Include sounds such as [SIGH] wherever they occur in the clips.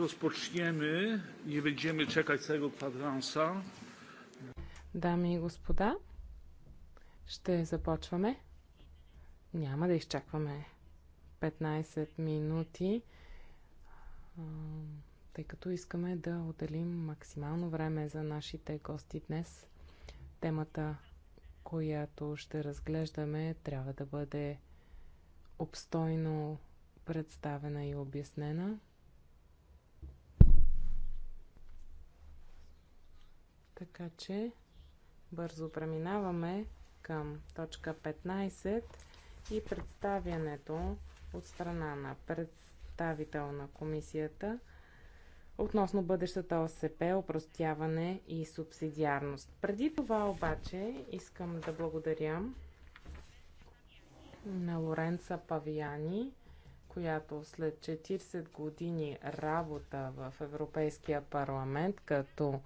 Rozpoczniemy. Nie będziemy czekać całego kwadransa. Дами и господа, ще започваме. Няма да изчакваме 15 минути, тъй като искаме да отделим максимално време за нашите гости днес. Темата, която ще разглеждаме, трябва да бъде обстойно представена и обяснена. Така че бързо преминаваме към точка 15 и представянето от страна на представител на комисията относно бъдещата ОСП, опростяване и субсидиарност. Преди това обаче искам да благодаря на Лоренца Павияни, която след 40 години работа в Европейския парламент като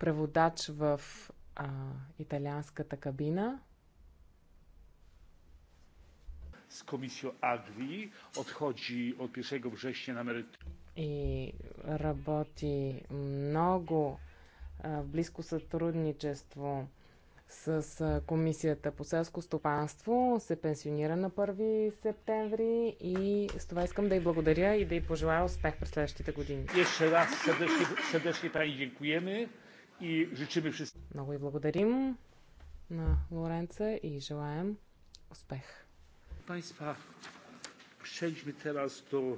преводач в а, италианската кабина. С комисио Агви отходи от 1 врześnia на emeryturę. И работи много в близко сътрудничество с Комисията по селско стопанство. Се пенсионира на 1 септември и с това искам да й благодаря и да й пожелая успех през следващите години. Еще раз сърдечно, сърдечно пани дякуваме и жичим всички. Много ви благодарим на Лоренца и желаем успех. Państwa, przejdźmy teraz do e,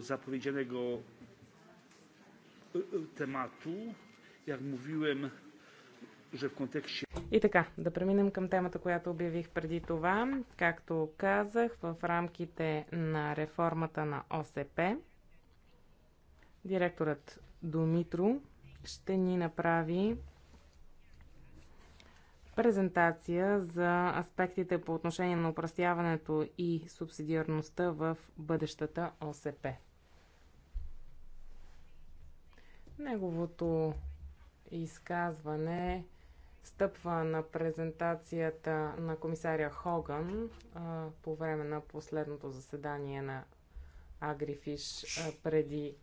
zapowiedzianego e, e tematu. Jak mówiłem, że w kontekście. И така, да преминем към темата, която обявих преди това. Както казах, в рамките на реформата на ОСП, директорът Домитро ще ни направи презентация за аспектите по отношение на упростяването и субсидиарността в бъдещата ОСП. Неговото изказване стъпва на презентацията на комисаря Хоган а, по време на последното заседание на Агрифиш а, преди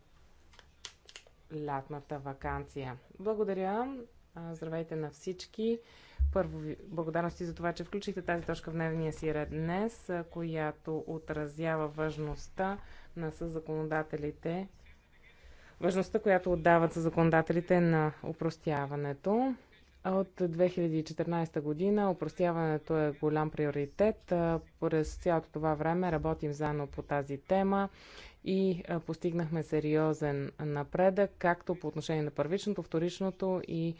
лятната вакансия. Благодаря. Здравейте на всички. Първо, благодарности за това, че включихте тази точка в дневния си ред днес, която отразява важността на съзаконодателите, важността, която отдават съзаконодателите на упростяването. От 2014 година упростяването е голям приоритет. През цялото това време работим заедно по тази тема и постигнахме сериозен напредък, както по отношение на първичното, вторичното и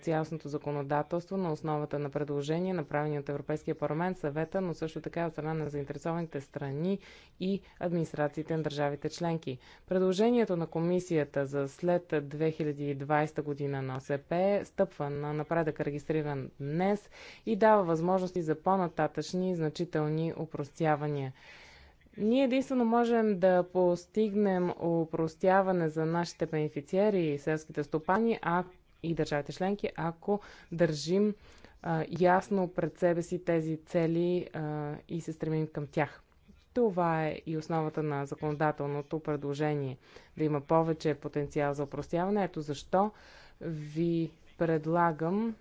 цялостното законодателство на основата на предложения, направени от Европейския парламент, съвета, но също така от страна на заинтересованите страни и администрациите на държавите членки. Предложението на комисията за след 2020 година на ОСП стъпва на напредък регистриран днес и дава възможности за по-нататъчни значителни упростявания. Ние единствено можем да постигнем упростяване за нашите бенефициери и селските стопани а, и държавите членки, ако държим а, ясно пред себе си тези цели а, и се стремим към тях. Това е и основата на законодателното предложение. Да има повече потенциал за упростяване. Ето защо ви предлагам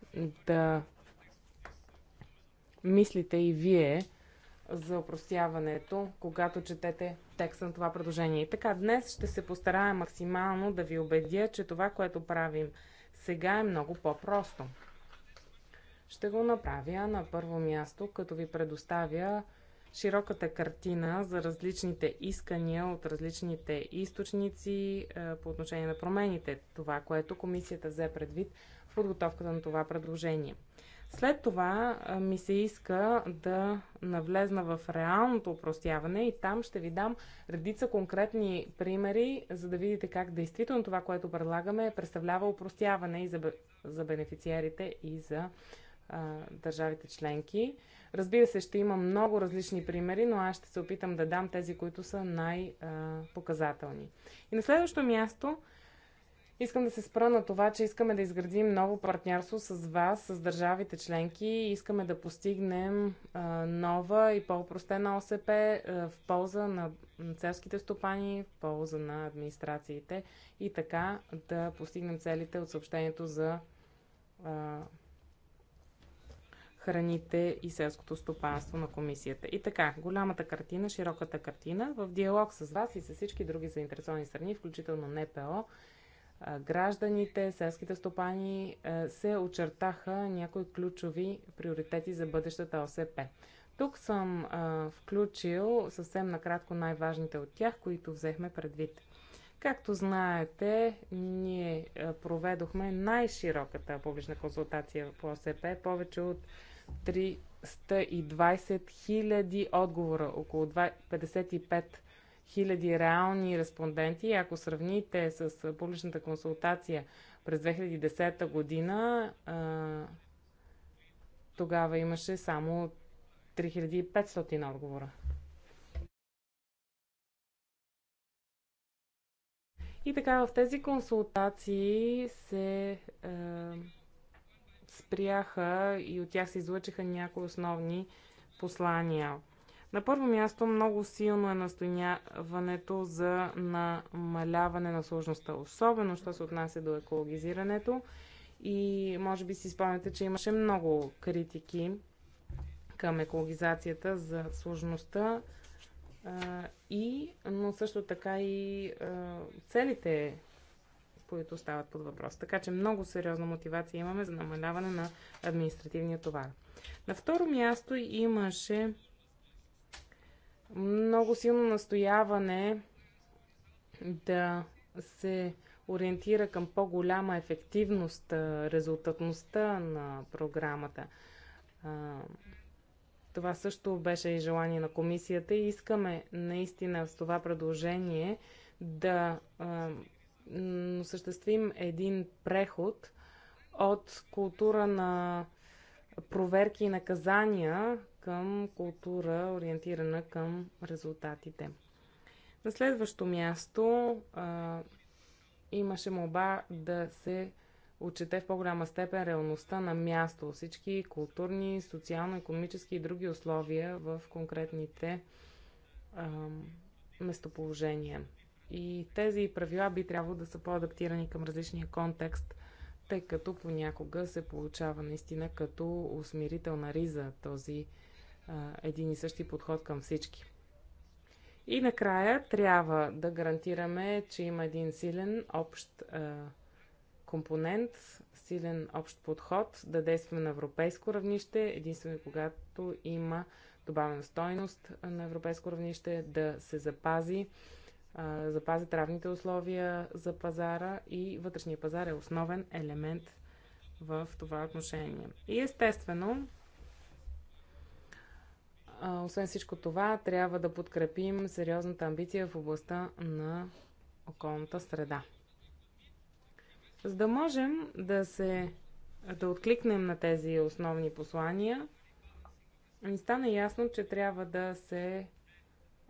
да мислите и вие за опростяването, когато четете текста на това предложение. И така, днес ще се постарая максимално да ви убедя, че това, което правим сега е много по-просто. Ще го направя на първо място, като ви предоставя широката картина за различните искания от различните източници е, по отношение на промените, това, което комисията взе предвид в подготовката на това предложение. След това ми се иска да навлезна в реалното упростяване и там ще ви дам редица конкретни примери, за да видите как действително това, което предлагаме, представлява упростяване и за, за бенефициарите и за а, държавите членки. Разбира се, ще има много различни примери, но аз ще се опитам да дам тези, които са най-показателни. И на следващо място Искам да се спра на това, че искаме да изградим ново партньорство с вас, с държавите членки. Искаме да постигнем а, нова и по-простена ОСП а, в полза на селските стопани, в полза на администрациите и така да постигнем целите от съобщението за а, храните и селското стопанство на комисията. И така, голямата картина, широката картина, в диалог с вас и с всички други заинтересовани страни, включително НПО, гражданите, селските стопани, се очертаха някои ключови приоритети за бъдещата ОСП. Тук съм включил съвсем накратко най-важните от тях, които взехме предвид. Както знаете, ние проведохме най-широката публична консултация по ОСП, повече от 320 000 отговора, около 55 хиляди реални респонденти. Ако сравните с публичната консултация през 2010 година, тогава имаше само 3500 отговора. И така, в тези консултации се е, спряха и от тях се излъчиха някои основни послания. На първо място много силно е настояването за намаляване на сложността, особено що се отнася до екологизирането. И може би си спомняте, че имаше много критики към екологизацията за сложността и, но също така и целите, които стават под въпрос. Така че много сериозна мотивация имаме за намаляване на административния товар. На второ място имаше много силно настояване да се ориентира към по-голяма ефективност, резултатността на програмата. Това също беше и желание на комисията и искаме наистина с това предложение да осъществим един преход от култура на проверки и наказания към култура, ориентирана към резултатите. На следващо място а, имаше моба да се отчете в по-голяма степен реалността на място, всички културни, социално-економически и други условия в конкретните а, местоположения. И тези правила би трябвало да са по-адаптирани към различния контекст, тъй като понякога се получава наистина като усмирителна риза този един и същи подход към всички. И накрая трябва да гарантираме, че има един силен общ а, компонент, силен общ подход, да действаме на европейско равнище, единствено когато има добавена стойност на европейско равнище, да се запази, а, запазят равните условия за пазара и вътрешния пазар е основен елемент в това отношение. И естествено, освен всичко това, трябва да подкрепим сериозната амбиция в областта на околната среда. За да можем да се да откликнем на тези основни послания, ни стана ясно, че трябва да се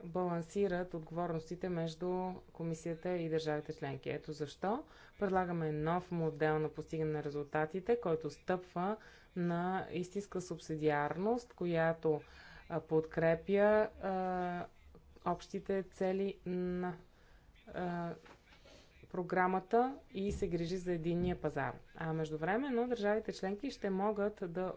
балансират отговорностите между комисията и държавите членки. Ето защо предлагаме нов модел на постигане на резултатите, който стъпва на истинска субсидиарност, която подкрепя общите цели на програмата и се грижи за единния пазар. А междувременно държавите членки ще могат да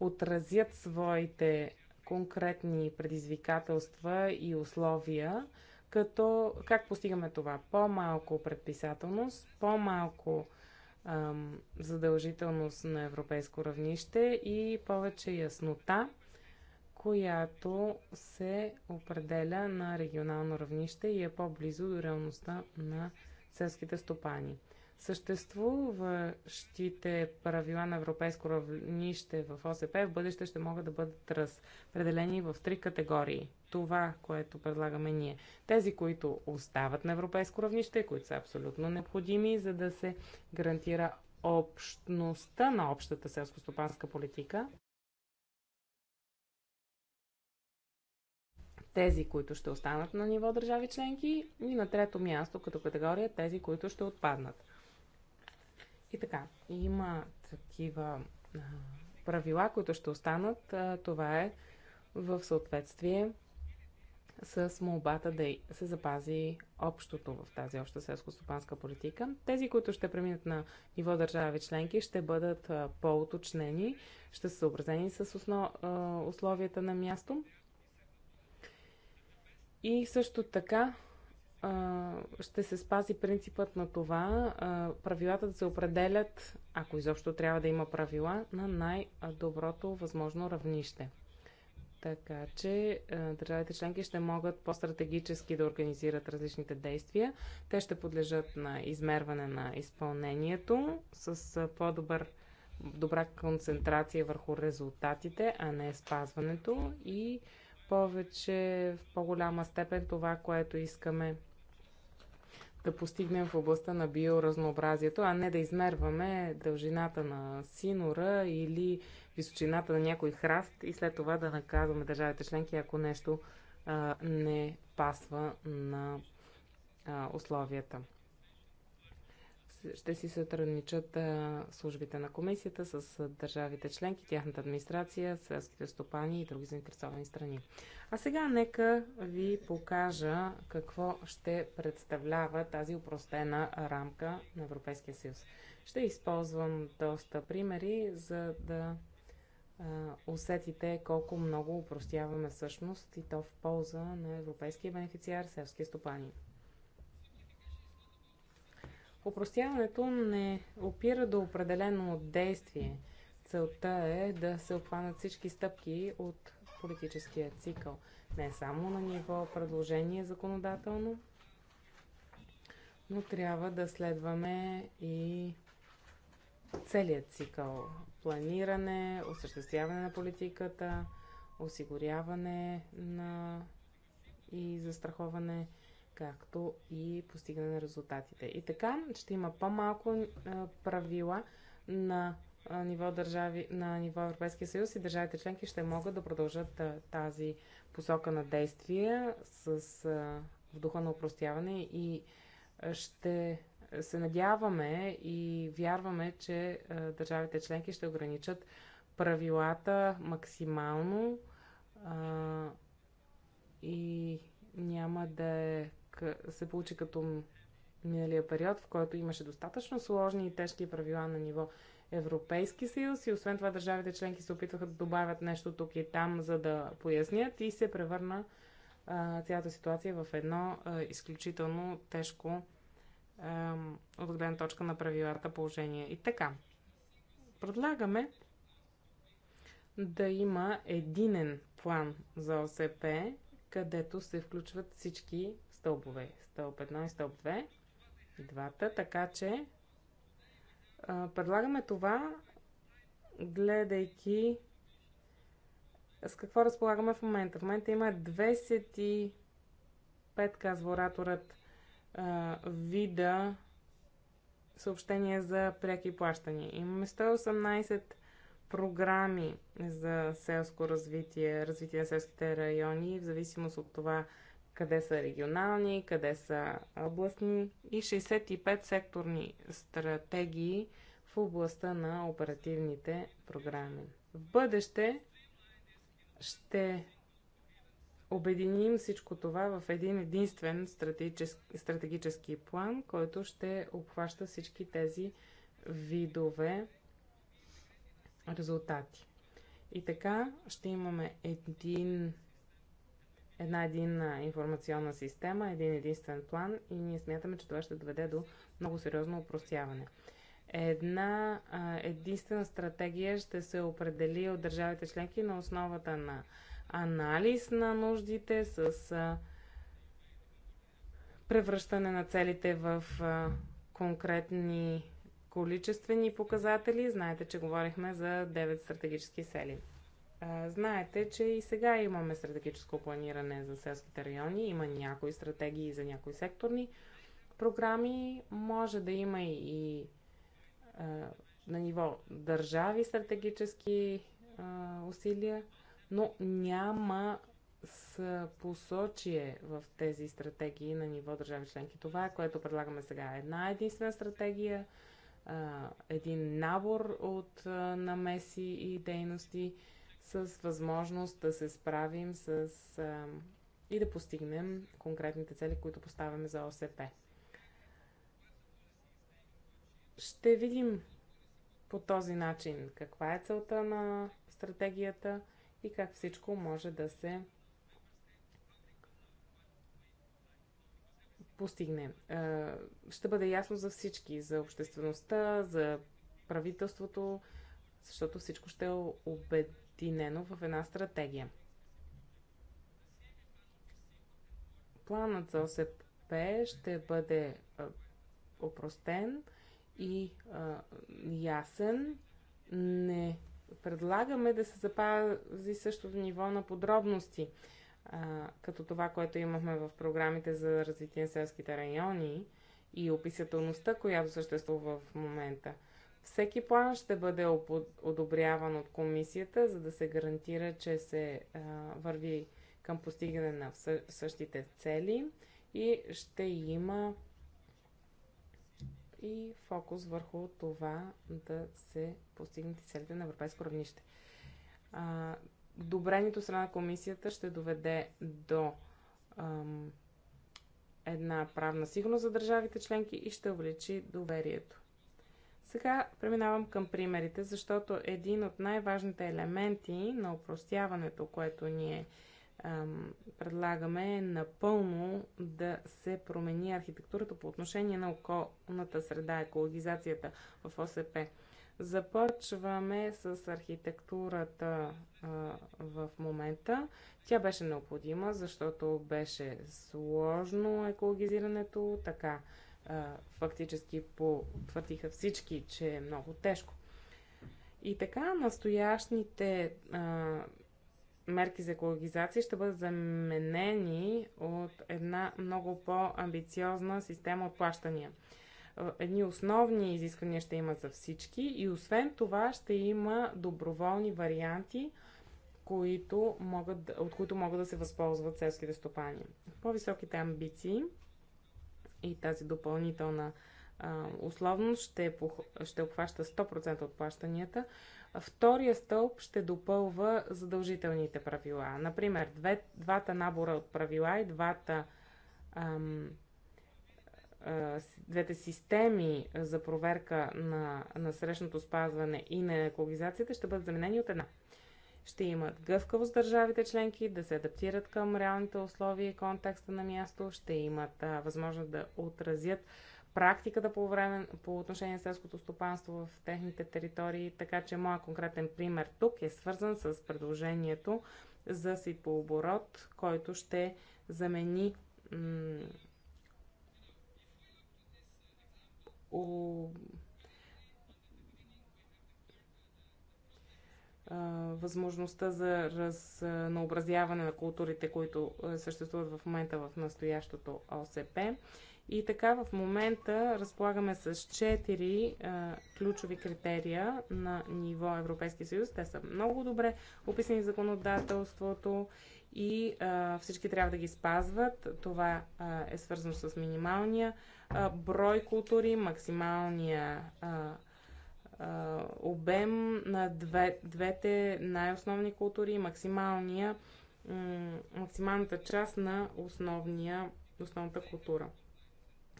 отразят своите конкретни предизвикателства и условия, като как постигаме това? По-малко предписателност, по-малко задължителност на европейско равнище и повече яснота която се определя на регионално равнище и е по-близо до реалността на селските стопани. Съществуващите правила на европейско равнище в ОСП в бъдеще ще могат да бъдат разпределени в три категории. Това, което предлагаме ние. Тези, които остават на европейско равнище, които са абсолютно необходими, за да се гарантира общността на общата селско-стопанска политика, тези, които ще останат на ниво държави членки и на трето място като категория тези, които ще отпаднат. И така, има такива правила, които ще останат. това е в съответствие с молбата да се запази общото в тази обща селско-стопанска политика. Тези, които ще преминат на ниво държави членки, ще бъдат по-уточнени, ще са съобразени с основ... условията на място и също така ще се спази принципът на това правилата да се определят, ако изобщо трябва да има правила, на най-доброто възможно равнище. Така че държавите членки ще могат по-стратегически да организират различните действия. Те ще подлежат на измерване на изпълнението с по-добър добра концентрация върху резултатите, а не спазването и повече, в по-голяма степен това, което искаме да постигнем в областта на биоразнообразието, а не да измерваме дължината на синора или височината на някой храст и след това да наказваме държавите членки, ако нещо а, не пасва на а, условията ще си сътрудничат службите на комисията с държавите членки, тяхната администрация, селските стопани и други заинтересовани страни. А сега нека ви покажа какво ще представлява тази упростена рамка на Европейския съюз. Ще използвам доста примери, за да усетите колко много упростяваме всъщност и то в полза на европейския бенефициар, селския стопанин. Опростяването не опира до определено действие. Целта е да се обхванат всички стъпки от политическия цикъл. Не само на ниво предложение законодателно, но трябва да следваме и целият цикъл. Планиране, осъществяване на политиката, осигуряване на и застраховане както и постигане на резултатите. И така ще има по-малко е, правила на е, ниво държави, на ниво Европейския съюз и държавите членки ще могат да продължат е, тази посока на действие с в духа на упростяване и ще се надяваме и вярваме, че държавите членки ще ограничат правилата максимално а, и няма да е се получи като миналия период, в който имаше достатъчно сложни и тежки правила на ниво Европейски съюз и освен това държавите членки се опитваха да добавят нещо тук и там, за да пояснят и се превърна а, цялата ситуация в едно а, изключително тежко а, от гледна точка на правилата положение. И така, предлагаме да има единен план за ОСП, където се включват всички стълбове. Стълб 1 и стълб 2. И двата. Така че предлагаме това, гледайки с какво разполагаме в момента. В момента има 25, казва ораторът, вида съобщения за преки плащания. Имаме 118 програми за селско развитие, развитие на селските райони, в зависимост от това къде са регионални, къде са областни и 65 секторни стратегии в областта на оперативните програми. В бъдеще ще обединим всичко това в един единствен стратегически, стратегически план, който ще обхваща всички тези видове резултати. И така ще имаме един една единна информационна система, един единствен план и ние смятаме, че това ще доведе до много сериозно упростяване. Една единствена стратегия ще се определи от държавите членки на основата на анализ на нуждите с превръщане на целите в конкретни количествени показатели. Знаете, че говорихме за 9 стратегически цели знаете, че и сега имаме стратегическо планиране за селските райони. Има някои стратегии за някои секторни програми. Може да има и на ниво държави стратегически усилия, но няма с посочие в тези стратегии на ниво държави членки. Това е което предлагаме сега. Една единствена стратегия, един набор от намеси и дейности с възможност да се справим с а, и да постигнем конкретните цели, които поставяме за ОСП. Ще видим по този начин каква е целта на стратегията и как всичко може да се постигне. Ще бъде ясно за всички, за обществеността, за правителството, защото всичко ще е обед обединено в една стратегия. Планът за ОСП ще бъде опростен и а, ясен. Не предлагаме да се запази същото ниво на подробности, а, като това, което имахме в програмите за развитие на селските райони и описателността, която съществува в момента. Всеки план ще бъде одобряван от комисията, за да се гарантира, че се а, върви към постигане на същите цели и ще има и фокус върху това да се постигнат целите на европейско равнище. А, добрението страна на комисията ще доведе до ам, една правна сигурност за държавите членки и ще увеличи доверието. Сега преминавам към примерите, защото един от най-важните елементи на упростяването, което ние ем, предлагаме, е напълно да се промени архитектурата по отношение на околната среда, екологизацията в ОСП. Започваме с архитектурата а, в момента. Тя беше необходима, защото беше сложно екологизирането, така фактически потвърдиха всички, че е много тежко. И така, настоящните а, мерки за екологизация ще бъдат заменени от една много по-амбициозна система от плащания. Едни основни изисквания ще има за всички и освен това ще има доброволни варианти, които могат, от които могат да се възползват селските стопани. По-високите амбиции – и тази допълнителна а, условност ще, ще обхваща 100% от плащанията. Втория стълб ще допълва задължителните правила. Например, две, двата набора от правила и двата, ам, а, двете системи за проверка на, на срещното спазване и на екологизацията ще бъдат заменени от една ще имат гъвкавост държавите членки да се адаптират към реалните условия и контекста на място, ще имат а, възможност да отразят практиката по, време, по отношение на селското стопанство в техните територии. Така че моят конкретен пример тук е свързан с предложението за сипооборот, който ще замени м- възможността за разнообразяване на културите, които съществуват в момента в настоящото ОСП. И така в момента разполагаме с 4 а, ключови критерия на ниво Европейски съюз. Те са много добре описани в законодателството и а, всички трябва да ги спазват. Това а, е свързано с минималния а, брой култури, максималния а, обем на две, двете най-основни култури и максималния, максималната част на основния, основната култура.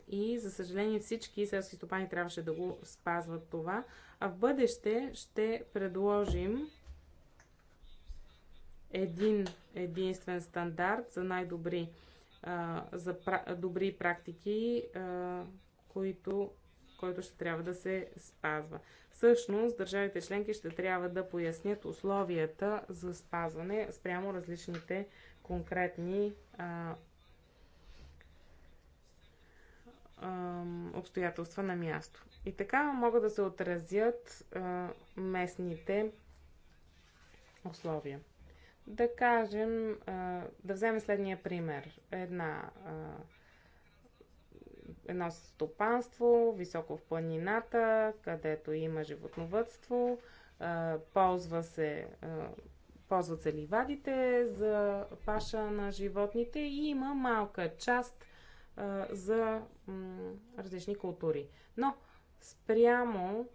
И, за съжаление, всички селски стопани трябваше да го спазват това. А в бъдеще ще предложим един единствен стандарт за най-добри за добри практики, които, който ще трябва да се спазва. Всъщност, държавите членки ще трябва да пояснят условията за спазване спрямо различните конкретни а, а, обстоятелства на място. И така могат да се отразят а, местните условия. Да кажем, а, да вземем следния пример. Една а, едно стопанство, високо в планината, където има животновътство, ползва се, ползват се ливадите за паша на животните и има малка част за различни култури. Но спрямо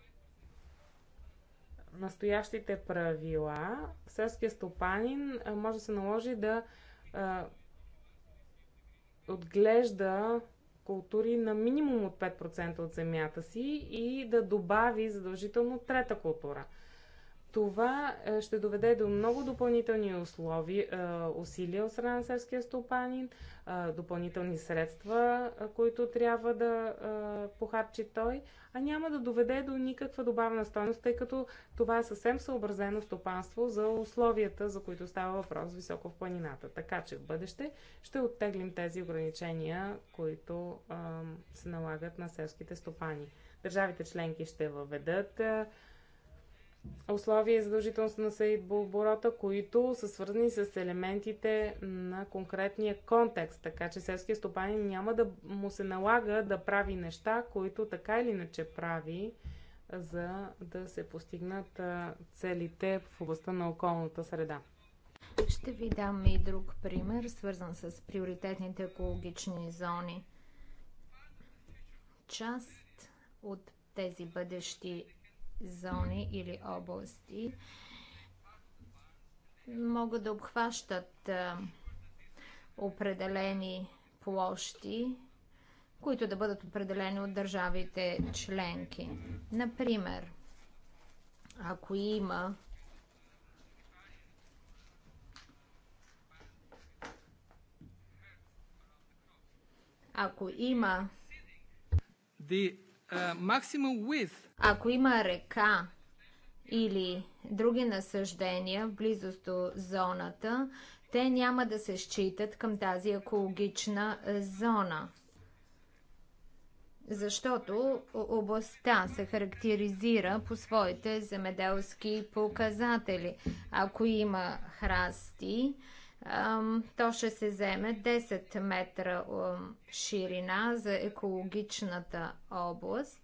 настоящите правила, селския стопанин може да се наложи да отглежда култури на минимум от 5% от земята си и да добави задължително трета култура. Това е, ще доведе до много допълнителни услови, е, усилия от страна на сърския стопанин, е, допълнителни средства, които трябва да похарчи той, а няма да доведе до никаква добавна стойност, тъй като това е съвсем съобразено стопанство за условията, за които става въпрос високо в планината. Така че в бъдеще ще оттеглим тези ограничения, които се налагат на селските стопани. Държавите членки ще въведат условия и задължителност на съдбооборота, които са свързани с елементите на конкретния контекст, така че селския стопанин няма да му се налага да прави неща, които така или иначе прави, за да се постигнат целите в областта на околната среда. Ще ви дам и друг пример, свързан с приоритетните екологични зони. Част от тези бъдещи зони или области могат да обхващат определени площи, които да бъдат определени от държавите членки. Например, ако има ако има the ако има река или други насъждения в близост до зоната, те няма да се считат към тази екологична зона. Защото областта се характеризира по своите земеделски показатели. Ако има храсти, то ще се вземе 10 метра ширина за екологичната област.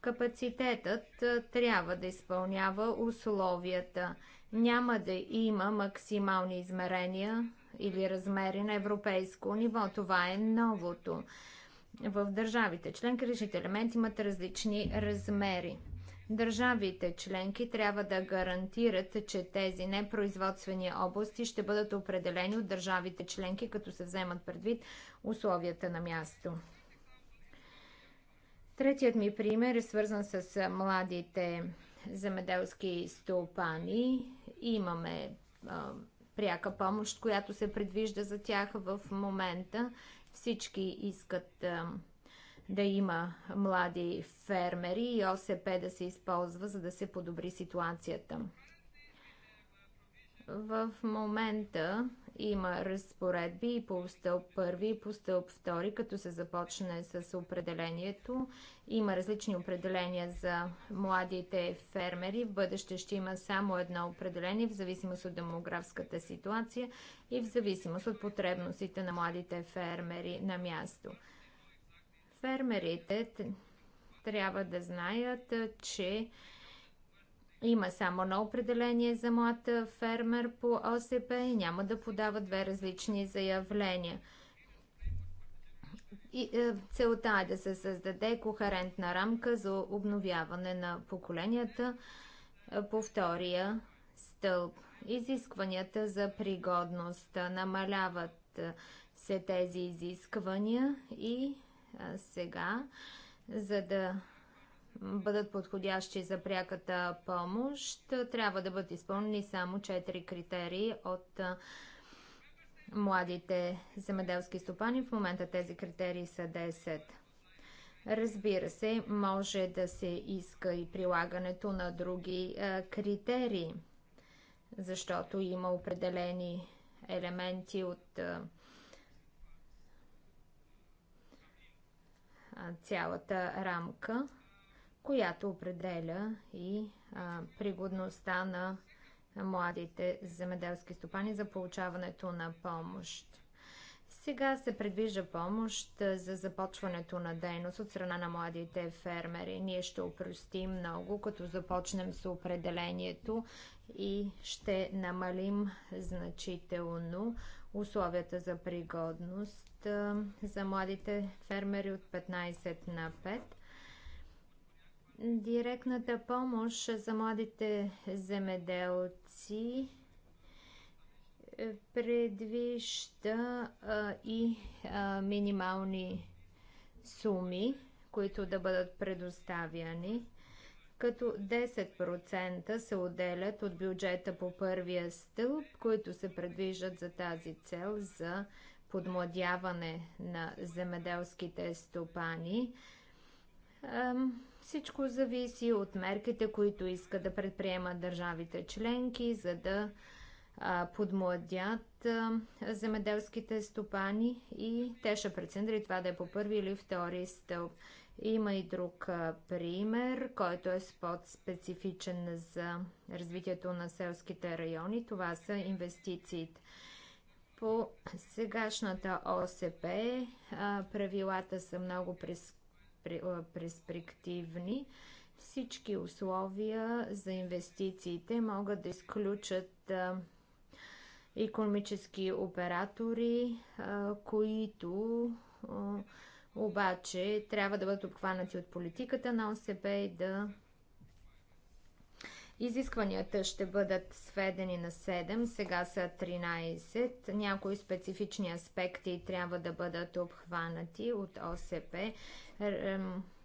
Капацитетът трябва да изпълнява условията. Няма да има максимални измерения или размери на европейско ниво. Това е новото. В държавите членки решите елементи имат различни размери. Държавите членки трябва да гарантират, че тези непроизводствени области ще бъдат определени от държавите членки, като се вземат предвид условията на място. Третият ми пример е свързан с младите земеделски стопани. Имаме а, пряка помощ, която се предвижда за тях в момента. Всички искат а, да има млади фермери и ОСП да се използва, за да се подобри ситуацията. В момента има разпоредби и по стълб първи и по стълб втори, като се започне с определението. Има различни определения за младите фермери. В бъдеще ще има само едно определение в зависимост от демографската ситуация и в зависимост от потребностите на младите фермери на място. Фермерите трябва да знаят, че има само едно определение за млад фермер по ОСП и няма да подава две различни заявления. И, е, целта е да се създаде кохерентна рамка за обновяване на поколенията по втория стълб. Изискванията за пригодност намаляват се тези изисквания и сега, за да бъдат подходящи за пряката помощ, трябва да бъдат изпълнени само 4 критерии от младите земеделски стопани. В момента тези критерии са 10. Разбира се, може да се иска и прилагането на други е, критерии, защото има определени елементи от цялата рамка, която определя и пригодността на младите земеделски стопани за получаването на помощ. Сега се предвижда помощ за започването на дейност от страна на младите фермери. Ние ще упростим много, като започнем с определението и ще намалим значително условията за пригодност за младите фермери от 15 на 5. Директната помощ за младите земеделци е, предвижда а, и а, минимални суми, които да бъдат предоставяни като 10% се отделят от бюджета по първия стълб, които се предвиждат за тази цел за подмладяване на земеделските стопани. Всичко зависи от мерките, които искат да предприемат държавите членки, за да подмладят земеделските стопани и те ще преценят дали това да е по първи или втори стълб. Има и друг пример, който е специфичен за развитието на селските райони. Това са инвестициите. По сегашната ОСП правилата са много преспективни. Всички условия за инвестициите могат да изключат економически оператори, които обаче трябва да бъдат обхванати от политиката на ОСП и да Изискванията ще бъдат сведени на 7, сега са 13. Някои специфични аспекти трябва да бъдат обхванати от ОСП.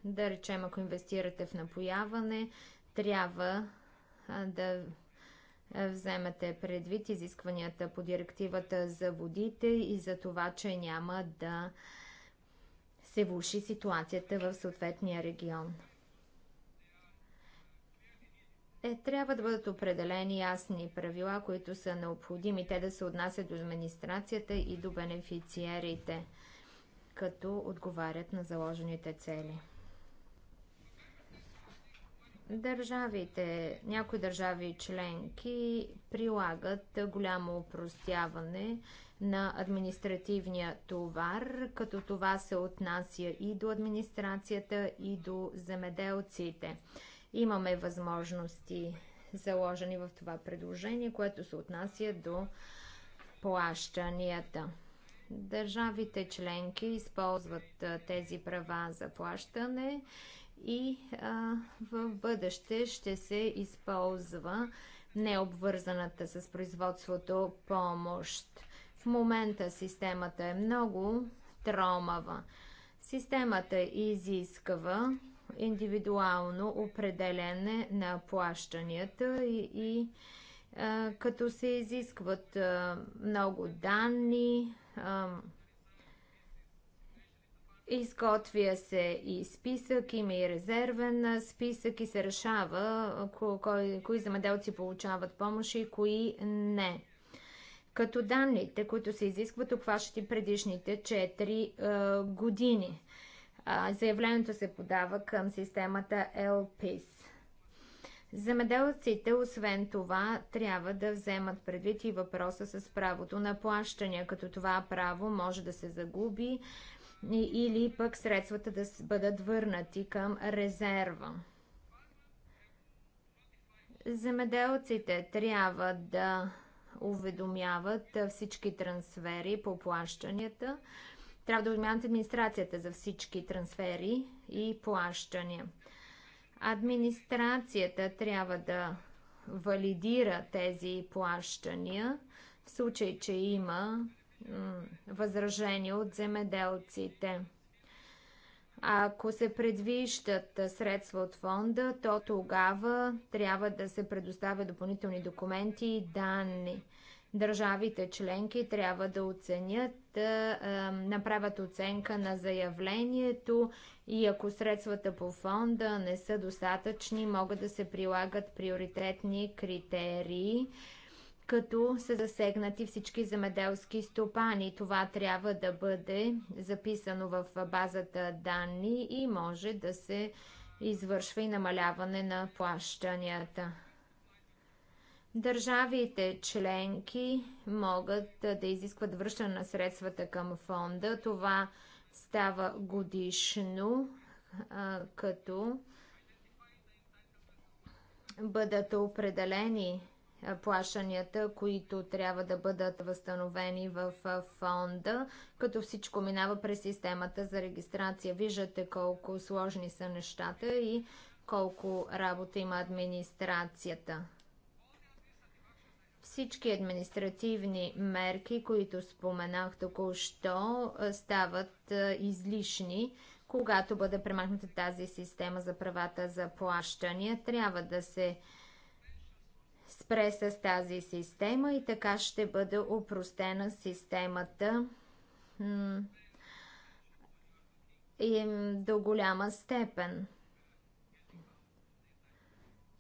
Да речем, ако инвестирате в напояване, трябва да е, вземете предвид изискванията по директивата за водите и за това, че няма да се влуши ситуацията в съответния регион. Е, трябва да бъдат определени ясни правила, които са необходими. Те да се отнасят до администрацията и до бенефициерите, като отговарят на заложените цели. Държавите, някои държави членки прилагат голямо упростяване на административния товар, като това се отнася и до администрацията, и до земеделците. Имаме възможности заложени в това предложение, което се отнася до плащанията. Държавите членки използват тези права за плащане и а, в бъдеще ще се използва необвързаната с производството помощ момента системата е много тромава. Системата изисква индивидуално определене на плащанията и, и а, като се изискват а, много данни, а, изготвя се и списък, има и резервен списък и се решава кои, кои, кои замеделци получават помощ и кои не като данните, които се изискват, обхващат и предишните 4 е, години. А, заявлението се подава към системата LPIS. Замеделците, освен това, трябва да вземат предвид и въпроса с правото на плащане. като това право може да се загуби или пък средствата да бъдат върнати към резерва. Замеделците трябва да уведомяват всички трансфери по плащанията. Трябва да уведомяват администрацията за всички трансфери и плащания. Администрацията трябва да валидира тези плащания в случай, че има възражения от земеделците. Ако се предвиждат средства от фонда, то тогава трябва да се предоставят допълнителни документи и данни. Държавите членки трябва да оценят, да направят оценка на заявлението и ако средствата по фонда не са достатъчни, могат да се прилагат приоритетни критерии като са засегнати всички земеделски стопани. Това трябва да бъде записано в базата данни и може да се извършва и намаляване на плащанията. Държавите членки могат да изискват връщане на средствата към фонда. Това става годишно, като бъдат определени плащанията, които трябва да бъдат възстановени в фонда, като всичко минава през системата за регистрация. Виждате колко сложни са нещата и колко работа има администрацията. Всички административни мерки, които споменах току-що, стават излишни, когато бъде премахната тази система за правата за плащания. Трябва да се спре с тази система и така ще бъде упростена системата и до голяма степен.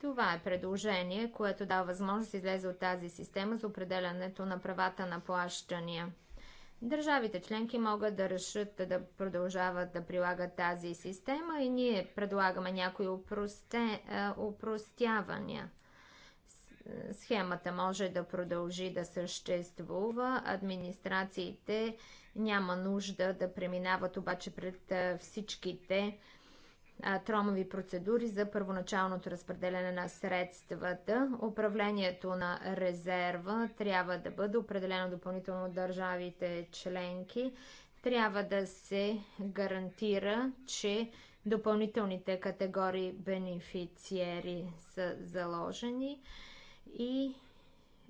Това е предложение, което дава възможност да излезе от тази система за определянето на правата на плащания. Държавите членки могат да решат да продължават да прилагат тази система и ние предлагаме някои упростявания е, – схемата може да продължи да съществува. Администрациите няма нужда да преминават обаче пред всичките тромови процедури за първоначалното разпределение на средствата. Управлението на резерва трябва да бъде определено допълнително от държавите членки. Трябва да се гарантира, че допълнителните категории бенефициери са заложени и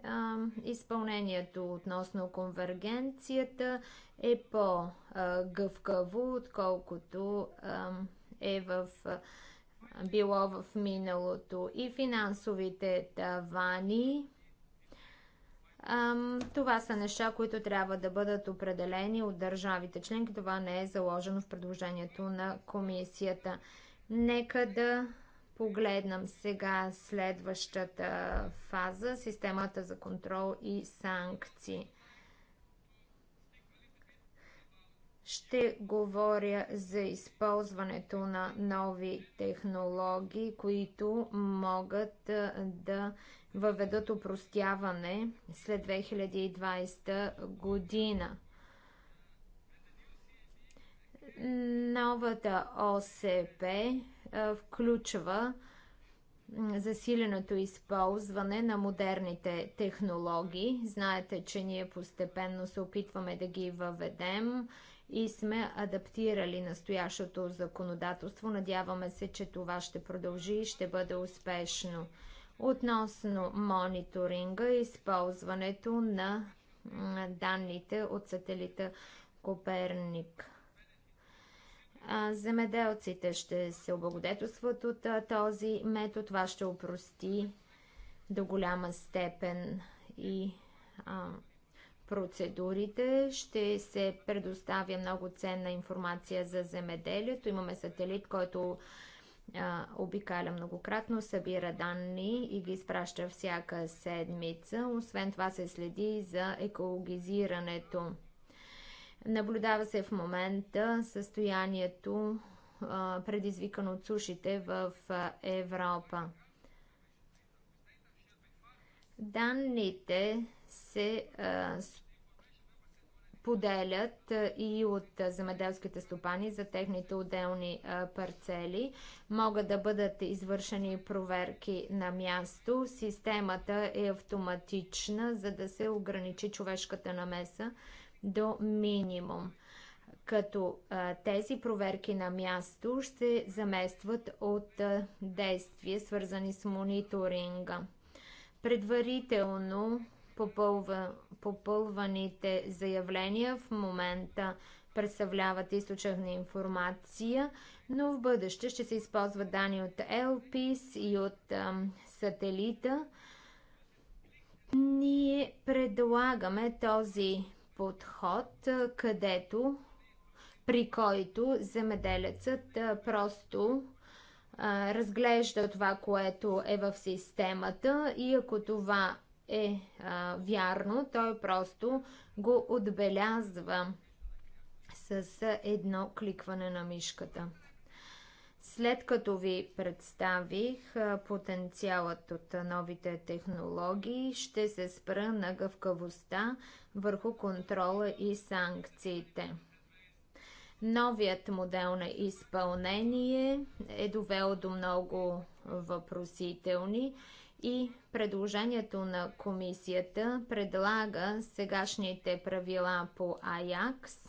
а, изпълнението относно конвергенцията е по-гъвкаво, отколкото а, е в а, било в миналото и финансовите тавани. Това са неща, които трябва да бъдат определени от държавите членки. Това не е заложено в предложението на комисията. Нека да погледнем сега следващата фаза системата за контрол и санкции. Ще говоря за използването на нови технологии, които могат да въведат упростяване след 2020 година. Новата ОСП е, включва засиленото използване на модерните технологии. Знаете, че ние постепенно се опитваме да ги въведем и сме адаптирали настоящото законодателство. Надяваме се, че това ще продължи и ще бъде успешно. Относно мониторинга, използването на данните от сателита Коперник. Земеделците ще се облагодетелстват от този метод. Това ще опрости до голяма степен и процедурите. Ще се предоставя много ценна информация за земеделието. Имаме сателит, който обикаля многократно, събира данни и ги изпраща всяка седмица. Освен това се следи за екологизирането Наблюдава се в момента състоянието предизвикано от сушите в Европа. Данните се поделят и от земеделските стопани за техните отделни парцели. Могат да бъдат извършени проверки на място. Системата е автоматична, за да се ограничи човешката намеса до минимум като а, тези проверки на място ще заместват от а, действия, свързани с мониторинга. Предварително попълва, попълваните заявления в момента представляват източник на информация, но в бъдеще ще се използват данни от LPIS и от а, сателита. Ние предлагаме този подход, където при който земеделецът просто а, разглежда това, което е в системата и ако това е а, вярно, той просто го отбелязва с едно кликване на мишката. След като ви представих потенциалът от новите технологии, ще се спра на гъвкавостта върху контрола и санкциите. Новият модел на изпълнение е довел до много въпросителни и предложението на комисията предлага сегашните правила по АЯКС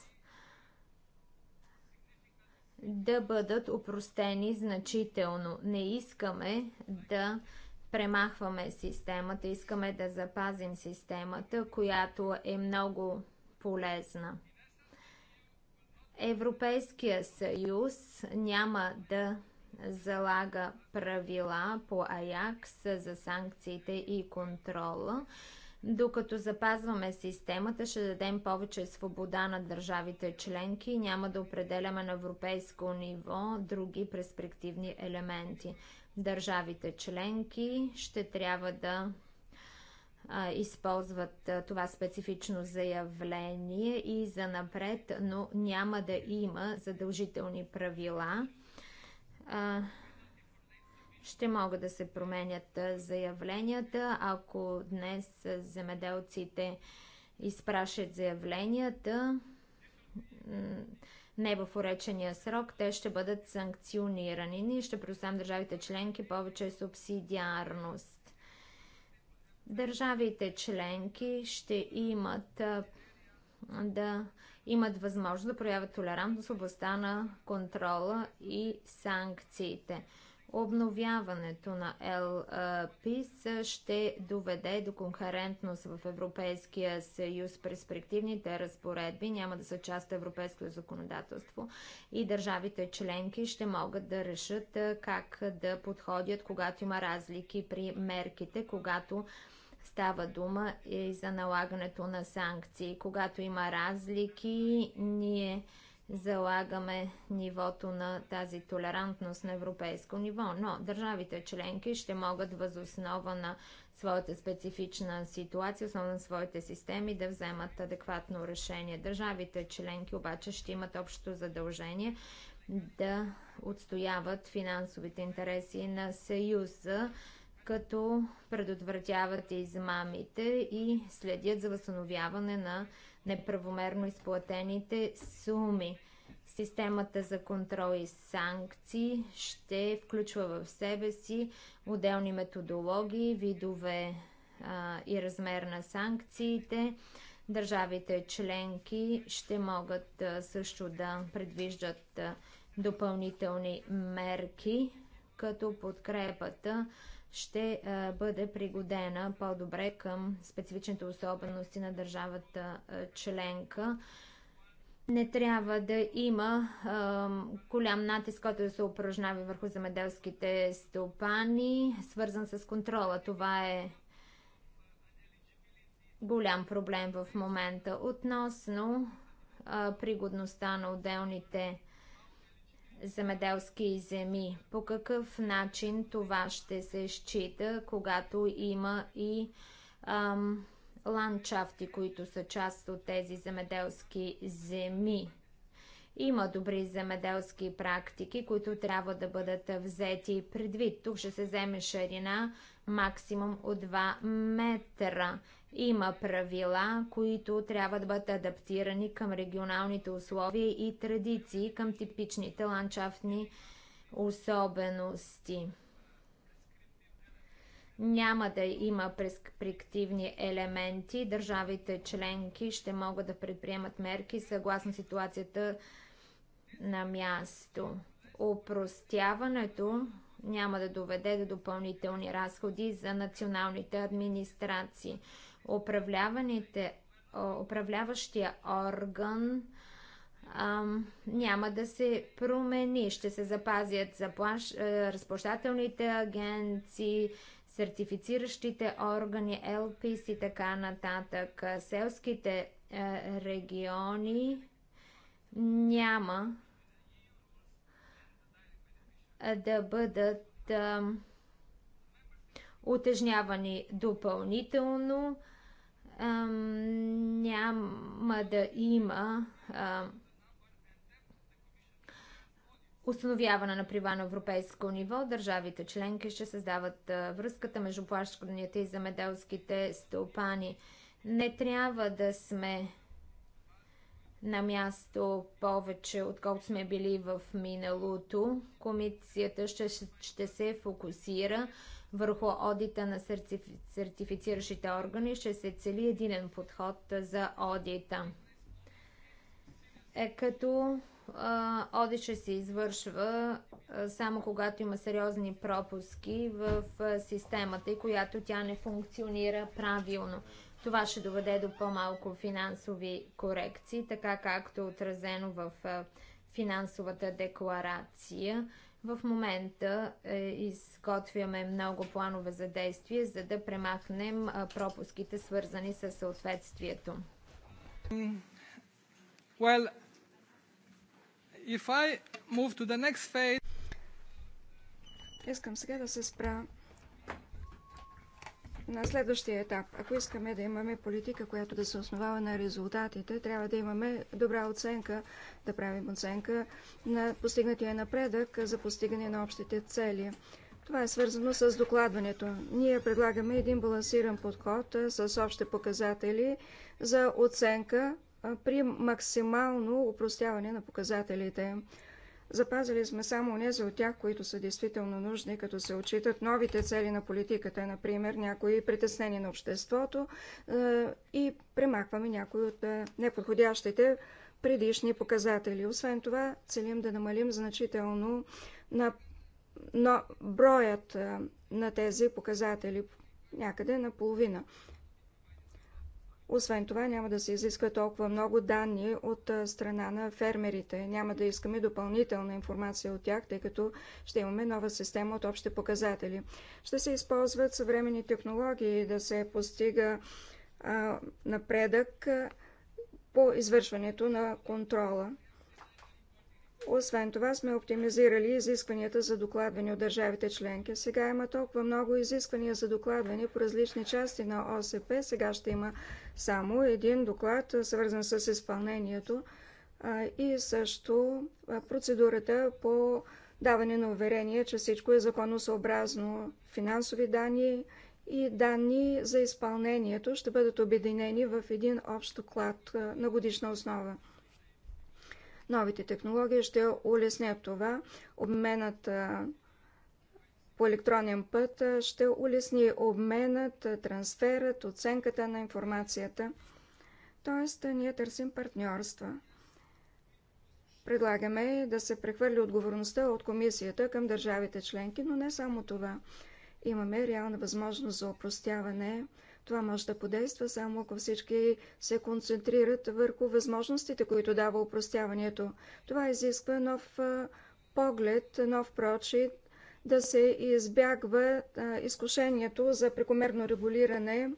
да бъдат опростени значително. Не искаме да премахваме системата, искаме да запазим системата, която е много полезна. Европейския съюз няма да залага правила по АЯКС за санкциите и контрола. Докато запазваме системата, ще дадем повече свобода на държавите членки и няма да определяме на европейско ниво други перспективни елементи. Държавите членки ще трябва да а, използват а, това специфично заявление и за напред, но няма да има задължителни правила. А, ще могат да се променят заявленията. Ако днес земеделците изпращат заявленията не в уречения срок, те ще бъдат санкционирани. Ние ще предоставим държавите членки повече субсидиарност. Държавите членки ще имат да имат възможност да проявят толерантност в областта на контрола и санкциите. Обновяването на ЛПИС ще доведе до конкурентност в Европейския съюз. Перспективните разпоредби няма да са част от европейското законодателство и държавите членки ще могат да решат как да подходят, когато има разлики при мерките, когато става дума и за налагането на санкции. Когато има разлики, ние залагаме нивото на тази толерантност на европейско ниво, но държавите членки ще могат възоснова на своята специфична ситуация, основно на своите системи, да вземат адекватно решение. Държавите членки обаче ще имат общото задължение да отстояват финансовите интереси на Съюза, като предотвратяват измамите и следят за възстановяване на неправомерно изплатените суми. Системата за контрол и санкции ще включва в себе си отделни методологии, видове а, и размер на санкциите. Държавите членки ще могат а, също да предвиждат а, допълнителни мерки, като подкрепата ще бъде пригодена по-добре към специфичните особености на държавата членка. Не трябва да има голям натиск, който да се упражнява върху земеделските стопани, свързан с контрола. Това е голям проблем в момента. Относно пригодността на отделните земеделски земи. По какъв начин това ще се счита, когато има и ам, ландшафти, които са част от тези земеделски земи? Има добри земеделски практики, които трябва да бъдат взети предвид. Тук ще се вземе ширина максимум от 2 метра. Има правила, които трябва да бъдат адаптирани към регионалните условия и традиции, към типичните ландшафтни особености. Няма да има прескриптивни елементи. Държавите членки ще могат да предприемат мерки съгласно ситуацията на място. Опростяването няма да доведе до допълнителни разходи за националните администрации управляваните, управляващия орган ам, няма да се промени. Ще се запазят заплаш, е, разплащателните агенции, сертифициращите органи, LPS и така нататък. Селските е, региони няма е, да бъдат е, утежнявани допълнително няма да има установяване на прива на европейско ниво. Държавите членки ще създават връзката между плащанията и замеделските стопани. Не трябва да сме на място повече, отколкото сме били в миналото. Комисията ще, ще се фокусира върху одита на сертифициращите органи. Ще се цели единен подход за одита. Е като одит ще се извършва само когато има сериозни пропуски в системата и която тя не функционира правилно. Това ще доведе до по-малко финансови корекции, така както е отразено в финансовата декларация. В момента е, изготвяме много планове за действие, за да премахнем пропуските, свързани с съответствието. Well, if I move to the next phase... Искам сега да се спра на следващия етап. Ако искаме да имаме политика, която да се основава на резултатите, трябва да имаме добра оценка, да правим оценка на постигнатия напредък за постигане на общите цели. Това е свързано с докладването. Ние предлагаме един балансиран подход с общи показатели за оценка при максимално упростяване на показателите. Запазили сме само тези от тях, които са действително нужни, като се отчитат новите цели на политиката, например някои притеснени на обществото е, и премахваме някои от е, неподходящите предишни показатели. Освен това, целим да намалим значително на, на броят е, на тези показатели някъде на половина освен това, няма да се изисква толкова много данни от страна на фермерите. Няма да искаме допълнителна информация от тях, тъй като ще имаме нова система от общи показатели. Ще се използват съвременни технологии да се постига а, напредък по извършването на контрола. Освен това сме оптимизирали изискванията за докладване от държавите членки. Сега има толкова много изисквания за докладване по различни части на ОСП. Сега ще има само един доклад, свързан с изпълнението и също процедурата по даване на уверение, че всичко е законосъобразно. Финансови данни и данни за изпълнението ще бъдат обединени в един общ доклад на годишна основа. Новите технологии ще улеснят това. Обменът по електронен път ще улесни обменът, трансферът, оценката на информацията. Тоест, ние търсим партньорства. Предлагаме да се прехвърли отговорността от комисията към държавите членки, но не само това. Имаме реална възможност за опростяване. Това може да подейства само ако всички се концентрират върху възможностите, които дава опростяването. Това изисква нов поглед, нов прочит да се избягва изкушението за прекомерно регулиране,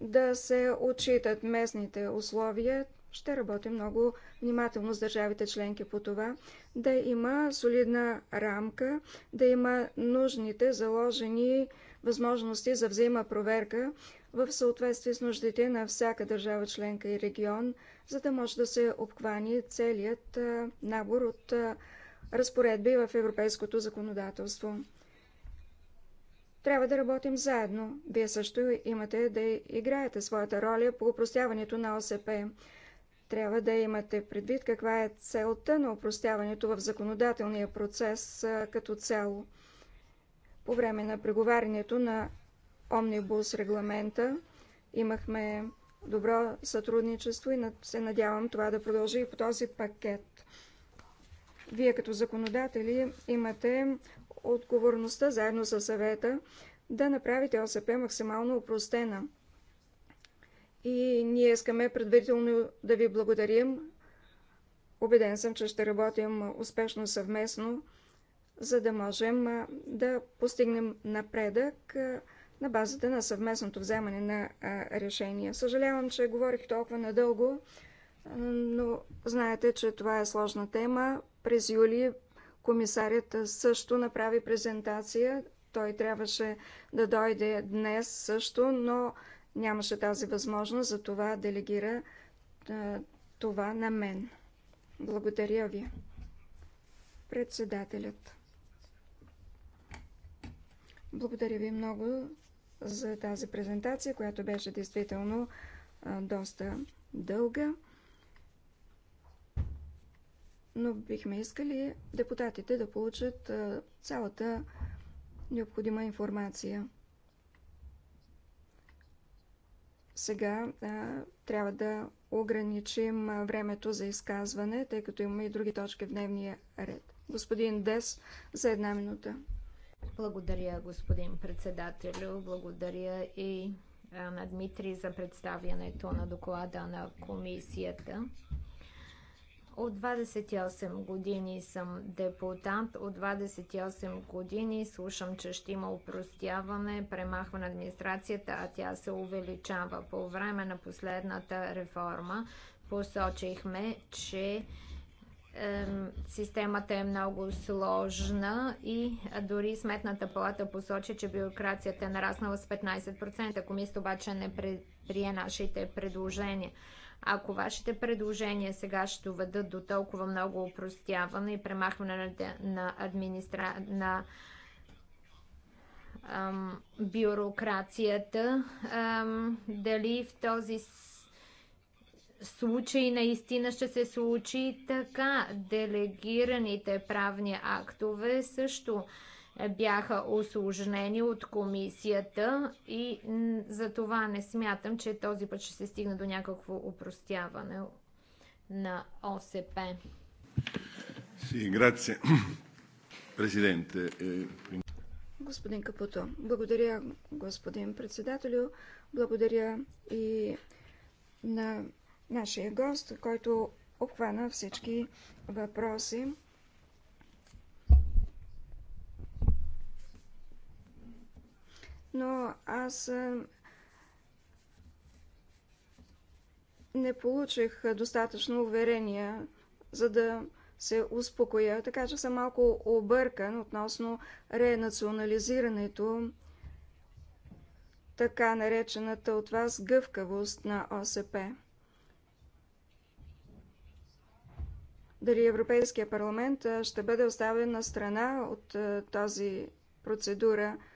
да се отчитат местните условия. Ще работим много внимателно с държавите членки по това. Да има солидна рамка, да има нужните заложени възможности за взаима проверка в съответствие с нуждите на всяка държава членка и регион, за да може да се обхвани целият набор от разпоредби в европейското законодателство. Трябва да работим заедно. Вие също имате да играете своята роля по упростяването на ОСП. Трябва да имате предвид каква е целта на упростяването в законодателния процес като цяло. По време на преговарянето на Омнибус регламента имахме добро сътрудничество и се надявам това да продължи и по този пакет. Вие като законодатели имате отговорността заедно с съвета да направите ОСП максимално упростена. И ние искаме предварително да ви благодарим. Обеден съм, че ще работим успешно съвместно, за да можем да постигнем напредък на базата на съвместното вземане на решения. Съжалявам, че говорих толкова надълго, но знаете, че това е сложна тема. През юли комисарят също направи презентация. Той трябваше да дойде днес също, но нямаше тази възможност, за това делегира е, това на мен. Благодаря ви. Председателят. Благодаря ви много за тази презентация, която беше действително е, доста дълга но бихме искали депутатите да получат цялата необходима информация. Сега а, трябва да ограничим времето за изказване, тъй като имаме и други точки в дневния ред. Господин Дес, за една минута. Благодаря, господин председателю. Благодаря и на Дмитрий за представянето на доклада на комисията. От 28 години съм депутат, от 28 години слушам, че ще има упростяване, премахване на администрацията, а тя се увеличава. По време на последната реформа посочихме, че системата е много сложна и дори Сметната палата посочи, че бюрокрацията е нараснала с 15%. Комисията обаче не прие нашите предложения. Ако вашите предложения сега ще доведат до толкова много упростяване и премахване на, администра... на ам, бюрокрацията, ам, дали в този случай наистина ще се случи така. Делегираните правни актове също бяха осложнени от комисията и за това не смятам, че този път ще се стигне до някакво упростяване на ОСП. Си, грация. Президенте. Господин Капуто, благодаря господин председателю, благодаря и на нашия гост, който обхвана всички въпроси. но аз не получих достатъчно уверения, за да се успокоя, така че съм малко объркан относно ренационализирането, така наречената от вас гъвкавост на ОСП. Дали Европейския парламент ще бъде оставен на страна от тази процедура –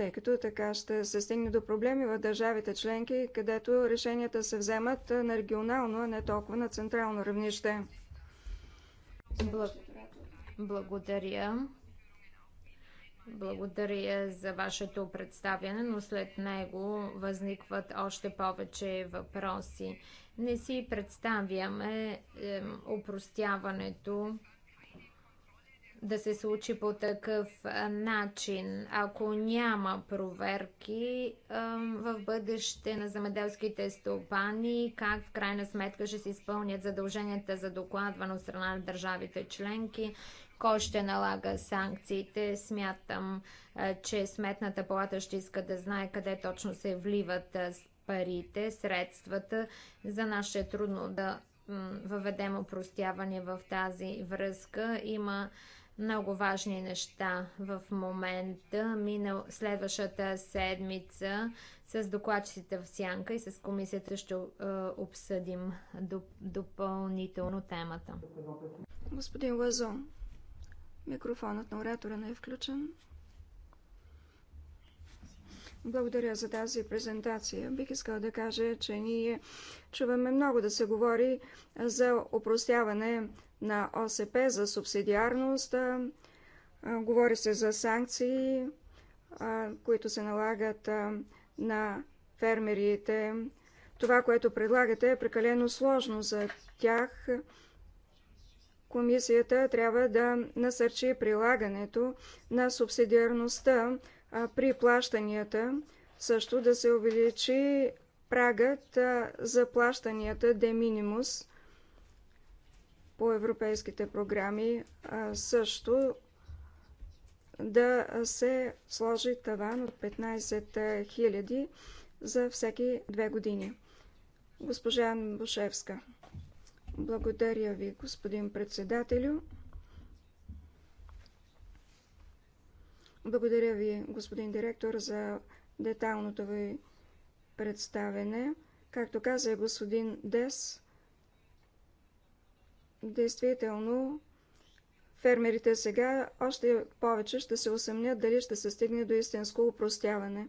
тъй като така ще се стигне до проблеми в държавите членки, където решенията се вземат на регионално, а не толкова на централно равнище. Благодаря. Благодаря за вашето представяне, но след него възникват още повече въпроси. Не си представяме е, опростяването да се случи по такъв начин, ако няма проверки в бъдеще на замеделските стопани, как в крайна сметка ще се изпълнят задълженията за докладване от страна на държавите членки, кой ще налага санкциите. Смятам, че Сметната палата ще иска да знае къде точно се вливат парите, средствата. За нас ще е трудно да въведем опростяване в тази връзка. Има много важни неща в момента. Минал следващата седмица с докладчиците в Сянка и с комисията ще е, обсъдим доп, допълнително темата. Господин Лазон, микрофонът на оратора не е включен. Благодаря за тази презентация. Бих искал да кажа, че ние чуваме много да се говори за опростяване на ОСП, за субсидиарност, говори се за санкции, които се налагат на фермерите. Това, което предлагате, е прекалено сложно за тях. Комисията трябва да насърчи прилагането на субсидиарността при плащанията също да се увеличи прагът за плащанията де минимус по европейските програми, също да се сложи таван от 15 000 за всеки две години. Госпожа Бушевска. Благодаря ви, господин председателю. Благодаря ви, господин директор, за детайлното ви представене. Както каза господин Дес, действително фермерите сега още повече ще се усъмнят дали ще се стигне до истинско упростяване.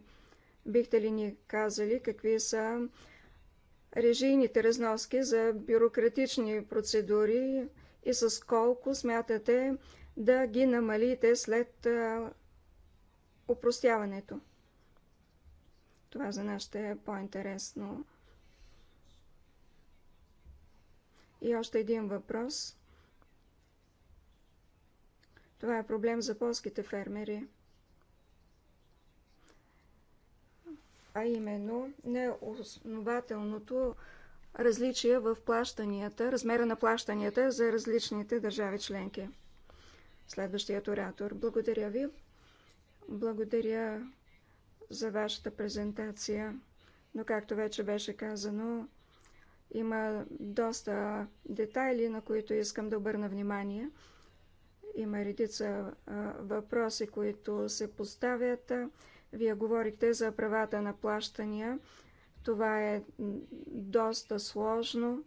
Бихте ли ни казали какви са режийните разноски за бюрократични процедури и с колко смятате да ги намалите след опростяването. Това за нас ще е по-интересно. И още един въпрос. Това е проблем за полските фермери. А именно неоснователното различие в плащанията, размера на плащанията за различните държави членки. Следващият оратор. Благодаря ви. Благодаря за вашата презентация, но както вече беше казано, има доста детайли, на които искам да обърна внимание. Има редица въпроси, които се поставят. Вие говорихте за правата на плащания. Това е доста сложно.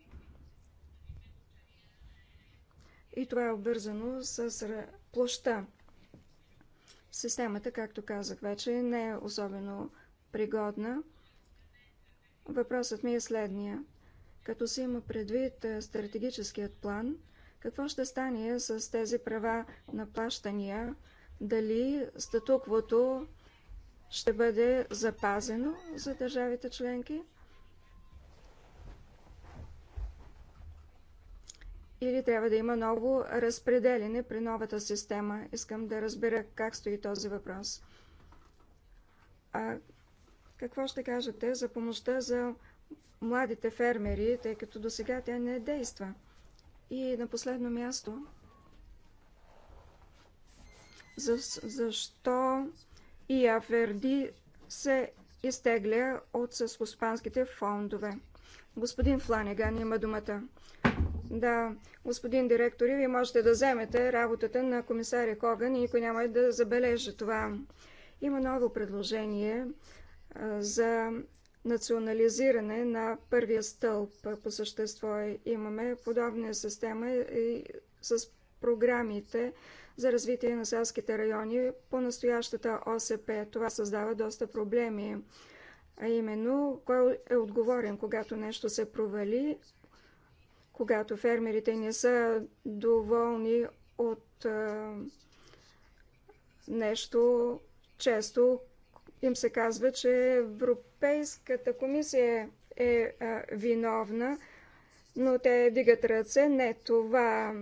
И това е обвързано с площа. Системата, както казах вече, не е особено пригодна. Въпросът ми е следния. Като се има предвид е, стратегическият план, какво ще стане с тези права на плащания? Дали статуквото ще бъде запазено за държавите членки? или трябва да има ново разпределене при новата система? Искам да разбера как стои този въпрос. А какво ще кажете за помощта за младите фермери, тъй като до сега тя не действа? И на последно място, за, защо Иаферди се изтегля от съскоспанските фондове? Господин Фланеган има думата. Да, господин директор, вие можете да вземете работата на комисаря Коган и никой няма да забележи това. Има ново предложение за национализиране на първия стълб. По същество е, имаме подобна система и с програмите за развитие на селските райони по настоящата ОСП. Това създава доста проблеми. А именно, кой е отговорен, когато нещо се провали, когато фермерите не са доволни от а, нещо, често им се казва, че Европейската комисия е а, виновна, но те дигат ръце. Не, това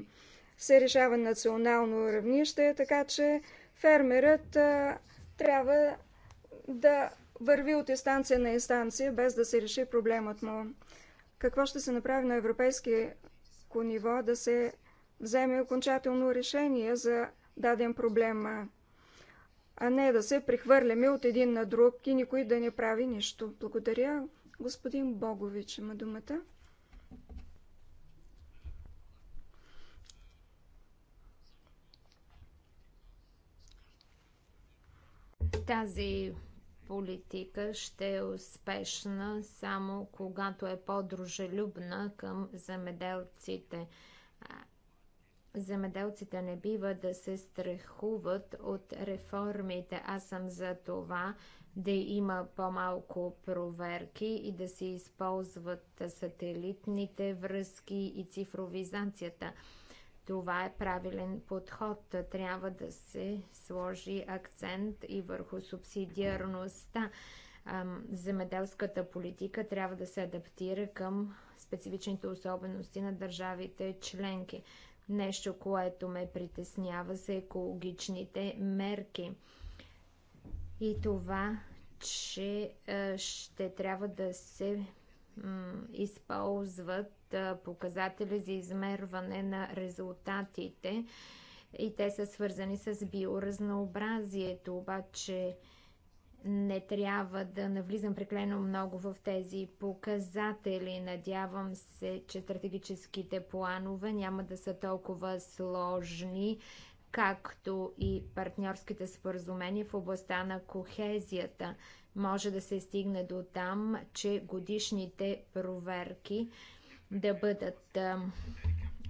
се решава национално равнище, така че фермерът а, трябва да върви от инстанция на инстанция, без да се реши проблемът му какво ще се направи на европейско ниво да се вземе окончателно решение за даден проблем, а не да се прехвърляме от един на друг и никой да не прави нищо. Благодаря. Господин Богович има думата. Тази политика ще е успешна само когато е по-дружелюбна към земеделците. Земеделците не бива да се страхуват от реформите. Аз съм за това да има по-малко проверки и да се използват сателитните връзки и цифровизацията – това е правилен подход. Трябва да се сложи акцент и върху субсидиарността. Земеделската политика трябва да се адаптира към специфичните особености на държавите членки. Нещо, което ме притеснява са екологичните мерки. И това, че е, ще трябва да се използват показатели за измерване на резултатите и те са свързани с биоразнообразието, обаче не трябва да навлизам преклено много в тези показатели. Надявам се, че стратегическите планове няма да са толкова сложни, както и партньорските споразумения в областта на кохезията. Може да се стигне до там, че годишните проверки – да бъдат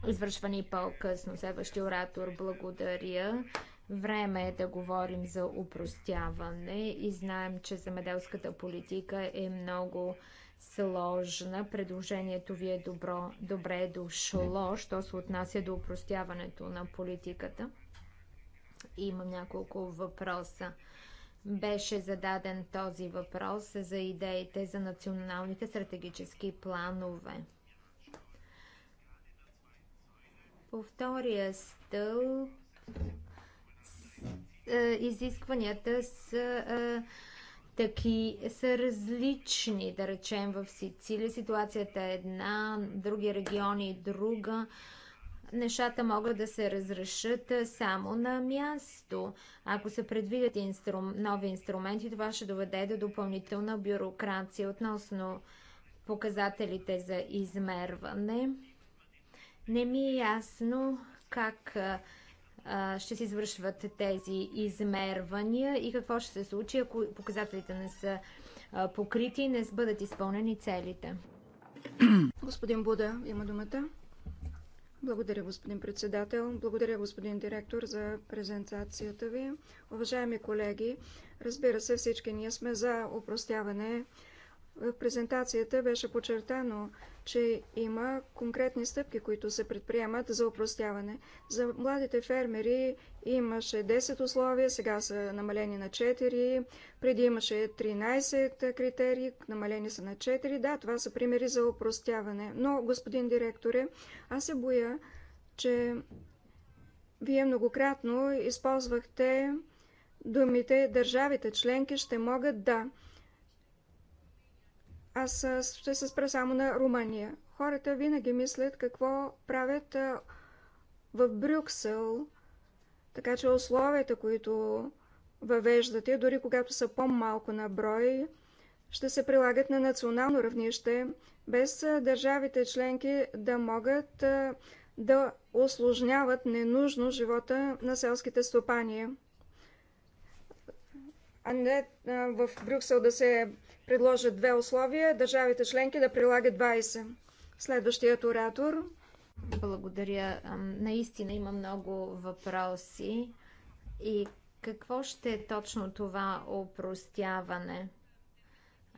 извършвани по-късно. Следващия оратор благодаря. Време е да говорим за упростяване и знаем, че замеделската политика е много сложна. Предложението ви е добро, добре е дошло, що се отнася до упростяването на политиката. Имам няколко въпроса. Беше зададен този въпрос за идеите за националните стратегически планове. По втория стълб е, изискванията са е, таки са различни, да речем в Сицилия. Ситуацията е една, други региони друга. Нещата могат да се разрешат е, само на място. Ако се предвидят инстру... нови инструменти, това ще доведе до допълнителна бюрокрация относно показателите за измерване. Не ми е ясно как а, ще се извършват тези измервания и какво ще се случи, ако показателите не са покрити и не бъдат изпълнени целите. [CLEARS THROAT] Господин Буда, има думата. Благодаря, господин председател. Благодаря, господин директор, за презентацията ви. Уважаеми колеги, разбира се, всички ние сме за упростяване в презентацията беше подчертано, че има конкретни стъпки, които се предприемат за упростяване. За младите фермери имаше 10 условия, сега са намалени на 4, преди имаше 13 критерии, намалени са на 4. Да, това са примери за упростяване. Но, господин директоре, аз се боя, че вие многократно използвахте думите «държавите членки ще могат да». Аз ще се спра само на Румъния. Хората винаги мислят какво правят в Брюксел, така че условията, които въвеждате, дори когато са по-малко на брой, ще се прилагат на национално равнище, без държавите членки да могат да осложняват ненужно живота на селските стопани. А не в Брюксел да се Предложа две условия, държавите членки да прилагат 20. Следващият оратор. Благодаря. Наистина има много въпроси. И какво ще е точно това опростяване,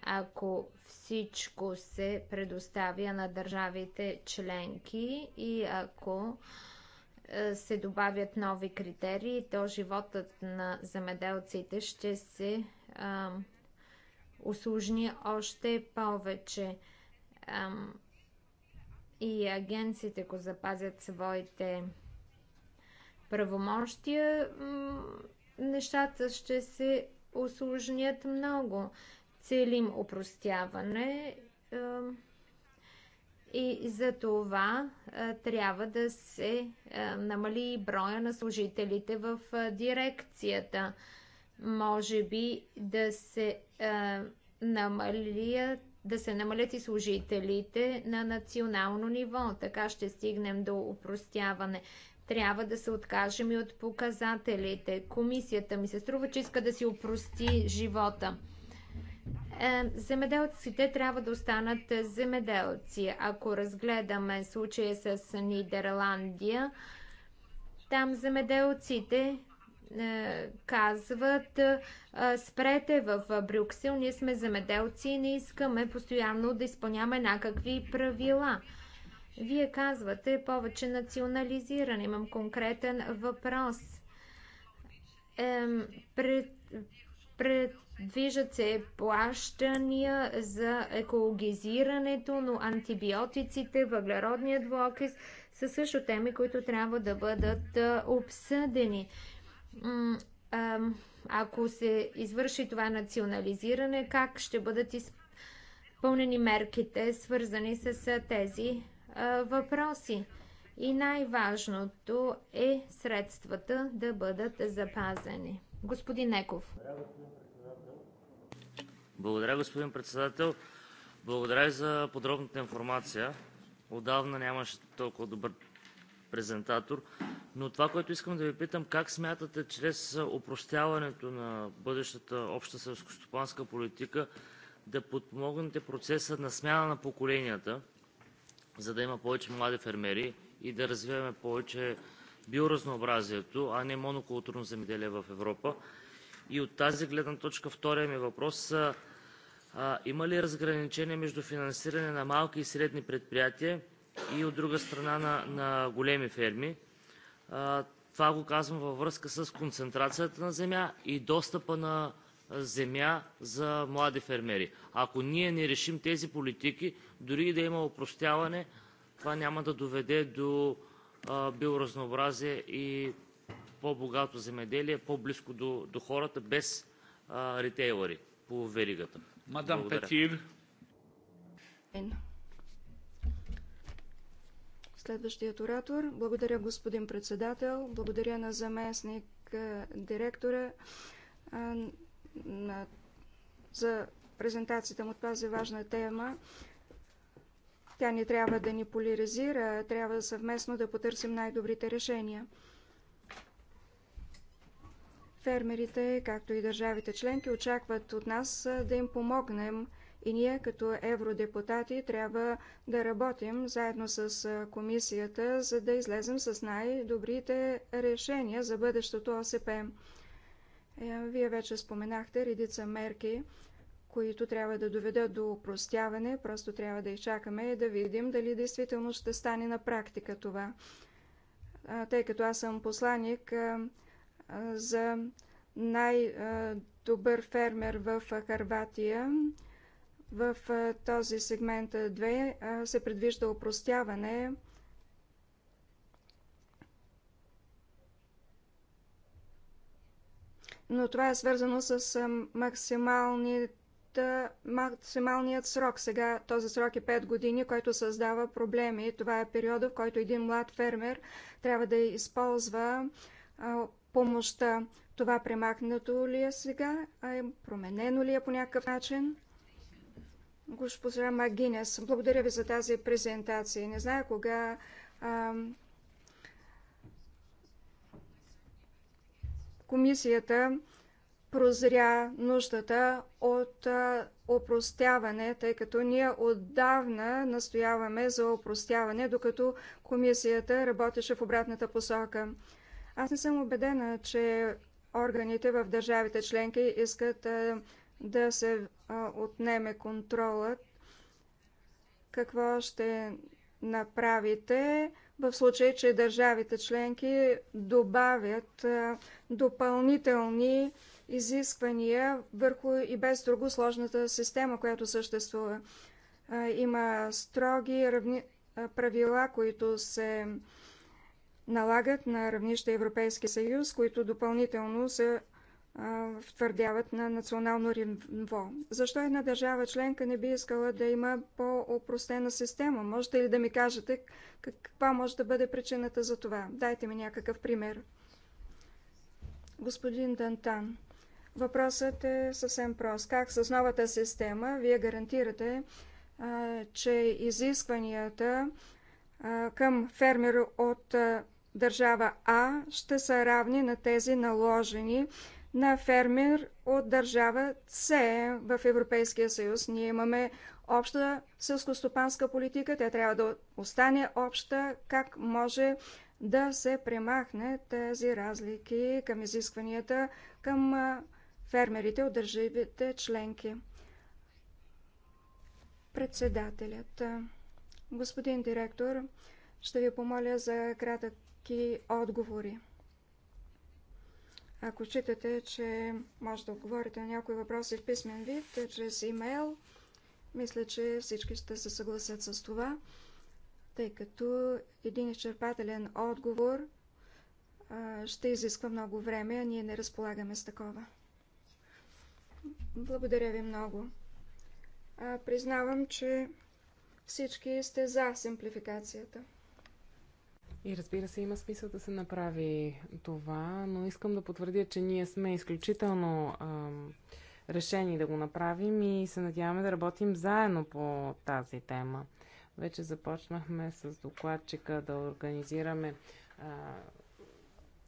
ако всичко се предоставя на държавите членки и ако е, се добавят нови критерии, то животът на замеделците ще се осложни още повече. Ам, и агенциите, ако запазят своите правомощия, нещата ще се осложнят много. Целим опростяване и за това трябва да се намали броя на служителите в дирекцията може би да се а, намалят да се намалят и служителите на национално ниво. Така ще стигнем до упростяване. Трябва да се откажем и от показателите. Комисията ми се струва, че иска да си упрости живота. Е, земеделците трябва да останат земеделци. Ако разгледаме случая с Нидерландия, там земеделците е, казват е, спрете в Брюксел, ние сме замеделци и не искаме постоянно да изпълняваме някакви правила. Вие казвате повече национализиране. Имам конкретен въпрос. Ем, пред, предвижат се плащания за екологизирането, но антибиотиците, въглеродният двуокис са също теми, които трябва да бъдат е, обсъдени ако се извърши това национализиране, как ще бъдат изпълнени мерките, свързани с тези въпроси? И най-важното е средствата да бъдат запазени. Господин Неков, Благодаря, господин председател. Благодаря за подробната информация. Отдавна нямаше толкова добър презентатор. Но това, което искам да Ви питам, как смятате чрез опростяването на бъдещата обща селскостопанска политика да подпомогнете процеса на смяна на поколенията, за да има повече млади фермери и да развиваме повече биоразнообразието, а не монокултурно земеделие в Европа. И от тази гледна точка втория ми въпрос а, има ли разграничение между финансиране на малки и средни предприятия и от друга страна на, на големи ферми. А, това го казвам във връзка с концентрацията на земя и достъпа на земя за млади фермери. Ако ние не решим тези политики, дори и да има опростяване, това няма да доведе до а, биоразнообразие и по-богато земеделие, по-близко до, до хората, без а, ритейлери по веригата. Мадам Благодаря. Петир. Следващият оратор. Благодаря, господин председател. Благодаря на заместник директора на, за презентацията му от тази е важна тема. Тя не трябва да ни поляризира, трябва съвместно да потърсим най-добрите решения. Фермерите, както и държавите членки, очакват от нас да им помогнем и ние като евродепутати трябва да работим заедно с комисията, за да излезем с най-добрите решения за бъдещото ОСП. Е, вие вече споменахте редица мерки, които трябва да доведат до упростяване. Просто трябва да изчакаме и да видим дали действително ще стане на практика това. Тъй като аз съм посланник за най-добър фермер в Харватия, в този сегмент 2 се предвижда упростяване но това е свързано с максималният срок. Сега този срок е 5 години, който създава проблеми. Това е периода, в който един млад фермер трябва да използва помощта. Това премахнато ли е сега? А променено ли е по някакъв начин? Госпожа Магинес, благодаря ви за тази презентация. Не зная кога а, комисията прозря нуждата от а, опростяване, тъй като ние отдавна настояваме за опростяване, докато комисията работеше в обратната посока. Аз не съм убедена, че органите в държавите членки искат а, да се отнеме контролът, какво ще направите в случай, че държавите членки добавят допълнителни изисквания върху и без друго сложната система, която съществува. Има строги равни... правила, които се налагат на равнище Европейски съюз, които допълнително се Твърдяват на национално ниво. Защо една държава членка не би искала да има по-опростена система? Можете ли да ми кажете каква може да бъде причината за това? Дайте ми някакъв пример. Господин Дантан, въпросът е съвсем прост. Как с новата система вие гарантирате, че изискванията към фермер от държава А ще са равни на тези наложени на фермер от държава С в Европейския съюз. Ние имаме обща селскостопанска политика, тя трябва да остане обща. Как може да се премахне тези разлики към изискванията към фермерите от държавите членки? Председателят. Господин директор, ще ви помоля за кратъки отговори. Ако считате, че може да отговорите на някои въпроси в писмен вид, е, чрез имейл, мисля, че всички ще се съгласят с това, тъй като един изчерпателен отговор ще изисква много време, а ние не разполагаме с такова. Благодаря ви много. признавам, че всички сте за симплификацията. И разбира се, има смисъл да се направи това, но искам да потвърдя, че ние сме изключително ам, решени да го направим и се надяваме да работим заедно по тази тема. Вече започнахме с докладчика да организираме а,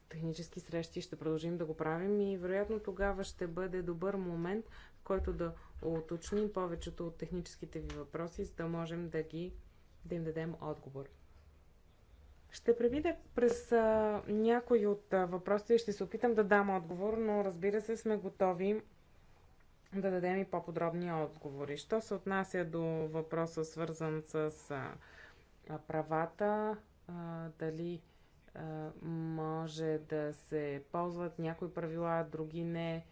технически срещи, ще продължим да го правим и вероятно тогава ще бъде добър момент, в който да уточним повечето от техническите ви въпроси, за да можем да ги да им дадем отговор. Ще премина през а, някои от а, въпросите и ще се опитам да дам отговор, но разбира се сме готови да дадем и по-подробни отговори. Що се отнася до въпроса свързан с а, правата, а, дали а, може да се ползват някои правила, други не,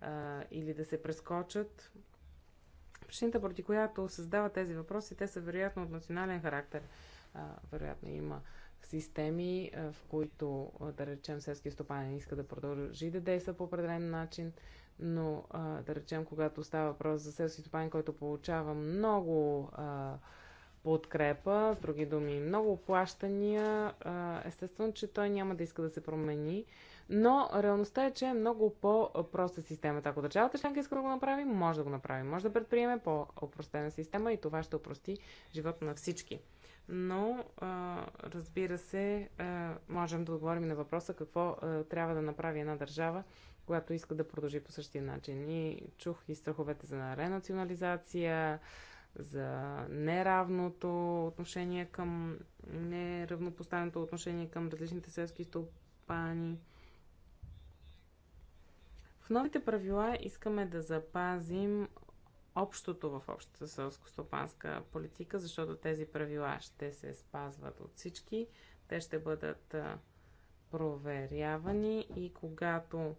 а, или да се прескочат. Причината, поради която създава тези въпроси, те са вероятно от национален характер. А, вероятно има системи, в които, да речем, селски стопанин иска да продължи да действа по определен начин, но, да речем, когато става въпрос за селски стопанин, който получава много подкрепа, с други думи, много оплащания, естествено, че той няма да иска да се промени, но реалността е, че е много по-проста системата. Ако държавата членка иска да го направи, може да го направи. Може да предприеме по-опростена система и това ще опрости живота на всички но а, разбира се, а, можем да отговорим на въпроса какво а, трябва да направи една държава, която иска да продължи по същия начин. И чух и страховете за ренационализация, за неравното отношение към неравнопоставеното отношение към различните селски стопани. В новите правила искаме да запазим общото в общата селско-стопанска политика, защото тези правила ще се спазват от всички. Те ще бъдат проверявани и когато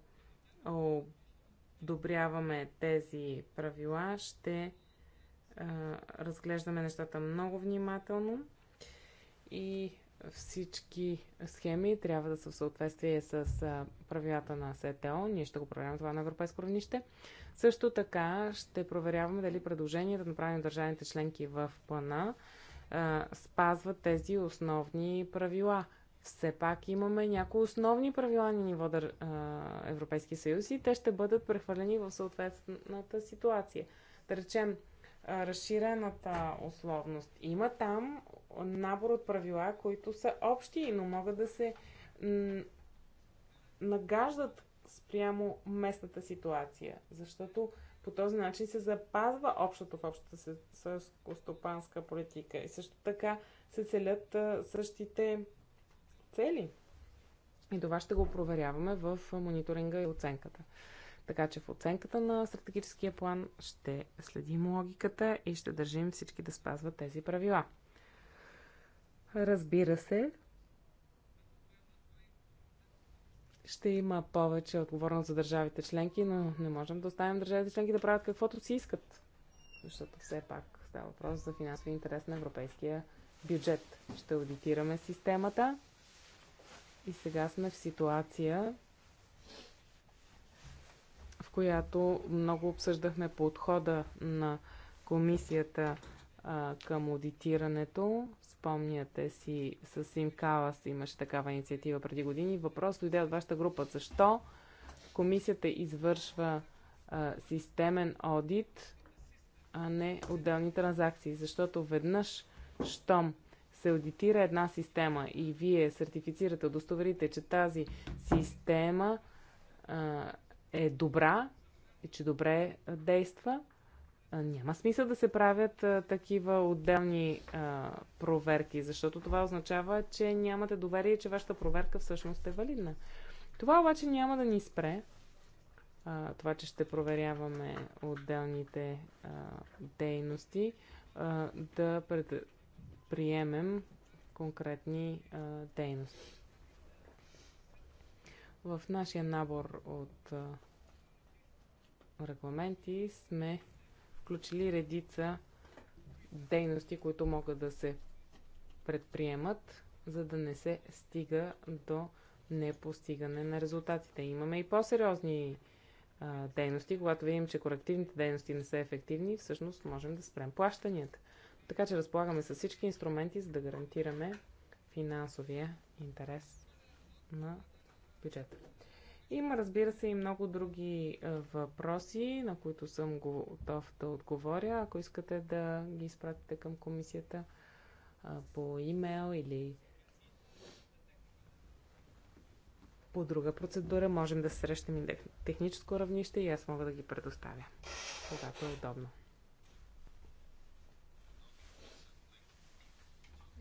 одобряваме тези правила, ще разглеждаме нещата много внимателно и всички схеми трябва да са в съответствие с правилата на СТО. Ние ще го проверяваме това на европейско равнище. Също така ще проверяваме дали предложенията, да направени от държавните членки в плана, спазват тези основни правила. Все пак имаме някои основни правила на ниво дър... Европейски съюз и те ще бъдат прехвърлени в съответната ситуация. Да речем, разширената условност. Има там набор от правила, които са общи, но могат да се нагаждат спрямо местната ситуация, защото по този начин се запазва общото в общата селско-стопанска политика и също така се целят същите цели. И това ще го проверяваме в мониторинга и оценката. Така че в оценката на стратегическия план ще следим логиката и ще държим всички да спазват тези правила. Разбира се, ще има повече отговорност за държавите членки, но не можем да оставим държавите членки да правят каквото си искат. Защото все пак става въпрос за финансови интерес на европейския бюджет. Ще аудитираме системата и сега сме в ситуация, която много обсъждахме подхода на комисията а, към аудитирането. Спомняте си, с Сим имаше такава инициатива преди години. Въпрос дойде от вашата група. Защо комисията извършва а, системен одит, а не отделни транзакции? Защото веднъж, щом се аудитира една система и вие сертифицирате, удостоверите, че тази система а, е добра и че добре действа, няма смисъл да се правят а, такива отделни а, проверки, защото това означава, че нямате доверие, че вашата проверка всъщност е валидна. Това обаче няма да ни спре. А, това, че ще проверяваме отделните а, дейности, а, да пред, приемем конкретни а, дейности. В нашия набор от регламенти сме включили редица дейности, които могат да се предприемат, за да не се стига до непостигане на резултатите. Имаме и по-сериозни дейности. Когато видим, че корективните дейности не са ефективни, всъщност можем да спрем плащанията. Така че разполагаме с всички инструменти, за да гарантираме финансовия интерес на бюджета. Има, разбира се, и много други въпроси, на които съм готов да отговоря. Ако искате да ги изпратите към комисията по имейл или по друга процедура, можем да срещнем и техническо равнище и аз мога да ги предоставя, когато е удобно.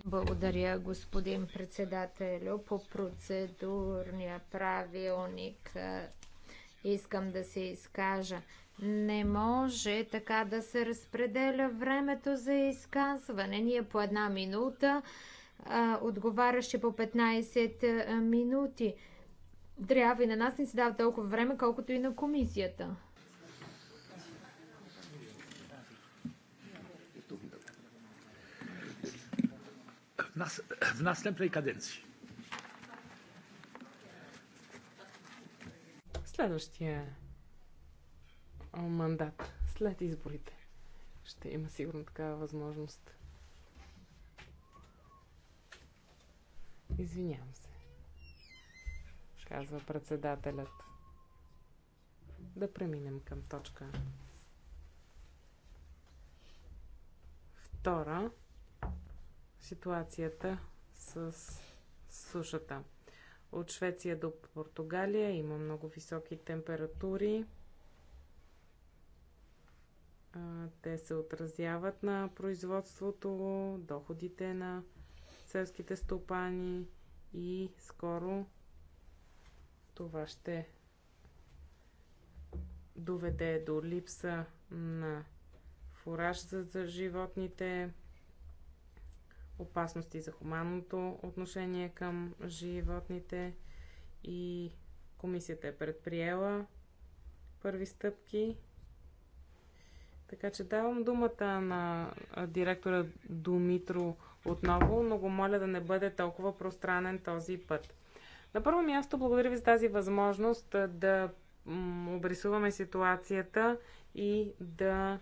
Благодаря, господин председател, По процедурния правилник искам да се изкажа. Не може така да се разпределя времето за изказване. Ние по една минута, отговаряше по 15 минути. Трябва и на нас не се дава толкова време, колкото и на комисията. nas, w następnej kadencji. Следващия мандат след изборите ще има сигурно такава възможност. Извинявам се, казва председателят. Да преминем към точка втора ситуацията с сушата. От Швеция до Португалия има много високи температури. Те се отразяват на производството, доходите на селските стопани и скоро това ще доведе до липса на фураж за животните, опасности за хуманното отношение към животните и комисията е предприела първи стъпки. Така че давам думата на директора Думитро отново, но го моля да не бъде толкова пространен този път. На първо място, благодаря ви за тази възможност да обрисуваме ситуацията и да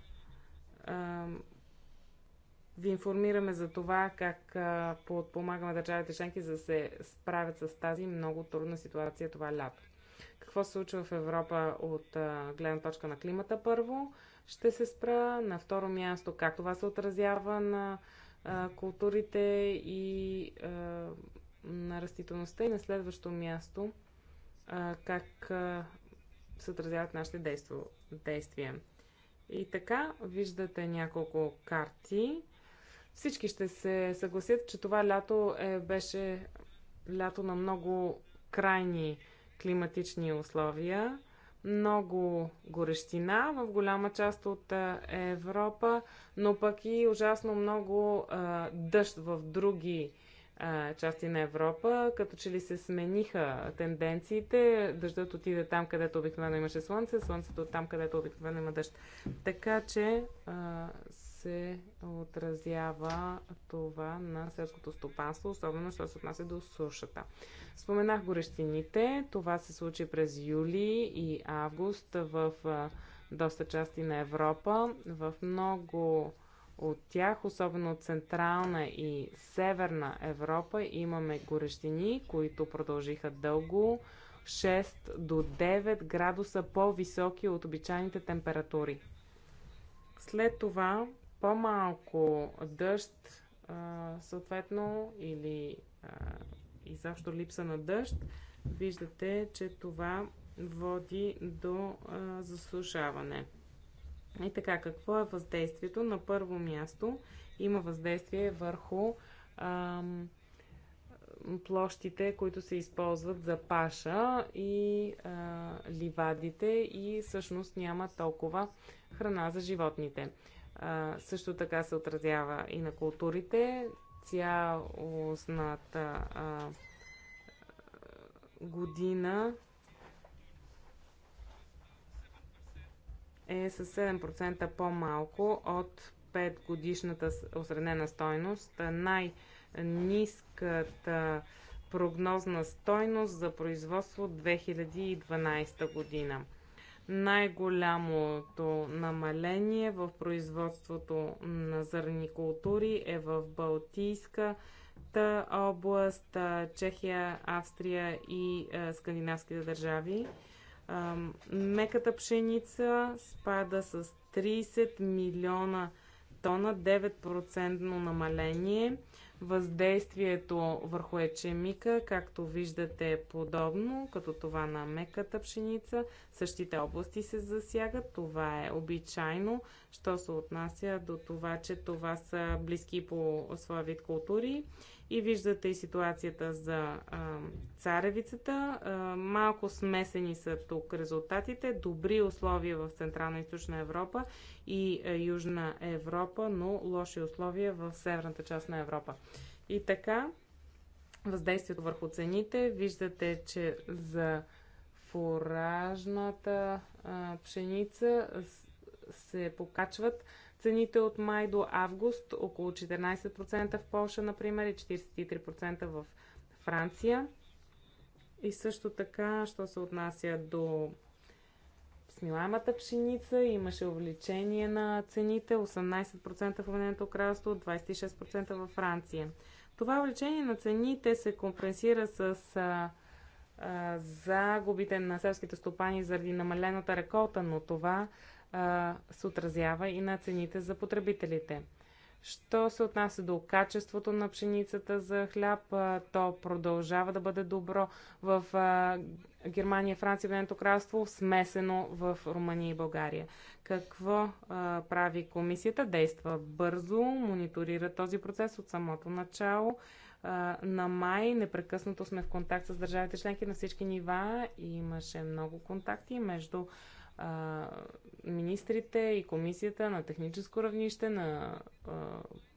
ви информираме за това как подпомагаме държавите членки, за да се справят с тази много трудна ситуация това лято. Какво се случва в Европа от гледна точка на климата първо? Ще се спра на второ място как това се отразява на културите и на растителността и на следващо място как се отразяват нашите действия. И така, виждате няколко карти всички ще се съгласят, че това лято е, беше лято на много крайни климатични условия, много горещина в голяма част от Европа, но пък и ужасно много а, дъжд в други а, части на Европа, като че ли се смениха тенденциите. Дъждът отиде там, където обикновено имаше слънце, слънцето там, където обикновено има дъжд. Така че а, се отразява това на селското стопанство, особено що се отнася до сушата. Споменах горещините. Това се случи през юли и август в доста части на Европа. В много от тях, особено от Централна и Северна Европа, имаме горещини, които продължиха дълго 6 до 9 градуса по-високи от обичайните температури. След това по-малко дъжд, съответно, или изобщо липса на дъжд, виждате, че това води до засушаване. И така, какво е въздействието? На първо място има въздействие върху площите, които се използват за паша и а, ливадите и всъщност няма толкова храна за животните също така се отразява и на културите. Цялостната а, година е с 7% по-малко от 5 годишната осреднена стойност. Най-низката прогнозна стойност за производство 2012 година. Най-голямото намаление в производството на зърни култури е в Балтийската област, Чехия, Австрия и скандинавските държави. Меката пшеница спада с 30 милиона тона, 9% намаление. Въздействието върху ечемика, както виждате, е подобно, като това на меката пшеница. Същите области се засягат. Това е обичайно, що се отнася до това, че това са близки по своя вид култури. И виждате и ситуацията за а, царевицата. А, малко смесени са тук резултатите. Добри условия в Централна и Източна Европа и е, Южна Европа, но лоши условия в северната част на Европа. И така, въздействието върху цените. Виждате, че за фуражната а, пшеница се покачват цените от май до август около 14% в Польша, например, и 43% в Франция. И също така, що се отнася до смилаемата пшеница имаше увеличение на цените 18% в Обединеното кралство, 26% във Франция. Това увеличение на цените се компенсира с а, а, загубите на селските стопани заради намалената реколта, но това а, се отразява и на цените за потребителите. Що се отнася до качеството на пшеницата за хляб, то продължава да бъде добро в Германия, Франция, Венето кралство, смесено в Румъния и България. Какво прави комисията? Действа бързо, мониторира този процес от самото начало. на май непрекъснато сме в контакт с държавите членки на всички нива. Имаше много контакти между а, министрите и комисията на техническо равнище, на а,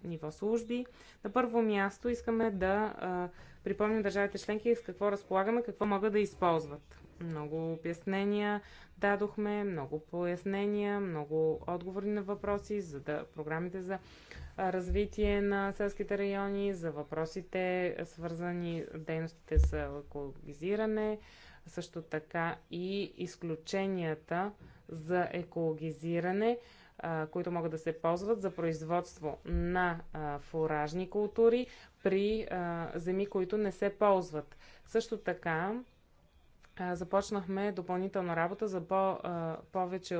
ниво служби. На първо място искаме да а, припомним държавите членки с какво разполагаме, какво могат да използват. Много обяснения дадохме, много пояснения, много отговори на въпроси за да, програмите за развитие на селските райони, за въпросите свързани с дейностите с екологизиране, също така и изключенията за екологизиране, които могат да се ползват за производство на фуражни култури при земи, които не се ползват. Също така започнахме допълнителна работа за по, повече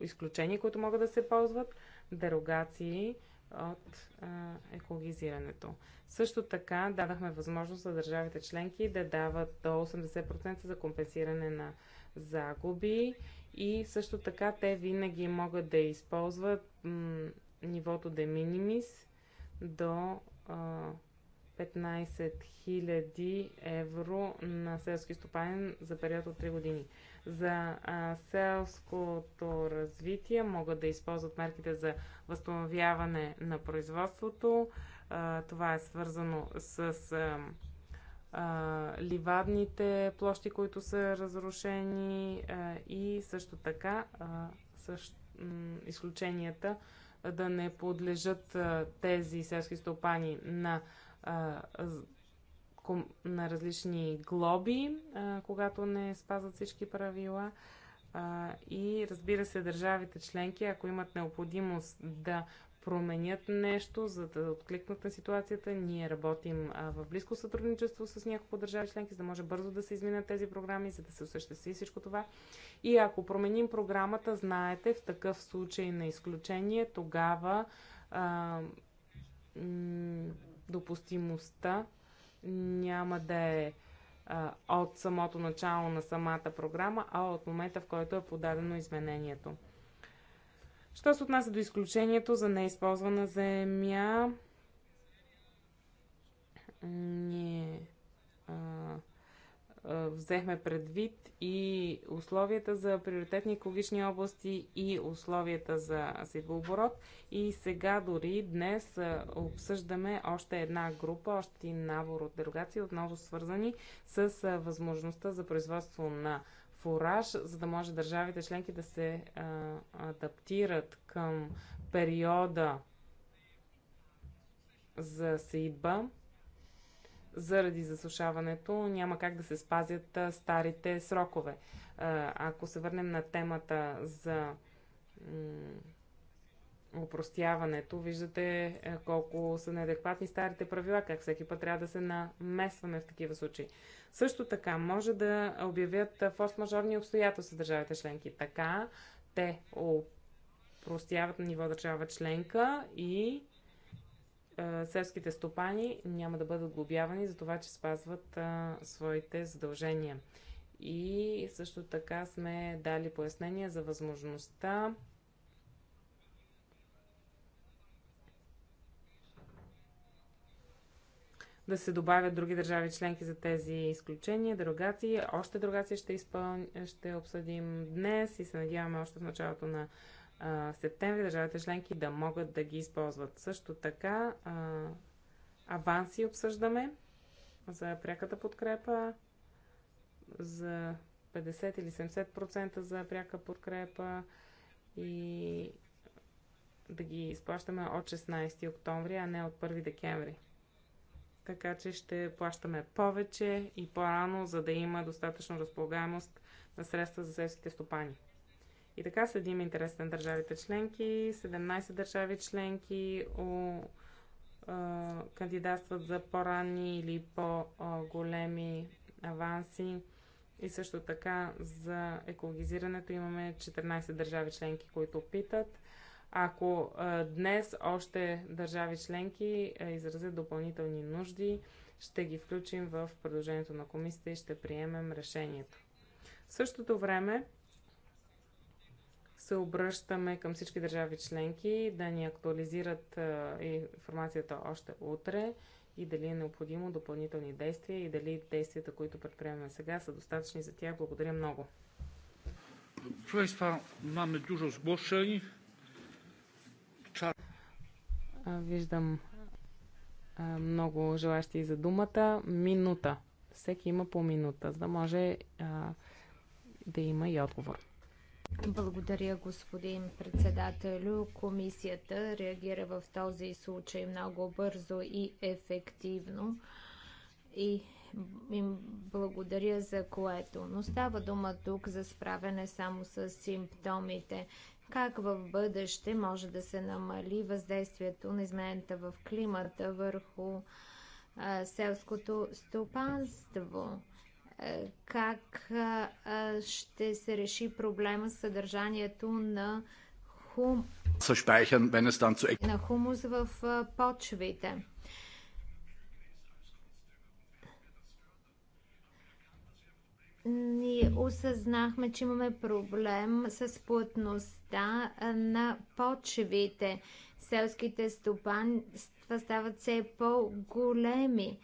изключения, които могат да се ползват, дерогации от а, екологизирането. Също така дадахме възможност за държавите членки да дават до 80% за компенсиране на загуби и също така те винаги могат да използват нивото de minimis до а, 15 000 евро на селски стопанин за период от 3 години за селското развитие, могат да използват мерките за възстановяване на производството. това е свързано с ливадните площи, които са разрушени и също така изключенията да не подлежат тези селски стопани на на различни глоби, а, когато не спазват всички правила. А, и разбира се, държавите членки, ако имат необходимост да променят нещо, за да откликнат на ситуацията. Ние работим а, в близко сътрудничество с няколко държави членки, за да може бързо да се изминат тези програми, за да се осъществи всичко това. И ако променим програмата, знаете, в такъв случай на изключение, тогава а, допустимостта няма да е а, от самото начало на самата програма, а от момента, в който е подадено изменението. Що се отнася до изключението за неизползвана земя, Не. а, взехме предвид и условията за приоритетни екологични области и условията за сивооборот. И сега дори днес обсъждаме още една група, още един набор от делегации, отново свързани с възможността за производство на фураж, за да може държавите членки да се адаптират към периода за сейдба заради засушаването няма как да се спазят старите срокове. ако се върнем на темата за упростяването, виждате колко са неадекватни старите правила, как всеки път трябва да се намесваме в такива случаи. Също така, може да обявят форс-мажорни обстоятелства държавите членки. Така те упростяват на ниво държава членка и селските стопани няма да бъдат глобявани за това, че спазват а, своите задължения. И също така сме дали пояснение за възможността да се добавят други държави членки за тези изключения, дерогации. Още дерогации ще, изпъл... ще обсъдим днес и се надяваме още в началото на а, септември държавите членки да могат да ги използват. Също така а, аванси обсъждаме за пряката подкрепа, за 50 или 70% за пряка подкрепа и да ги изплащаме от 16 октомври, а не от 1 декември. Така че ще плащаме повече и по-рано, за да има достатъчно разполагаемост на средства за селските стопани. И така следим интересите на държавите членки. 17 държави членки о, а, кандидатстват за по-ранни или по-големи аванси. И също така за екологизирането имаме 14 държави членки, които питат. Ако а, днес още държави членки изразят допълнителни нужди, ще ги включим в предложението на комисията и ще приемем решението. В същото време се обръщаме към всички държави членки да ни актуализират информацията още утре и дали е необходимо допълнителни действия и дали действията, които предприемаме сега, са достатъчни за тях. Благодаря много. Виждам много желащи за думата. Минута. Всеки има по минута, за да може да има и отговор. Благодаря, господин председателю. Комисията реагира в този случай много бързо и ефективно и им благодаря за което. Но става дума тук за справяне само с симптомите. Как в бъдеще може да се намали въздействието на измененията в климата върху а, селското стопанство? как ще се реши проблема с съдържанието на хум... на хумус в почвите. ние осъзнахме, че имаме проблем с плътността на почвите. Селските стопанства стават все по-големи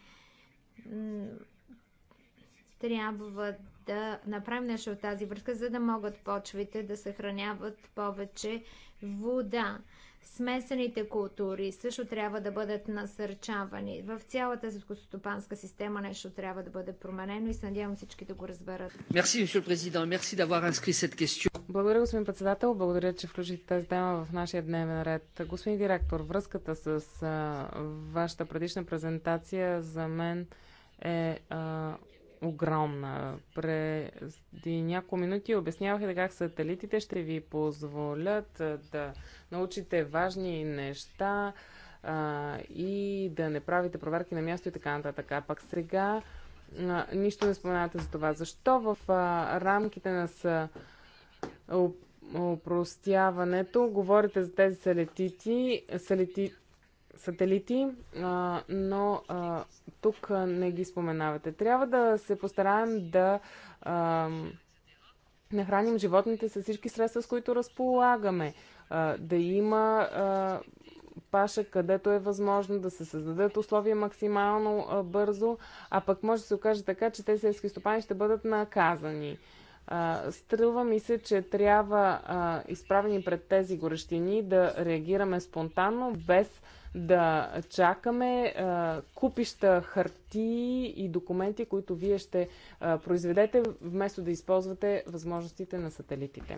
трябва да направим нещо от тази връзка, за да могат почвите да съхраняват повече вода. Смесените култури също трябва да бъдат насърчавани. В цялата селскостопанска система нещо трябва да бъде променено и се надявам всички да го разберат. Мерси, месье президент. Мерси да Благодаря, господин председател. Благодаря, че включихте тази тема в нашия дневен ред. Господин директор, връзката с а, вашата предишна презентация за мен е а, огромна. Преди няколко минути обяснявахте как сателитите ще ви позволят да научите важни неща а, и да не правите проверки на място и така нататък. А пък сега а, нищо не споменавате за това. Защо в а, рамките на са, упростяването говорите за тези салетити, салети, сателити, а, но а, тук не ги споменавате. Трябва да се постараем да а, нахраним животните с всички средства, с които разполагаме. А, да има а, паша, където е възможно да се създадат условия максимално а, бързо, а пък може да се окаже така, че тези селски стопани ще бъдат наказани. А, струва ми се, че трябва, а, изправени пред тези горещини, да реагираме спонтанно, без да чакаме а, купища хартии и документи, които вие ще а, произведете, вместо да използвате възможностите на сателитите.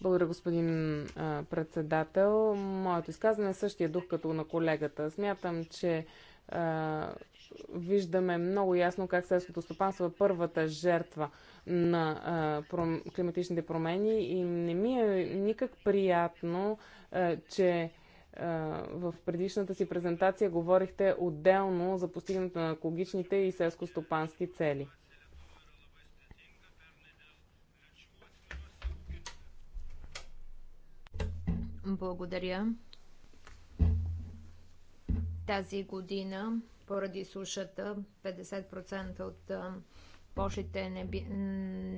Благодаря, господин а, председател. Моето изказване е същия дух като на колегата. Смятам, че а, виждаме много ясно как селското стопанство е първата жертва на а, пром... климатичните промени и не ми е никак приятно, а, че а, в предишната си презентация говорихте отделно за постигането на екологичните и селско-стопански цели. Благодаря. Тази година поради сушата 50% от пошите не, би,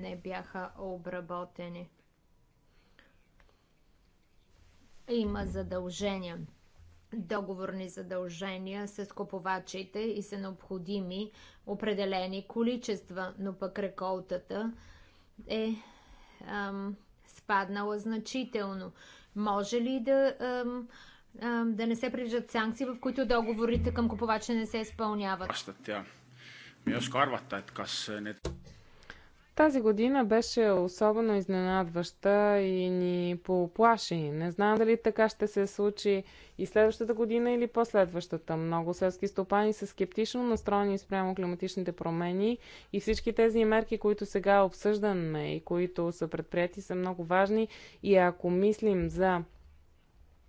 не бяха обработени. Има задължения договорни задължения с купувачите и са необходими определени количества, но пък реколтата е ам, спаднала значително. Може ли да ам, да не се прилежат санкции, в които договорите към купувача не се изпълняват. Тази година беше особено изненадваща и ни поплаши. Не знам дали така ще се случи и следващата година или последващата. Много селски стопани са скептично настроени спрямо климатичните промени и всички тези мерки, които сега обсъждаме и които са предприяти, са много важни. И ако мислим за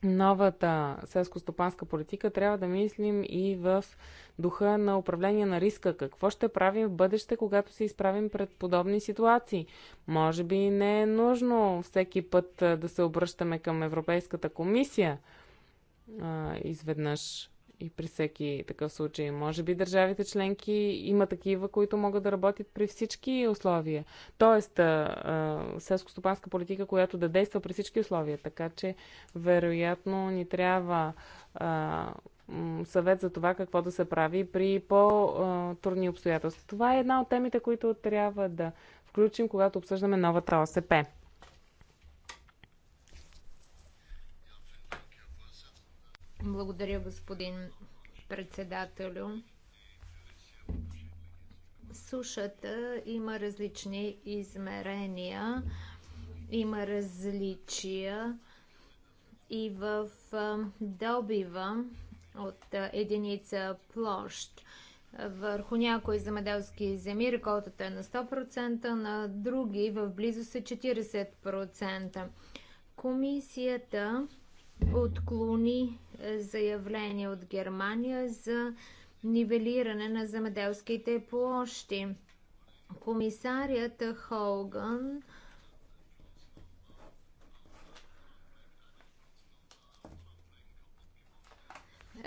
новата селско-стопанска политика трябва да мислим и в духа на управление на риска. Какво ще правим в бъдеще, когато се изправим пред подобни ситуации? Може би не е нужно всеки път да се обръщаме към Европейската комисия а, изведнъж и при всеки такъв случай. Може би държавите членки има такива, които могат да работят при всички условия. Тоест, селско-стопанска политика, която да действа при всички условия. Така че, вероятно, ни трябва съвет за това какво да се прави при по-трудни обстоятелства. Това е една от темите, които трябва да включим, когато обсъждаме новата ОСП. Благодаря, господин председателю. Сушата има различни измерения, има различия и в добива от единица площ. Върху някои земеделски земи реколтата е на 100%, на други в близост е 40%. Комисията отклони е, заявление от Германия за нивелиране на земеделските площи. Комисарият Холган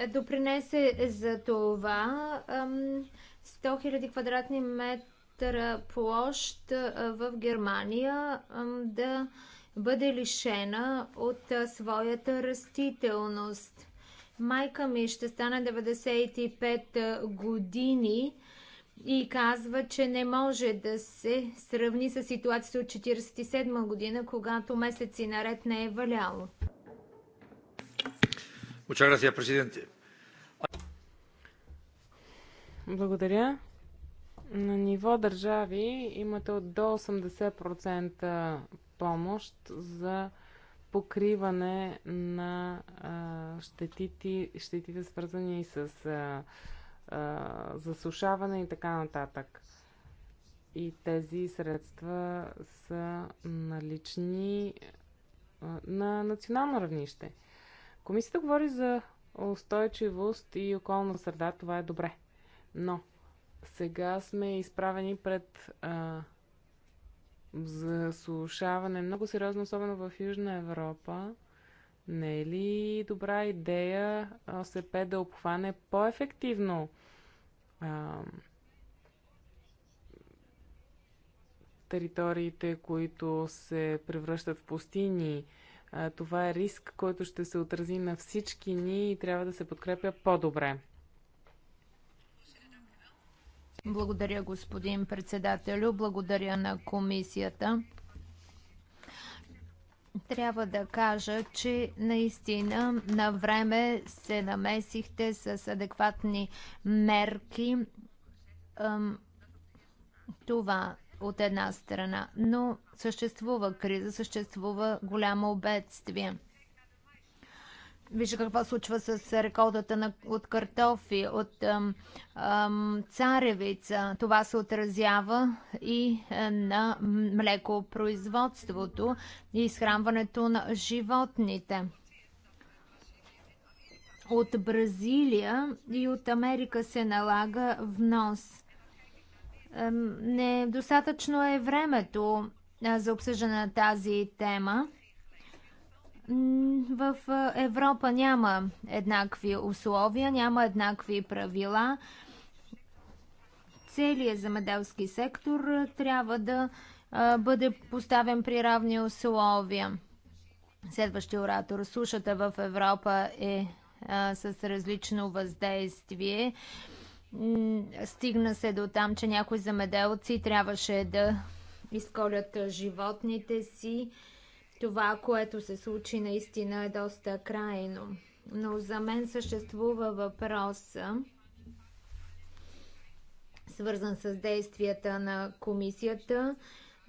допринесе за това 100 000 квадратни метра площ в Германия да бъде лишена от своята растителност. Майка ми ще стане 95 години и казва, че не може да се сравни с ситуацията от 1947 година, когато месеци наред не е валяло. Благодаря. На ниво държави имате от до 80% помощ за покриване на а, щетите, щетите, свързани с а, а, засушаване и така нататък. И тези средства са налични а, на национално равнище. Комисията говори за устойчивост и околна среда. Това е добре. Но сега сме изправени пред а, засушаване много сериозно, особено в Южна Европа, не е ли добра идея ОСП да обхване по-ефективно териториите, които се превръщат в пустини? А, това е риск, който ще се отрази на всички ни и трябва да се подкрепя по-добре. Благодаря, господин председателю. Благодаря на комисията. Трябва да кажа, че наистина на време се намесихте с адекватни мерки. Това от една страна. Но съществува криза, съществува голямо бедствие. Вижте какво случва с реколтата на, от картофи, от ам, ам, царевица. Това се отразява и е, на млекопроизводството и изхранването на животните. От Бразилия и от Америка се налага внос. Недостатъчно е времето за обсъждане на тази тема. В Европа няма еднакви условия, няма еднакви правила. Целият замеделски сектор трябва да бъде поставен при равни условия. Следващия оратор. Сушата в Европа е а, с различно въздействие. Стигна се до там, че някои замеделци трябваше да изколят животните си това, което се случи, наистина е доста крайно. Но за мен съществува въпроса, свързан с действията на комисията.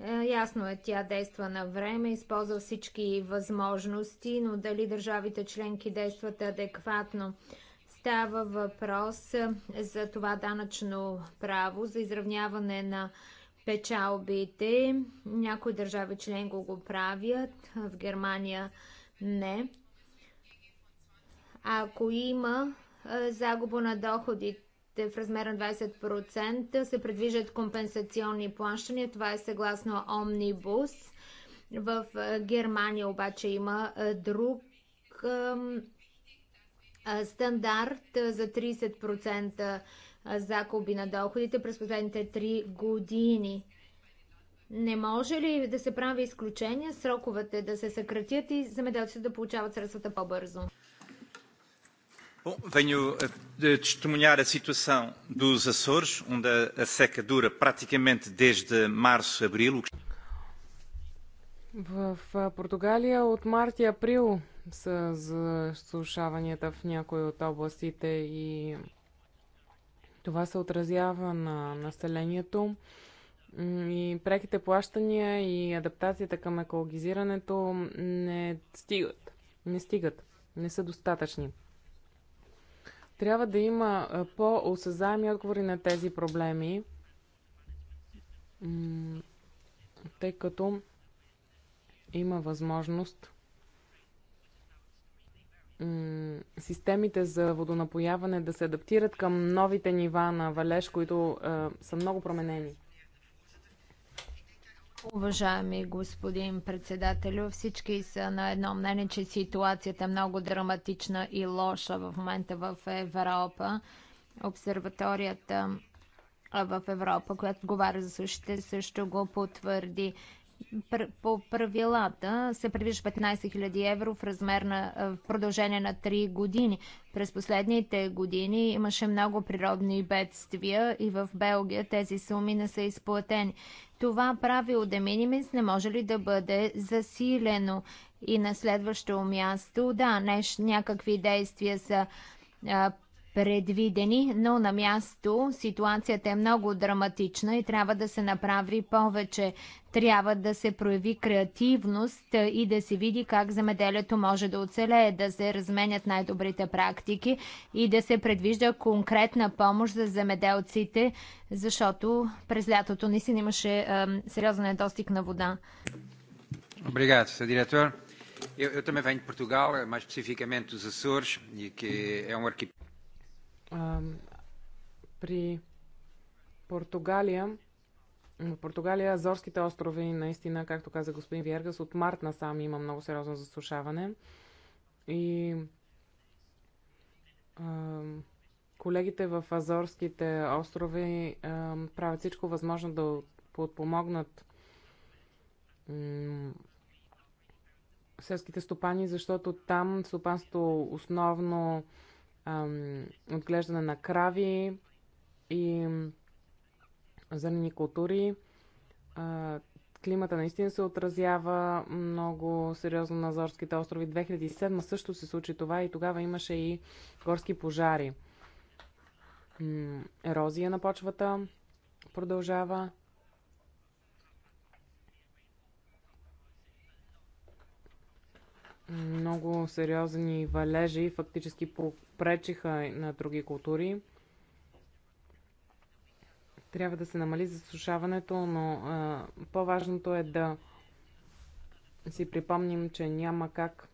Е, ясно е, тя действа на време, използва всички възможности, но дали държавите членки действат адекватно? Става въпрос е, за това данъчно право, за изравняване на печалбите. Някои държави член го, го правят, в Германия не. Ако има загуба на доходите, в размер на 20% се предвиждат компенсационни плащания. Това е съгласно Омнибус. В Германия обаче има друг стандарт за 30% загуби на доходите през последните 3 години. Не може ли да се прави изключение, сроковете да се съкратят и замеделците да получават средствата по-бързо? Bom, venho de testemunhar a situação dos Açores, onde a seca dura praticamente desde março, abril. В Португалия от март и април са засушаванията в някои от областите и това се отразява на населението. И преките плащания и адаптацията към екологизирането не стигат. Не стигат. Не са достатъчни. Трябва да има по-осъзаеми отговори на тези проблеми, тъй като има възможност системите за водонапояване да се адаптират към новите нива на валеж, които е, са много променени. Уважаеми господин председателю, всички са на едно мнение, че ситуацията е много драматична и лоша в момента в Европа. Обсерваторията в Европа, която отговаря за същите, също го потвърди по правилата се предвижда 15 000 евро в размер на в продължение на 3 години. През последните години имаше много природни бедствия и в Белгия тези суми не са изплатени. Това правило де минимис не може ли да бъде засилено? И на следващо място, да, неш, някакви действия са предвидени, но на място ситуацията е много драматична и трябва да се направи повече. Трябва да се прояви креативност и да се види как земеделието може да оцелее, да се разменят най-добрите практики и да се предвижда конкретна помощ за земеделците, защото през лятото не си имаше сериозен недостиг на вода. Obrigado, Sr. Diretor. Eu, eu também venho de Portugal, mais especificamente dos Açores, e que é um arquipélago при Португалия, в Португалия Азорските острови, наистина, както каза господин Виергас, от март насам има много сериозно засушаване. И а, колегите в Азорските острови а, правят всичко възможно да подпомогнат селските стопани, защото там стопанството основно ам, отглеждане на крави и зърнени култури. А, климата наистина се отразява много сериозно на Зорските острови. 2007 също се случи това и тогава имаше и горски пожари. Ерозия на почвата продължава. много сериозни валежи фактически попречиха на други култури. Трябва да се намали засушаването, но по-важното е да си припомним, че няма как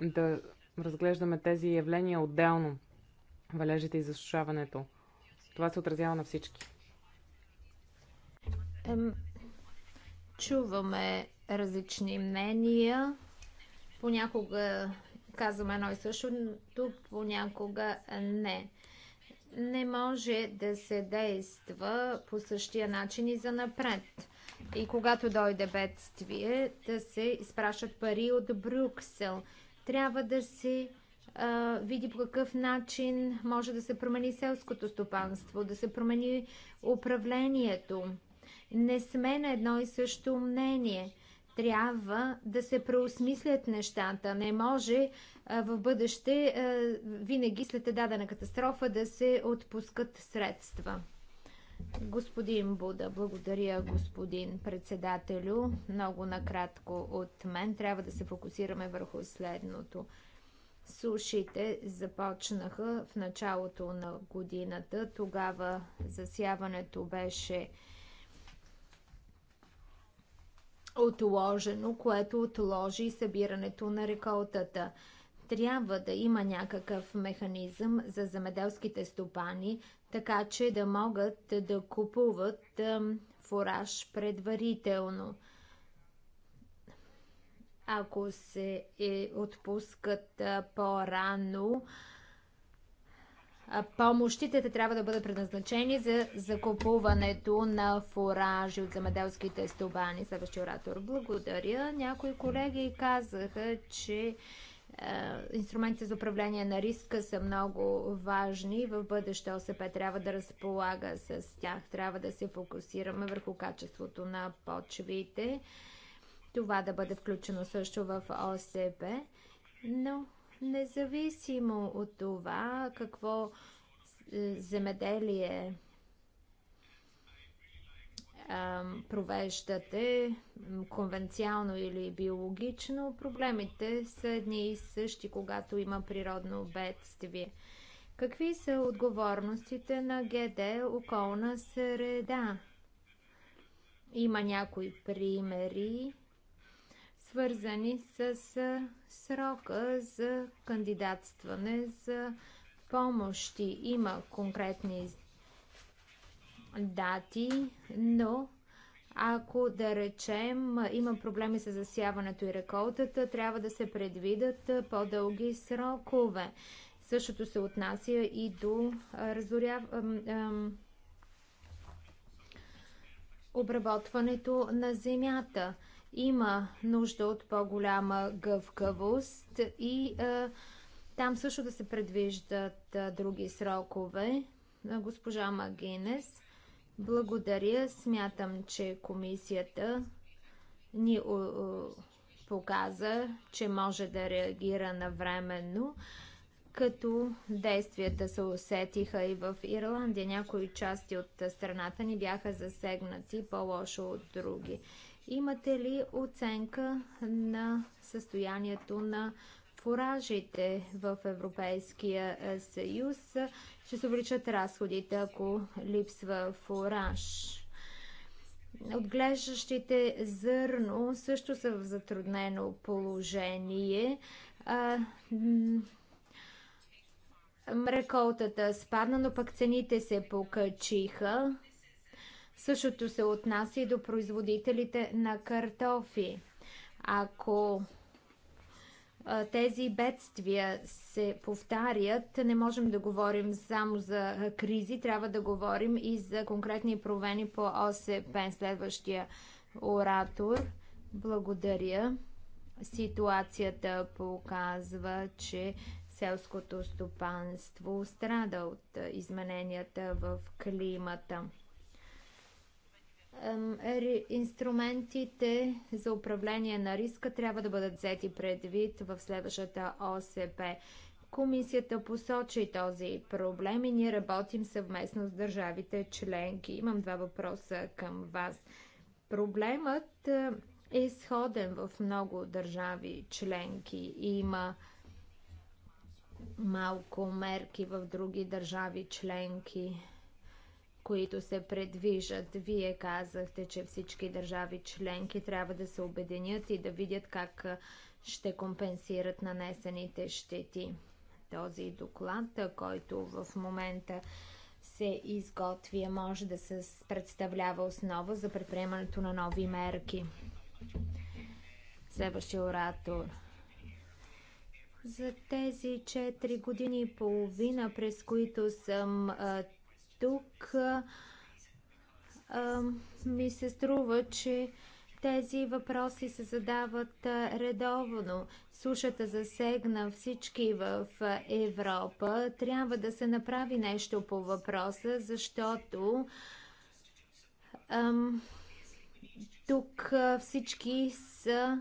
да разглеждаме тези явления отделно, валежите и засушаването. Това се отразява на всички. Чуваме различни мнения. Понякога казваме едно и същото, понякога не. Не може да се действа по същия начин и за напред. И когато дойде бедствие, да се изпращат пари от Брюксел. Трябва да се а, види по какъв начин може да се промени селското стопанство, да се промени управлението. Не сме на едно и също мнение – трябва да се преосмислят нещата. Не може в бъдеще винаги след дадена катастрофа да се отпускат средства. Господин Буда, благодаря господин председателю. Много накратко от мен трябва да се фокусираме върху следното. Сушите започнаха в началото на годината. Тогава засяването беше отложено, което отложи събирането на реколтата. Трябва да има някакъв механизъм за замеделските стопани, така че да могат да купуват фураж предварително. Ако се е отпускат по-рано, помощите те трябва да бъдат предназначени за закупуването на фуражи от замеделските стобани. Следващия оратор. Благодаря. Някои колеги казаха, че инструментите за управление на риска са много важни. В бъдеще ОСП трябва да разполага с тях. Трябва да се фокусираме върху качеството на почвите. Това да бъде включено също в ОСП. Но Независимо от това какво е, земеделие провеждате конвенциално или биологично, проблемите са едни и същи, когато има природно бедствие. Какви са отговорностите на ГД околна среда? Има някои примери свързани с срока за кандидатстване за помощи. Има конкретни дати, но ако да речем има проблеми с засяването и реколтата, трябва да се предвидат по-дълги срокове. Същото се отнася и до разоряв... обработването на земята има нужда от по-голяма гъвкавост и а, там също да се предвиждат а, други срокове. А, госпожа Магинес, благодаря. Смятам, че комисията ни о, о, показа, че може да реагира навременно, като действията се усетиха и в Ирландия. Някои части от страната ни бяха засегнати по-лошо от други. Имате ли оценка на състоянието на фуражите в Европейския е, съюз? Ще се увеличат разходите, ако липсва фураж. Отглеждащите зърно също са в затруднено положение. Реколтата спадна, но пък цените се покачиха. Същото се отнася и до производителите на картофи. Ако тези бедствия се повтарят, не можем да говорим само за кризи, трябва да говорим и за конкретни провени по ОСП. Следващия оратор. Благодаря. Ситуацията показва, че селското стопанство страда от измененията в климата. Инструментите за управление на риска трябва да бъдат взети предвид в следващата ОСП. Комисията посочи този проблем и ние работим съвместно с държавите членки. Имам два въпроса към вас. Проблемът е изходен е в много държави членки. Има малко мерки в други държави членки които се предвижат. Вие казахте, че всички държави членки трябва да се обединят и да видят как ще компенсират нанесените щети. Този доклад, който в момента се изготвя, може да се представлява основа за предприемането на нови мерки. Следващия оратор. За тези 4 години и половина, през които съм тук ми се струва, че тези въпроси се задават редовно. Сушата засегна всички в Европа. Трябва да се направи нещо по въпроса, защото ам, тук всички са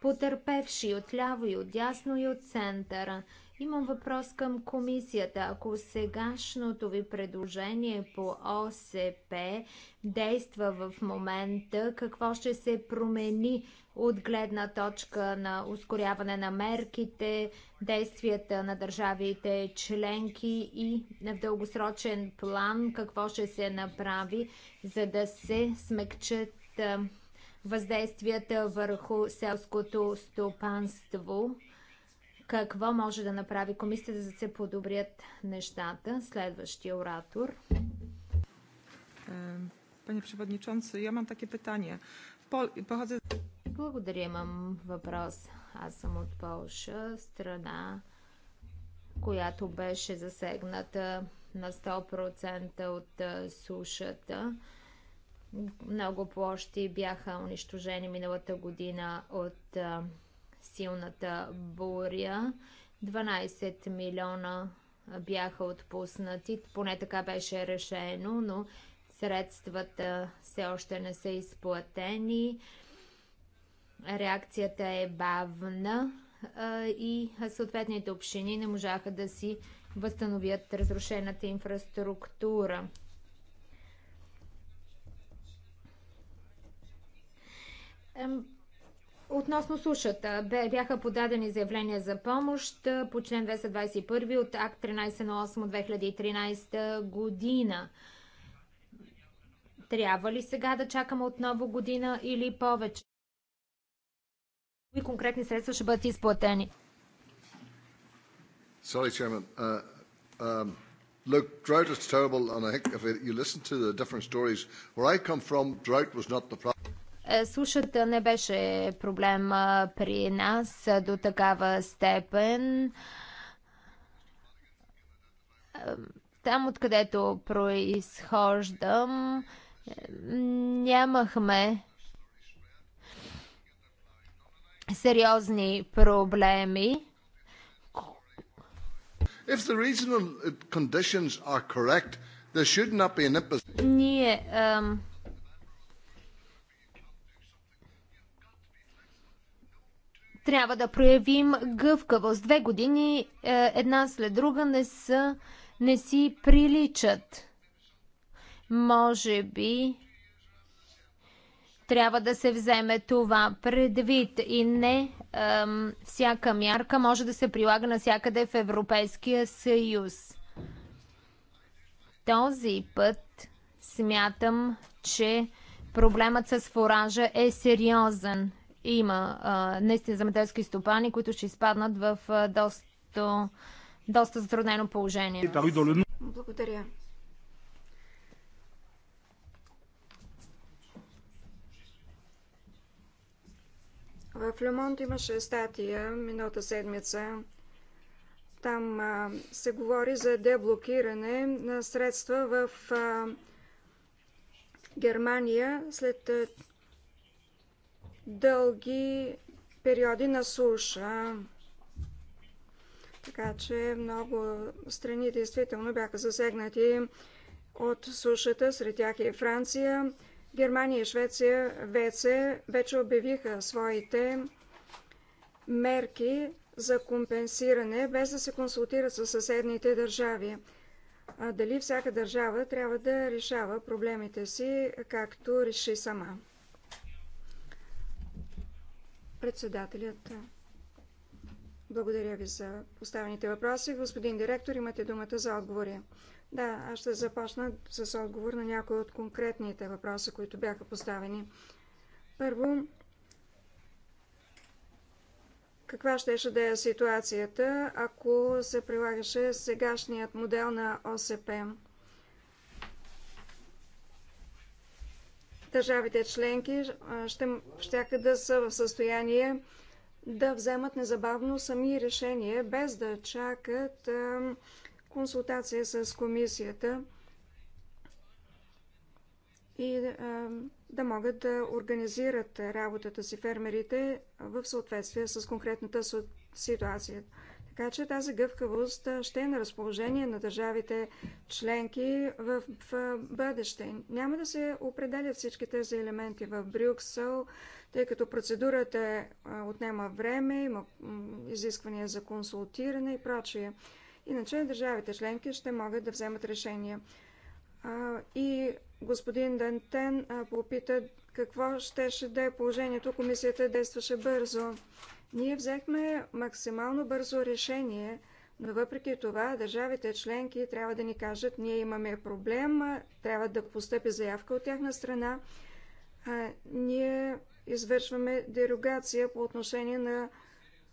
потърпевши от ляво и от дясно и от центъра. Имам въпрос към комисията. Ако сегашното ви предложение по ОСП действа в момента, какво ще се промени от гледна точка на ускоряване на мерките, действията на държавите членки и в дългосрочен план какво ще се направи, за да се смекчат въздействията върху селското стопанство? Какво може да направи комисията, за да се подобрят нещата? Следващия оратор. Пане Przewodniczący, я имам takie pytanie. Благодаря, имам въпрос. Аз съм от Полша, страна, която беше засегната на 100% от сушата. Много площи бяха унищожени миналата година от силната буря. 12 милиона бяха отпуснати, поне така беше решено, но средствата все още не са изплатени. Реакцията е бавна и съответните общини не можаха да си възстановят разрушената инфраструктура. Um, Относно сушата, бяха подадени заявления за помощ по член 221 от Акт 1308-2013 година. Трябва ли сега да чакаме отново година или повече? Кои конкретни средства ще бъдат изплатени? Sorry, Chairman. Uh, um, look, drought is terrible, and I think if you listen to the different stories, where I come from, drought was not the problem. Е, Сушата не беше проблем при нас до такава степен. Там, откъдето произхождам, нямахме сериозни проблеми. If the regional conditions are correct, there should not be an imposition. Ние ам, Трябва да проявим гъвкавост. Две години е, една след друга не, са, не си приличат. Може би трябва да се вземе това предвид и не ем, всяка мярка може да се прилага навсякъде в Европейския съюз. Този път смятам, че проблемът с фуража е сериозен има а, наистина земеделски стопани, които ще изпаднат в а, доста, доста затруднено положение. Благодаря. В Лемонт имаше статия миналата седмица. Там а, се говори за деблокиране на средства в а, Германия след дълги периоди на суша. Така че много страни действително бяха засегнати от сушата, сред тях и Франция. Германия и Швеция вече, вече обявиха своите мерки за компенсиране, без да се консултират с съседните държави. А дали всяка държава трябва да решава проблемите си, както реши сама. Председателят. Благодаря ви за поставените въпроси. Господин директор, имате думата за отговори. Да, аз ще започна с отговор на някои от конкретните въпроси, които бяха поставени. Първо, каква щеше да е ситуацията, ако се прилагаше сегашният модел на ОСП? държавите членки ще, щяха да са в състояние да вземат незабавно сами решение, без да чакат консултация с комисията и да могат да организират работата си фермерите в съответствие с конкретната ситуация. Така че тази гъвкавост ще е на разположение на държавите членки в, в бъдеще. Няма да се определят всички тези елементи в Брюксел, тъй като процедурата отнема време, има изисквания за консултиране и прочие. Иначе държавите членки ще могат да вземат решения. И господин Дантен попита какво щеше да е положението, комисията действаше бързо. Ние взехме максимално бързо решение, но въпреки това държавите членки трябва да ни кажат, ние имаме проблем, трябва да постъпи заявка от тяхна страна. А, ние извършваме дерогация по отношение на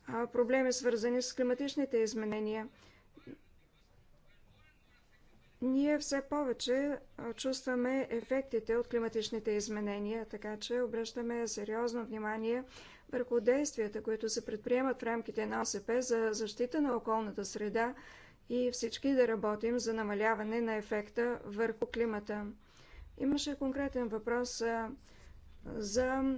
а, проблеми, свързани с климатичните изменения. Ние все повече чувстваме ефектите от климатичните изменения, така че обръщаме сериозно внимание върху действията, които се предприемат в рамките на ОСП за защита на околната среда и всички да работим за намаляване на ефекта върху климата. Имаше конкретен въпрос за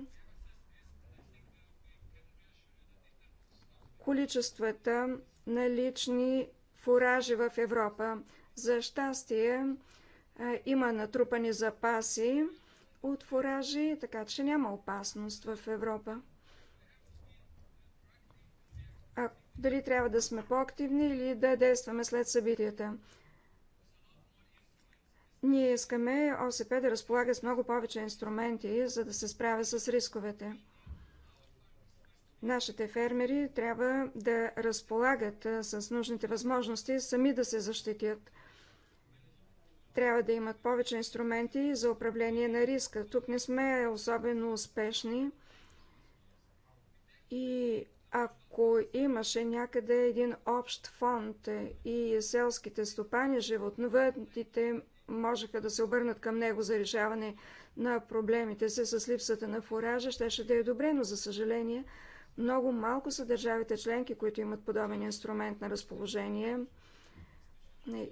количествата на лични фуражи в Европа. За щастие има натрупани запаси от фуражи, така че няма опасност в Европа. дали трябва да сме по-активни или да действаме след събитията. Ние искаме ОСП да разполага с много повече инструменти, за да се справя с рисковете. Нашите фермери трябва да разполагат с нужните възможности сами да се защитят. Трябва да имат повече инструменти за управление на риска. Тук не сме особено успешни и ако имаше някъде един общ фонд и селските стопани, животновъдите можеха да се обърнат към него за решаване на проблемите си с липсата на фуража, щеше да е добре, но за съжаление много малко са държавите членки, които имат подобен инструмент на разположение.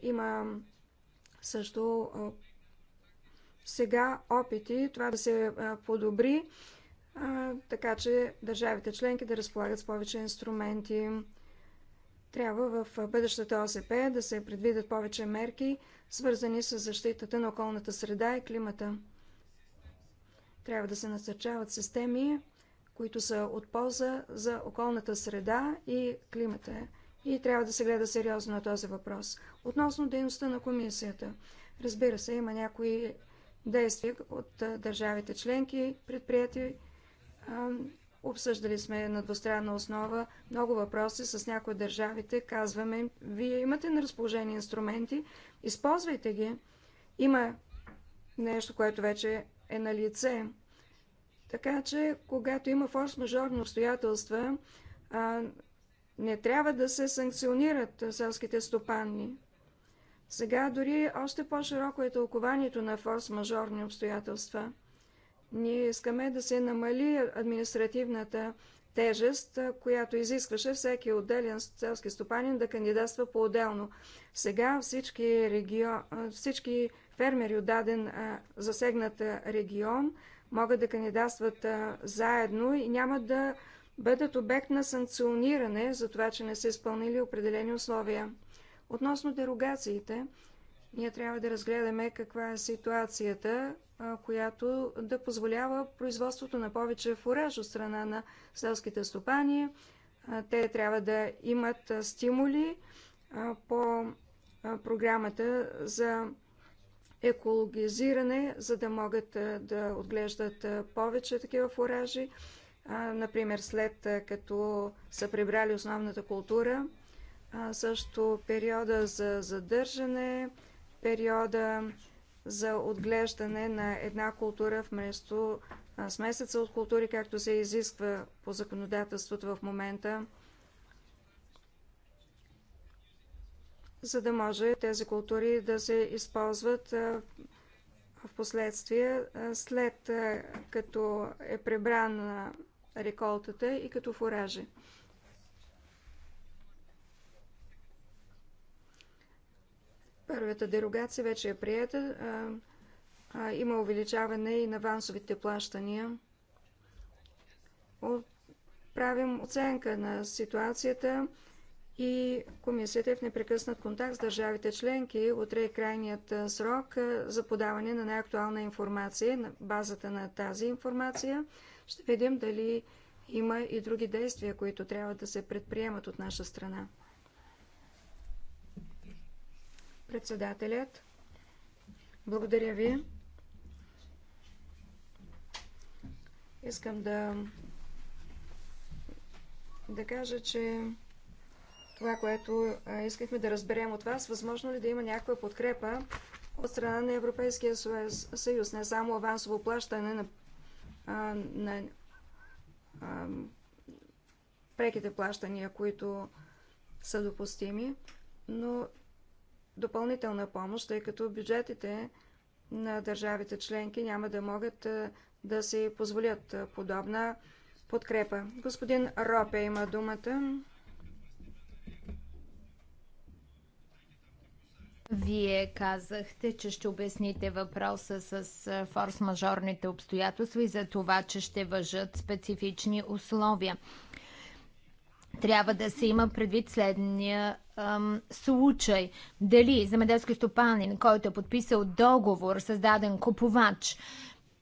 Има също сега опити това да се подобри така че държавите членки да разполагат с повече инструменти. Трябва в бъдещата ОСП да се предвидят повече мерки, свързани с защитата на околната среда и климата. Трябва да се насърчават системи, които са от полза за околната среда и климата. И трябва да се гледа сериозно на този въпрос. Относно дейността на комисията. Разбира се, има някои действия от държавите членки, предприятия. Обсъждали сме на двустранна основа много въпроси с някои от държавите. Казваме, вие имате на разположение инструменти, използвайте ги. Има нещо, което вече е на лице. Така че, когато има форс-мажорни обстоятелства, не трябва да се санкционират селските стопанни. Сега дори още по-широко е тълкованието на форс-мажорни обстоятелства – ние искаме да се намали административната тежест, която изискваше всеки отделен селски стопанин да кандидатства по-отделно. Сега всички, регио... всички фермери от даден засегнат регион могат да кандидатстват заедно и няма да бъдат обект на санкциониране за това, че не са изпълнили определени условия. Относно дерогациите, ние трябва да разгледаме каква е ситуацията която да позволява производството на повече фураж от страна на селските стопани. Те трябва да имат стимули по програмата за екологизиране, за да могат да отглеждат повече такива фуражи. Например, след като са прибрали основната култура, също периода за задържане, периода за отглеждане на една култура вместо смесеца от култури, както се изисква по законодателството в момента, за да може тези култури да се използват в последствие, след като е пребрана реколтата и като фуражи. Първата дерогация вече е приета. Има увеличаване и на авансовите плащания. Правим оценка на ситуацията и комисията е в непрекъснат контакт с държавите членки. Утре е крайният срок за подаване на най-актуална информация. На базата на тази информация ще видим дали има и други действия, които трябва да се предприемат от наша страна. Председателят. Благодаря ви. Искам да да кажа, че това, което искахме да разберем от вас, възможно ли да има някаква подкрепа от страна на Европейския съюз, не само авансово плащане на, а, на а, преките плащания, които са допустими, но допълнителна помощ, тъй като бюджетите на държавите членки няма да могат да си позволят подобна подкрепа. Господин Ропе има думата. Вие казахте, че ще обясните въпроса с форс-мажорните обстоятелства и за това, че ще въжат специфични условия. Трябва да се има предвид следния случай дали земеделски стопанин, който е подписал договор с даден купувач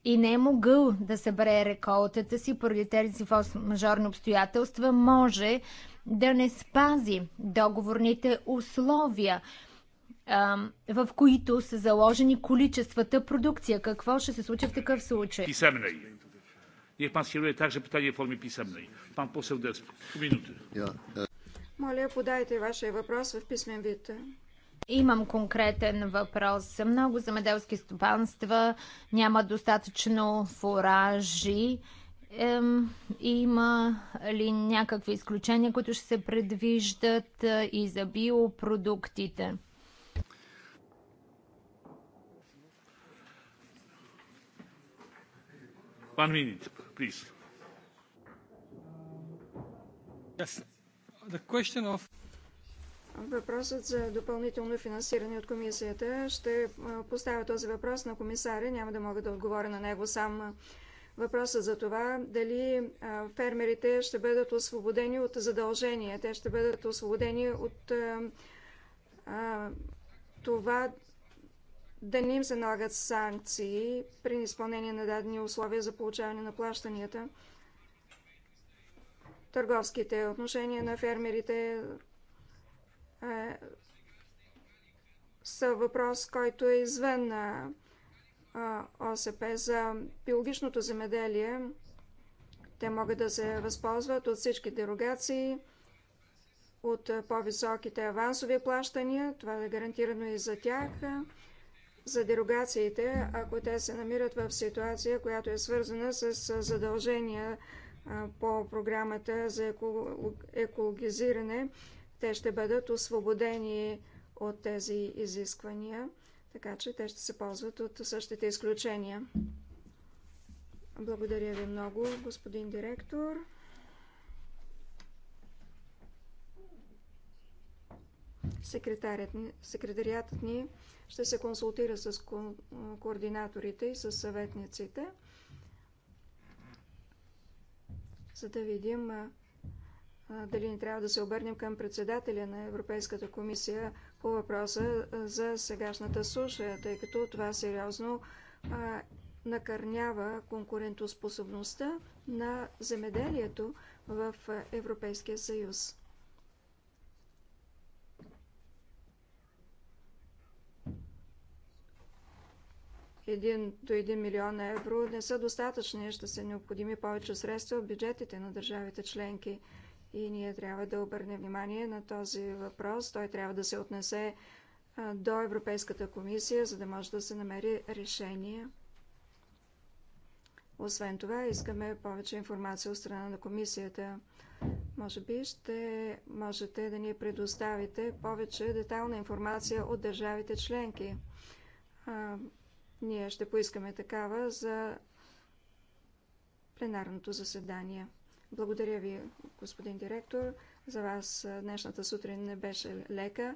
и не е могъл да събере реколтата си поради тези мажорни обстоятелства, може да не спази договорните условия в които са заложени количествата продукция. Какво ще се случи в такъв случай? Писемnej. Niech Пан skieruje także pytanie w formie pisemnej. Pan poseł Des, minuty. Моля, подайте вашия въпрос в писмен вид. Имам конкретен въпрос. Много замеделски стопанства няма достатъчно фуражи. Ем, има ли някакви изключения, които ще се предвиждат е, и за биопродуктите? One minute, please. Yes. Въпросът за допълнително финансиране от комисията ще поставя този въпрос на комисаря. Няма да мога да отговоря на него сам. Въпросът за това дали фермерите ще бъдат освободени от задължения. Те ще бъдат освободени от това да не им се налагат санкции при изпълнение на дадени условия за получаване на плащанията търговските отношения на фермерите е, са въпрос, който е извън на ОСП за биологичното земеделие. Те могат да се възползват от всички дерогации, от по-високите авансови плащания. Това е гарантирано и за тях. За дерогациите, ако те се намират в ситуация, която е свързана с задължения по програмата за екологизиране, те ще бъдат освободени от тези изисквания, така че те ще се ползват от същите изключения. Благодаря ви много, господин директор. Секретариатът ни ще се консултира с координаторите и с съветниците. за да видим дали не трябва да се обърнем към председателя на Европейската комисия по въпроса за сегашната суша, тъй като това сериозно накърнява конкурентоспособността на земеделието в Европейския съюз. 1 до 1 милион евро не са достатъчни. Ще са необходими повече средства в бюджетите на държавите членки. И ние трябва да обърнем внимание на този въпрос. Той трябва да се отнесе до Европейската комисия, за да може да се намери решение. Освен това, искаме повече информация от страна на комисията. Може би ще можете да ни предоставите повече детайлна информация от държавите членки ние ще поискаме такава за пленарното заседание. Благодаря ви, господин директор. За вас днешната сутрин не беше лека.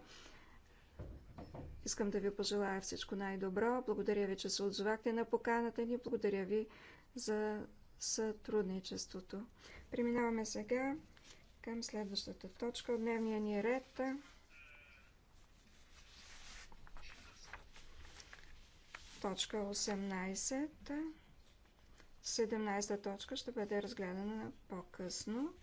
Искам да ви пожелая всичко най-добро. Благодаря ви, че се отзовахте на поканата ни. Благодаря ви за сътрудничеството. Преминаваме сега към следващата точка от дневния ни ред. Точка 18. 17 точка ще бъде разгледана по-късно,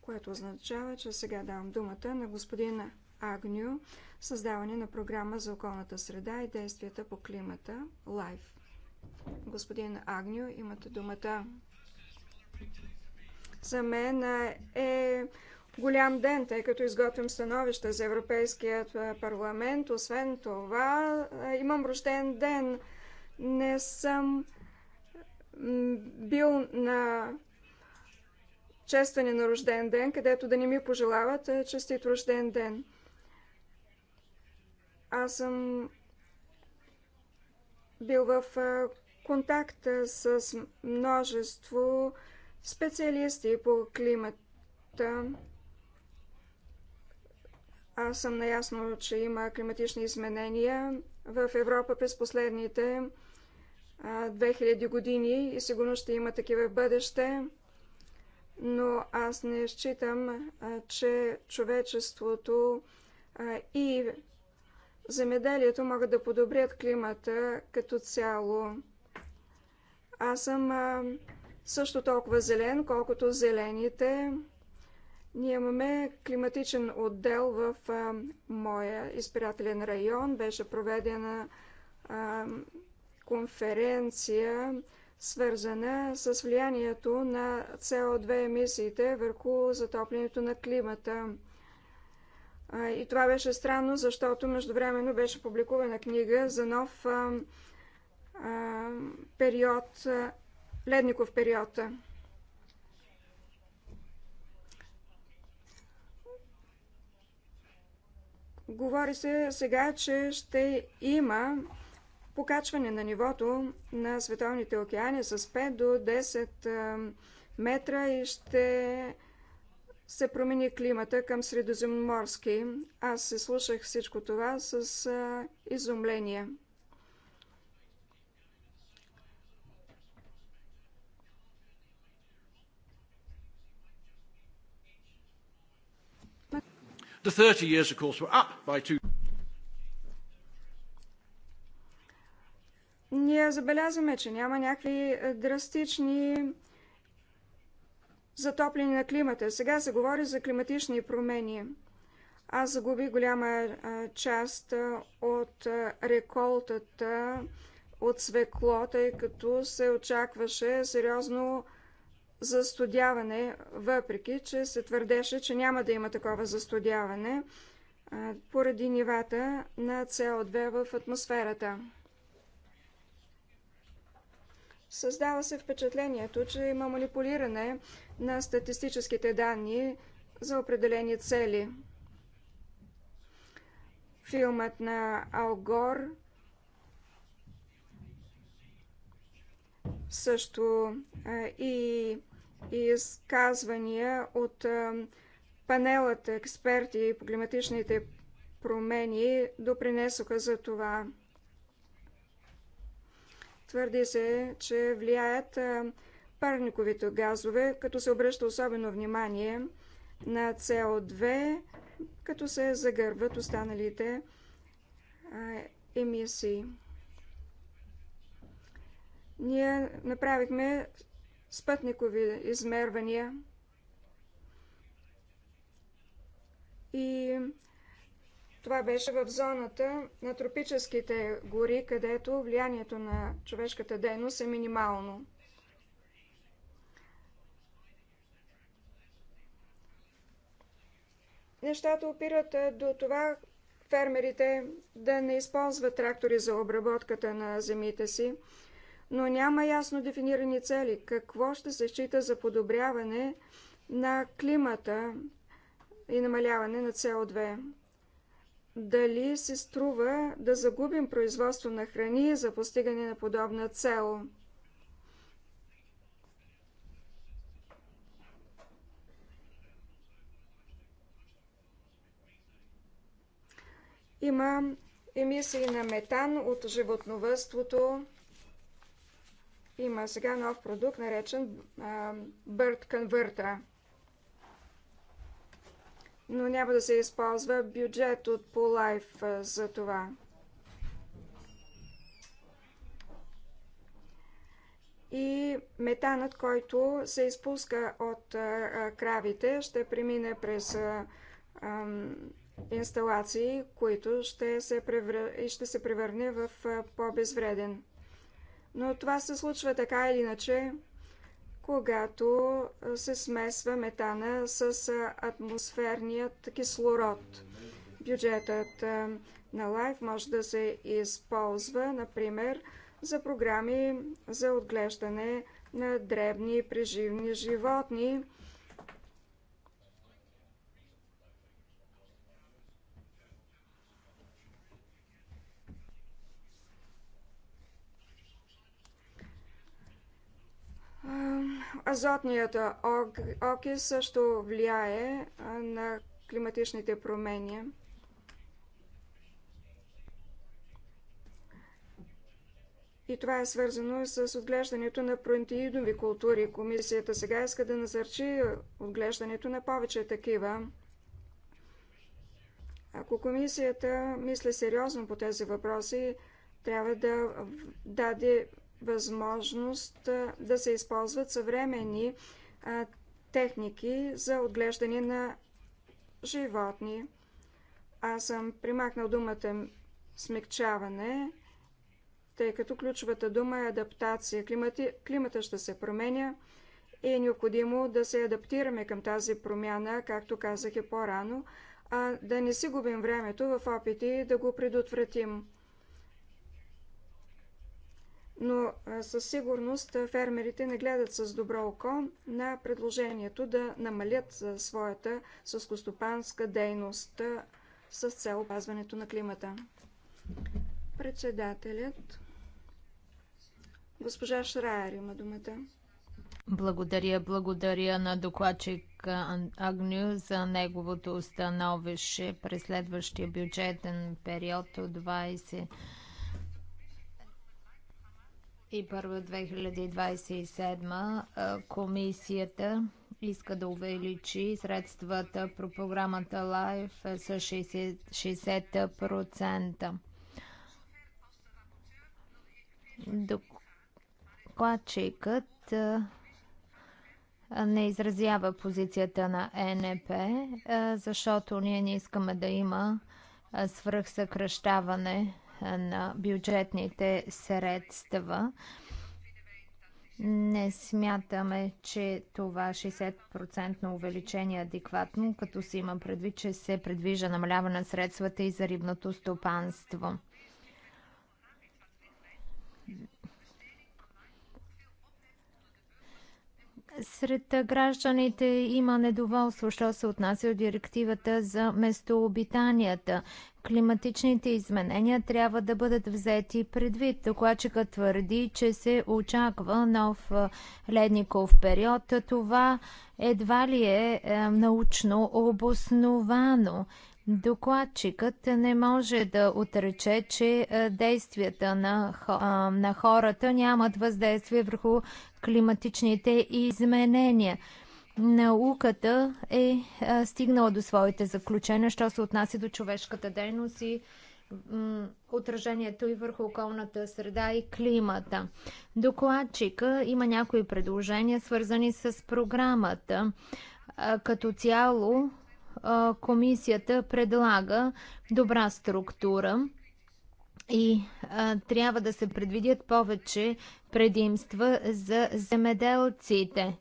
което означава, че сега давам думата на господин Агню, създаване на програма за околната среда и действията по климата Life. Господин Агню, имате думата. За мен е голям ден, тъй като изготвим становища за Европейският парламент. Освен това, имам рожден ден. Не съм бил на честване на рожден ден, където да не ми пожелават честит рожден ден. Аз съм бил в контакт с множество специалисти по климата, аз съм наясно, че има климатични изменения в Европа през последните 2000 години и сигурно ще има такива в бъдеще, но аз не считам, че човечеството и земеделието могат да подобрят климата като цяло. Аз съм също толкова зелен, колкото зелените. Ние имаме климатичен отдел в а, моя избирателен район. Беше проведена а, конференция, свързана с влиянието на CO2 емисиите върху затоплянето на климата. А, и това беше странно, защото междувременно беше публикувана книга за нов а, а, период, ледников период. Говори се сега, че ще има покачване на нивото на световните океани с 5 до 10 метра и ще се промени климата към средоземноморски. Аз се слушах всичко това с изумление. The 30 years, of course, were up by two. Ние забелязваме, че няма някакви е, драстични затопляне на климата. Сега се говори за климатични промени. Аз загуби голяма е, част е, от реколтата от свекло, тъй като се очакваше сериозно за студяване, въпреки че се твърдеше, че няма да има такова застудяване поради нивата на CO2 в атмосферата. Създава се впечатлението, че има манипулиране на статистическите данни за определени цели. Филмът на Алгор също и и изказвания от панелът експерти по климатичните промени допринесоха за това. Твърди се, че влияят парниковите газове, като се обръща особено внимание на CO2, като се загърбват останалите емисии. Ние направихме спътникови измервания и това беше в зоната на тропическите гори, където влиянието на човешката дейност е минимално. Нещата опират до това фермерите да не използват трактори за обработката на земите си, но няма ясно дефинирани цели. Какво ще се счита за подобряване на климата и намаляване на СО2? Дали се струва да загубим производство на храни за постигане на подобна цел? Има емисии на метан от животновътството, има сега нов продукт, наречен Bird Converter. Но няма да се използва бюджет от PoLife за това. И метанът, който се изпуска от кравите, ще премине през инсталации, които ще се, ще се превърне в по-безвреден. Но това се случва така или иначе, когато се смесва метана с атмосферният кислород. Бюджетът на Лайф може да се използва, например, за програми за отглеждане на дребни преживни животни Азотният окис също влияе на климатичните промени. И това е свързано с отглеждането на пронтиидови култури. Комисията сега иска да насърчи отглеждането на повече такива. Ако комисията мисля сериозно по тези въпроси, трябва да даде възможност да се използват съвременни техники за отглеждане на животни. Аз съм примахнал думата смягчаване, тъй като ключовата дума е адаптация. Климати, климата ще се променя и е необходимо да се адаптираме към тази промяна, както казах и по-рано, а да не си губим времето в опити да го предотвратим но със сигурност фермерите не гледат с добро око на предложението да намалят своята съскостопанска дейност с цел опазването на климата. Председателят госпожа Шраер има думата. Благодаря, благодаря на докладчик Агню за неговото установище през следващия бюджетен период от 20 2027 комисията иска да увеличи средствата по програмата LIFE с 60%. Докладчикът не изразява позицията на НП, защото ние не искаме да има свръхсъкръщаване на бюджетните средства. Не смятаме, че това 60% на увеличение е адекватно, като се има предвид, че се предвижда намаляване на средствата и за рибното стопанство. Сред гражданите има недоволство, що се отнася от директивата за местообитанията климатичните изменения трябва да бъдат взети предвид. Докладчика твърди, че се очаква нов ледников период. Това едва ли е, е научно обосновано. Докладчикът не може да отрече, че е, действията на, на хората нямат въздействие върху климатичните изменения науката е стигнала до своите заключения, що се отнася до човешката дейност и отражението и върху околната среда и климата. Докладчика има някои предложения, свързани с програмата. Като цяло, комисията предлага добра структура и а, трябва да се предвидят повече предимства за земеделците.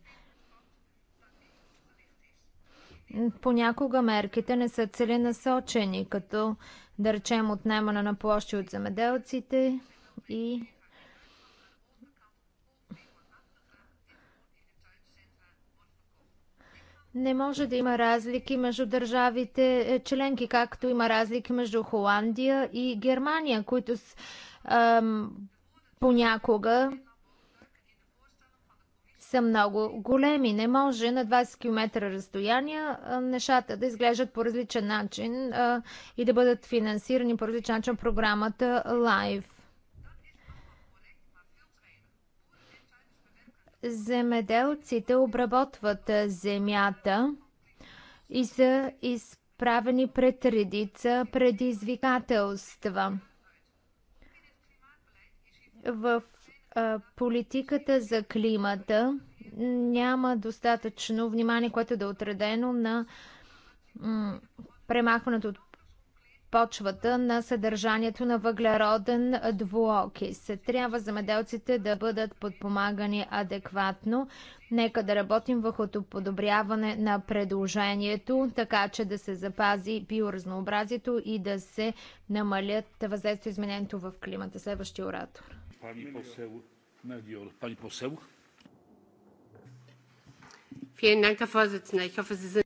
Понякога мерките не са целенасочени, като да речем отнемане на площи от земеделците и Не може да има разлики между държавите е, членки, както има разлики между Холандия и Германия, които с, ам, понякога са много големи. Не може на 20 км разстояние нещата да изглеждат по различен начин а, и да бъдат финансирани по различен начин програмата Live. Земеделците обработват земята и са изправени пред редица предизвикателства. В Политиката за климата няма достатъчно внимание, което да е отредено на премахването от почвата на съдържанието на въглероден двуокис. Трябва замеделците да бъдат подпомагани адекватно. Нека да работим върху подобряване на предложението, така че да се запази биоразнообразието и да се намалят въздействие изменението в климата. Следващия оратор pani poseł Melior. Pani poseł?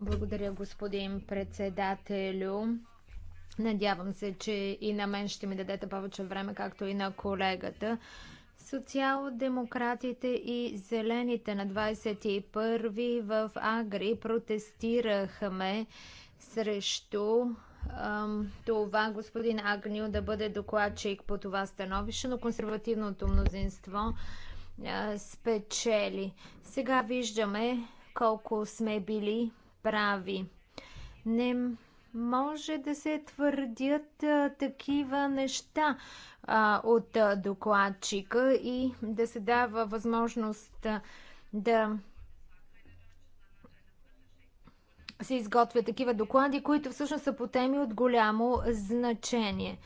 Благодаря, господин председателю. Надявам се, че и на мен ще ми дадете повече време, както и на колегата. Социал-демократите и зелените на 21 в Агри протестирахме срещу това господин Агнил да бъде докладчик по това становище, но консервативното мнозинство спечели. Сега виждаме колко сме били прави. Не може да се твърдят а, такива неща а, от а, докладчика и да се дава възможност а, да се изготвят такива доклади, които всъщност са по теми от голямо значение.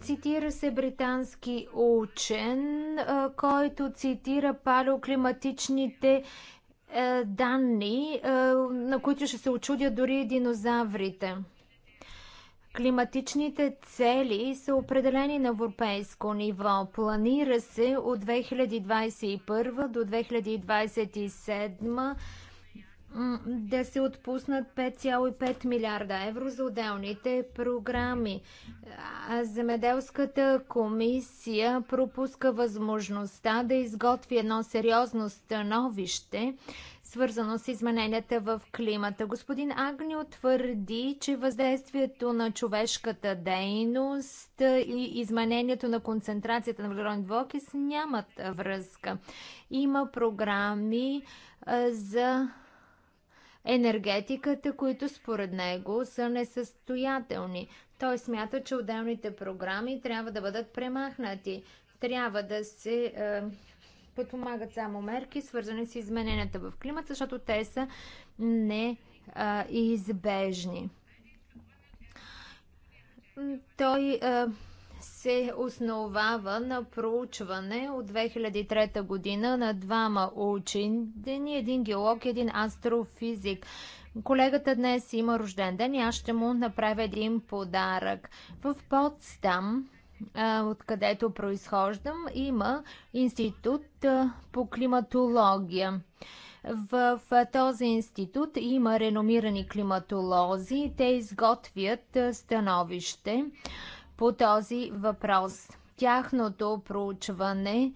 Цитира се британски учен, който цитира палеоклиматичните е, данни, е, на които ще се очудят дори динозаврите. Климатичните цели са определени на европейско ниво. Планира се от 2021 до 2027 да се отпуснат 5,5 милиарда евро за отделните програми. Земеделската комисия пропуска възможността да изготви едно сериозно становище свързано с измененията в климата. Господин Агнио твърди, че въздействието на човешката дейност и изменението на концентрацията на въглероден двуокис нямат връзка. Има програми за енергетиката, които според него са несъстоятелни. Той смята, че отделните програми трябва да бъдат премахнати. Трябва да се подпомагат само мерки, свързани с измененията в климата, защото те са неизбежни. Той а, се основава на проучване от 2003 година на двама учени, един геолог и един астрофизик. Колегата днес има рожден ден и аз ще му направя един подарък. В Потсдам откъдето произхождам, има институт по климатология. В този институт има реномирани климатолози. Те изготвят становище по този въпрос. Тяхното проучване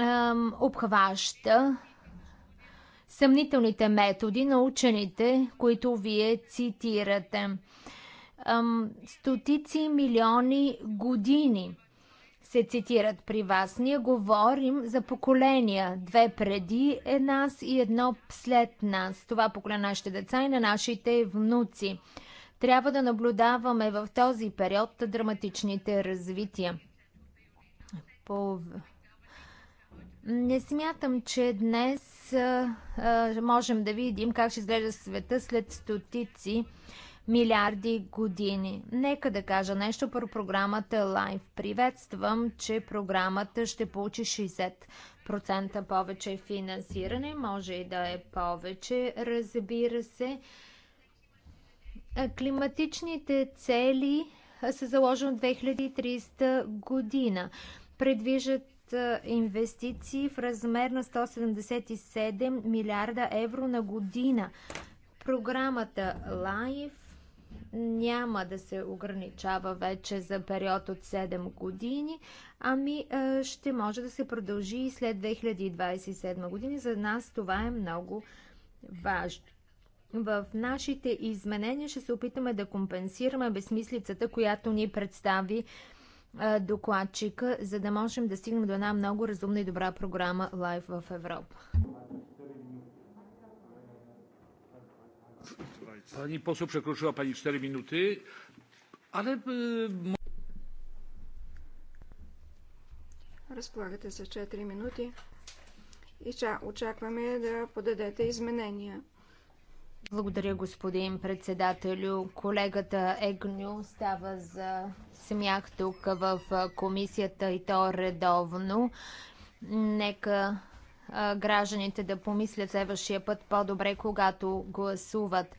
ем, обхваща съмнителните методи на учените, които вие цитирате ам, стотици милиони години се цитират при вас. Ние говорим за поколения. Две преди е нас и едно след нас. Това поколение на нашите деца и на нашите внуци. Трябва да наблюдаваме в този период драматичните развития. По... Не смятам, че днес а, а, можем да видим как ще изглежда света след стотици милиарди години. Нека да кажа нещо про програмата Лайв. Приветствам, че програмата ще получи 60% повече финансиране, може и да е повече, разбира се. Климатичните цели са заложени от 2300 година. Предвижат инвестиции в размер на 177 милиарда евро на година. Програмата LIFE няма да се ограничава вече за период от 7 години, ами е, ще може да се продължи и след 2027 години. За нас това е много важно. В нашите изменения ще се опитаме да компенсираме безмислицата, която ни представи е, докладчика, за да можем да стигнем до една много разумна и добра програма Live в Европа. Pani poseł przekroczyła pani 4 minuty, ale. E, Разполагате за 4 минути и очакваме да подадете изменения. Благодаря, господин председателю. Колегата Егню става за смях тук в комисията и то редовно. Нека а, гражданите да помислят следващия път по-добре, когато гласуват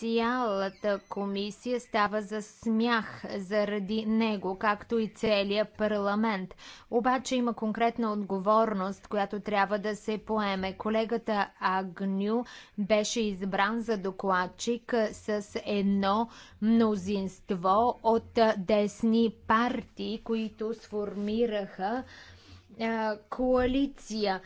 цялата комисия става за смях заради него, както и целият парламент. Обаче има конкретна отговорност, която трябва да се поеме. Колегата Агню беше избран за докладчик с едно мнозинство от десни партии, които сформираха коалиция.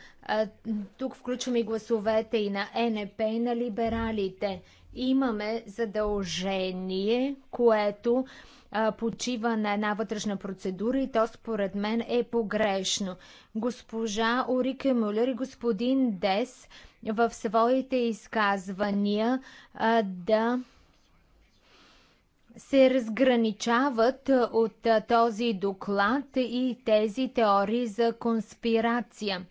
Тук включваме гласовете и на НП, и на либералите имаме задължение, което а, почива на една вътрешна процедура и то според мен е погрешно. Госпожа Орике Мюллер и господин Дес в своите изказвания а, да се разграничават от този доклад и тези теории за конспирация.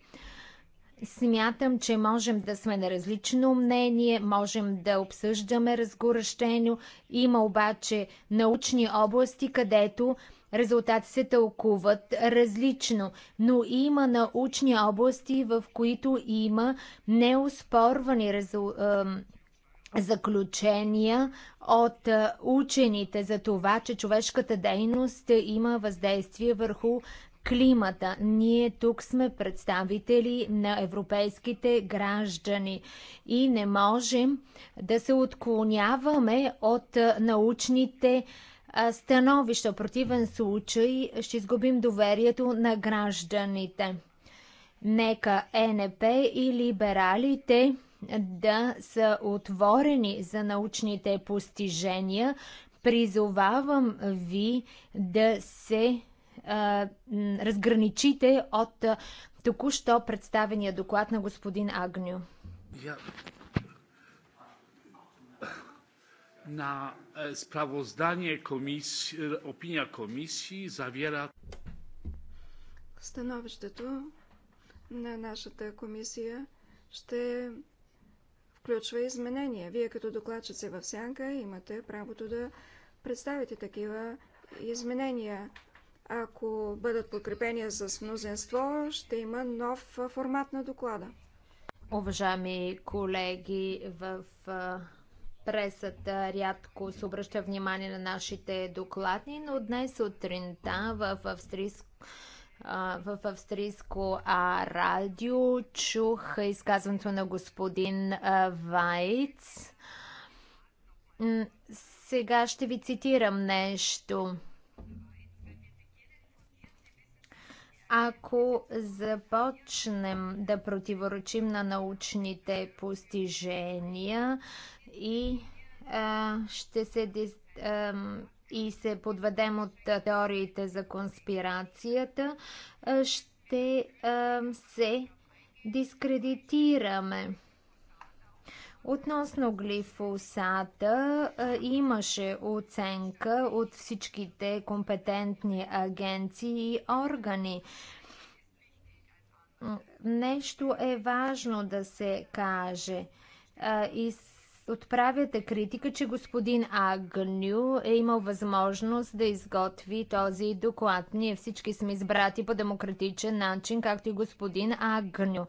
Смятам, че можем да сме на различно мнение, можем да обсъждаме разгорещено. Има обаче научни области, където резултати се тълкуват различно, но има научни области, в които има неоспорвани резу... заключения от учените за това, че човешката дейност има въздействие върху климата. Ние тук сме представители на европейските граждани и не можем да се отклоняваме от научните становища. В противен случай ще изгубим доверието на гражданите. Нека ЕНП и либералите да са отворени за научните постижения. Призовавам ви да се разграничите от току-що представения доклад на господин Агню? На е, справоздание komisji, opinia komisji Становището на нашата комисия ще включва изменения. Вие като докладчици в сянка имате правото да представите такива изменения. Ако бъдат подкрепени с мнозинство, ще има нов формат на доклада. Уважаеми колеги, в пресата рядко се обръща внимание на нашите доклади, но днес сутринта в австрийско в австрийско а, радио чух изказването на господин а, Вайц. Сега ще ви цитирам нещо. Ако започнем да противоречим на научните постижения и а, ще се а, и се подведем от теориите за конспирацията, ще се дискредитираме. Относно глифосата имаше оценка от всичките компетентни агенции и органи. Нещо е важно да се каже. отправяте критика, че господин Агню е имал възможност да изготви този доклад. Ние всички сме избрати по демократичен начин, както и господин Агню.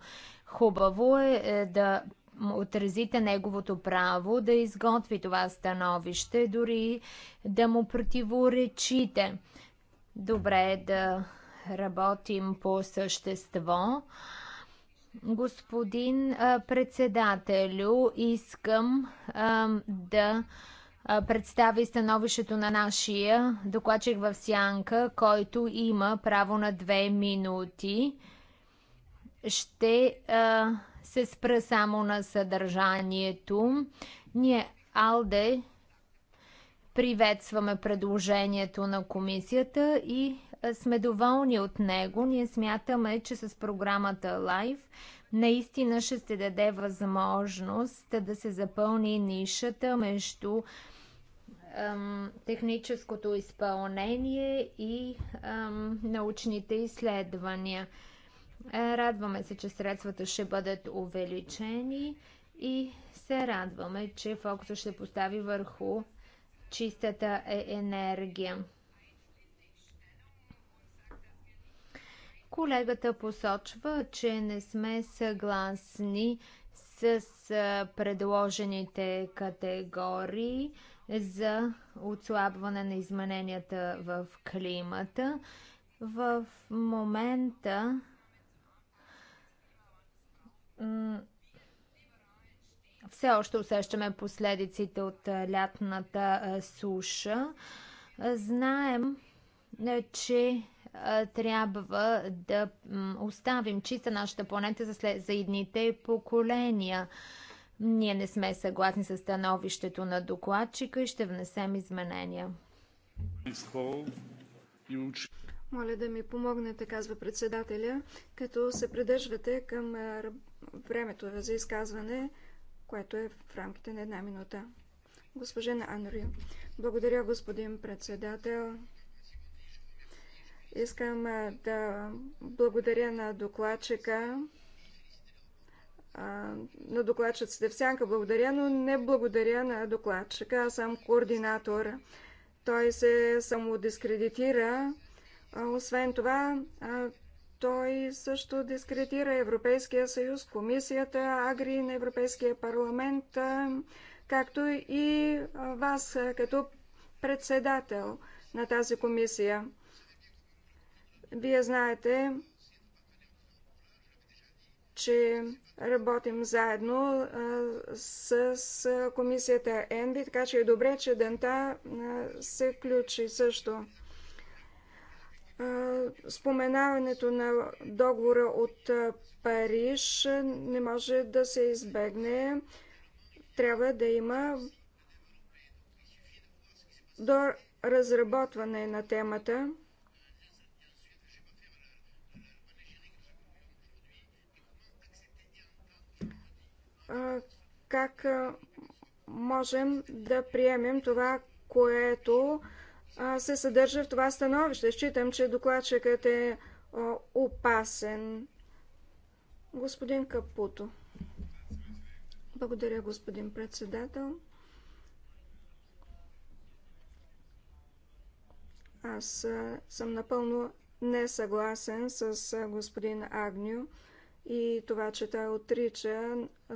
Хубаво е, е да отразите неговото право да изготви това становище, дори да му противоречите. Добре е да работим по същество. Господин а, председателю, искам а, да представи становището на нашия докладчик в Сянка, който има право на две минути. Ще а, се спра само на съдържанието. Ние, Алде, приветстваме предложението на комисията и сме доволни от него. Ние смятаме, че с програмата Live наистина ще се даде възможност да се запълни нишата между ем, техническото изпълнение и ем, научните изследвания. Е, радваме се, че средствата ще бъдат увеличени и се радваме, че фокуса ще постави върху чистата е-, енергия. Колегата посочва, че не сме съгласни с предложените категории за отслабване на измененията в климата. В момента все още усещаме последиците от лятната суша. Знаем, че трябва да оставим чиста нашата планета за, след, за едните поколения. Ние не сме съгласни с становището на докладчика и ще внесем изменения. Моля да ми помогнете, казва председателя, като се придържвате към е, времето за изказване, което е в рамките на една минута. Госпожа Анри, благодаря, господин председател. Искам е, да благодаря на докладчика, е, на докладчиците в сянка благодаря, но не благодаря на докладчика. Аз съм координатор. Той се самодискредитира освен това, той също дискредитира Европейския съюз, комисията, Агри на Европейския парламент, както и вас като председател на тази комисия. Вие знаете, че работим заедно с комисията ЕНВИ, така че е добре, че Дента се включи също споменаването на договора от Париж не може да се избегне. Трябва да има до разработване на темата. Как можем да приемем това, което се съдържа в това становище. Считам, че докладчикът е опасен. Господин Капуто. Благодаря, господин председател. Аз съм напълно несъгласен с господин Агню и това, че той отрича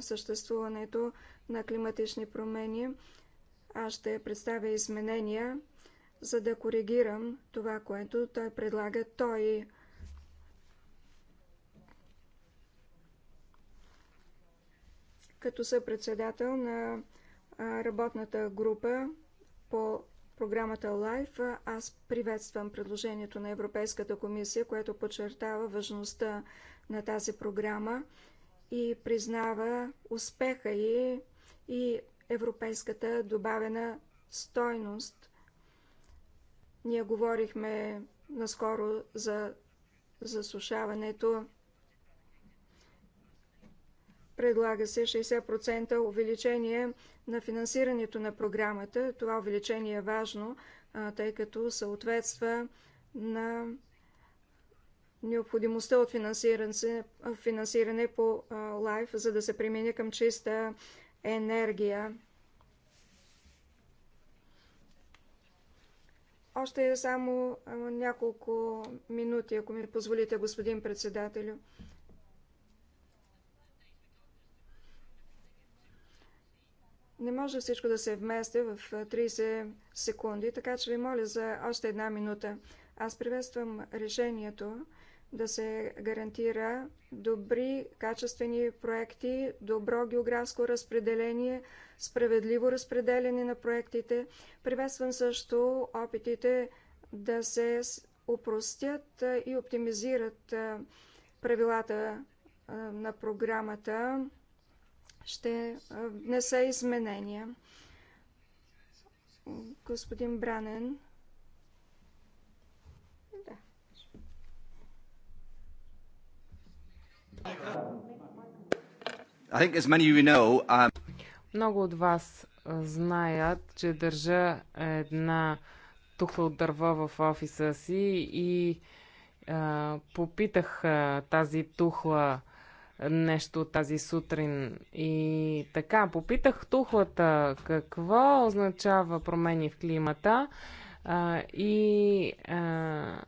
съществуването на климатични промени. Аз ще представя изменения за да коригирам това, което той предлага. Той като съпредседател на работната група по програмата LIFE, аз приветствам предложението на Европейската комисия, което подчертава важността на тази програма и признава успеха и, и европейската добавена стойност. Ние говорихме наскоро за засушаването. Предлага се 60% увеличение на финансирането на програмата. Това увеличение е важно, тъй като съответства на необходимостта от финансиране, по лайф, за да се премине към чиста енергия. Още е само няколко минути, ако ми позволите, господин председателю. Не може всичко да се вмести в 30 секунди, така че ви моля за още една минута. Аз приветствам решението да се гарантира добри, качествени проекти, добро географско разпределение, справедливо разпределяне на проектите. Приветствам също опитите да се упростят и оптимизират правилата на програмата. Ще внеса изменения. Господин Бранен. Да. I think as many of you know, um... Много от вас знаят, че държа една тухла от дърво в офиса си и а, попитах а, тази тухла нещо тази сутрин. И така, попитах тухлата какво означава промени в климата а, и а,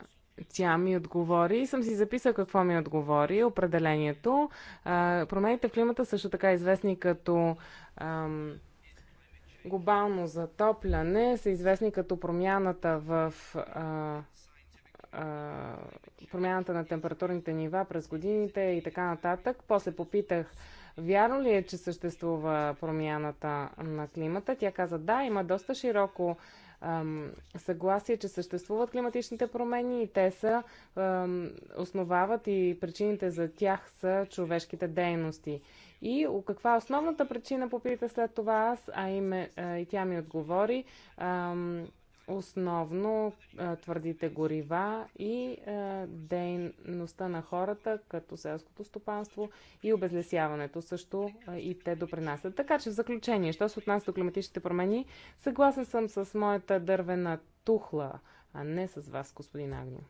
тя ми отговори и съм си записал какво ми отговори определението. А, промените в климата също така известни като ам, глобално затопляне са известни като промяната в а, а, промяната на температурните нива през годините и така нататък. После попитах Вярно ли е, че съществува промяната на климата? Тя каза да, има доста широко ам, съгласие, че съществуват климатичните промени и те са ам, основават и причините за тях са човешките дейности. И каква е основната причина, попита след това аз, а име, и тя ми отговори. основно твърдите горива и дейността на хората, като селското стопанство и обезлесяването също и те допринасят. Така че в заключение, що се отнася до климатичните промени, съгласен съм с моята дървена тухла, а не с вас, господин Агнио.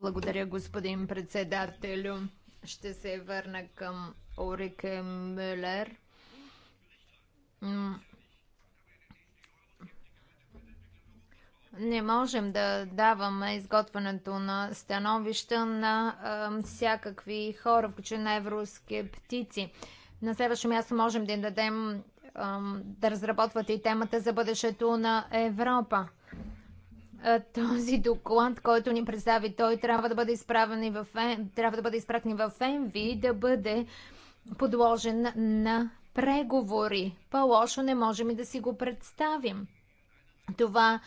Благодаря, господин председателю. Ще се върна към Орике Мюлер. Не можем да даваме изготвянето на становища на а, всякакви хора, включително на евроскептици. На следващо място можем да им дадем а, да разработват и темата за бъдещето на Европа този доклад, който ни представи той, трябва да бъде, изправен в, трябва да бъде изпратен в ЕНВИ, да бъде подложен на преговори. По-лошо не можем и да си го представим. Това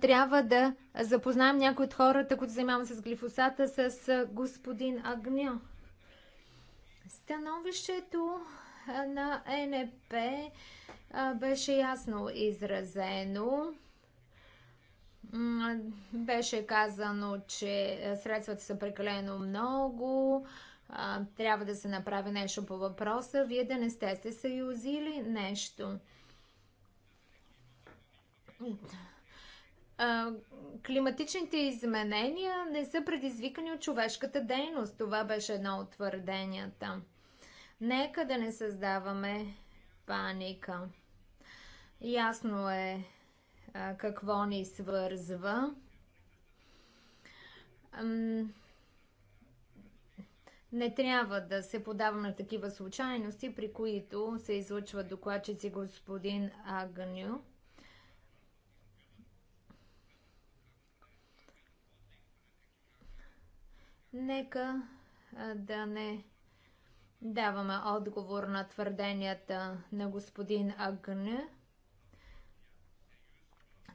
трябва да запознаем някои от хората, които занимавам с глифосата, с господин Агня. Становището на НП беше ясно изразено беше казано, че е, средствата са прекалено много, трябва да се направи нещо по въпроса. Вие да не сте се съюзили нещо. Климатичните изменения не са предизвикани от човешката дейност. Това беше едно от твърденията. Нека да не създаваме паника. Ясно е, какво ни свързва. Не трябва да се подаваме на такива случайности, при които се излъчва докладчици господин Агню. Нека да не даваме отговор на твърденията на господин Агню.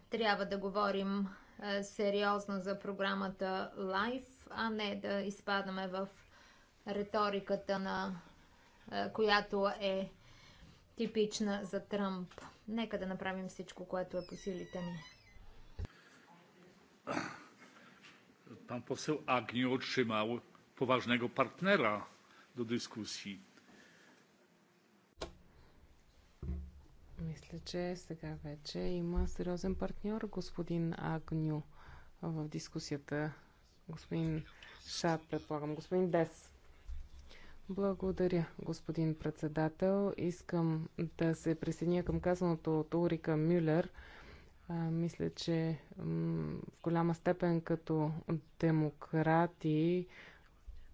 Трябва да говорим е, сериозно за програмата Life, а не да изпадаме в риториката на е, която е типична за Тръмп. Нека да направим всичко, което е по силите ни. Pan poseł Agniu otrzymał poważnego partnera do dyskusji. Мисля, че сега вече има сериозен партньор, господин Агню, в дискусията. Господин Шат, предполагам. Господин Дес. Благодаря, господин председател. Искам да се присъединя към казаното от Урика Мюллер. А, мисля, че в голяма степен като демократи,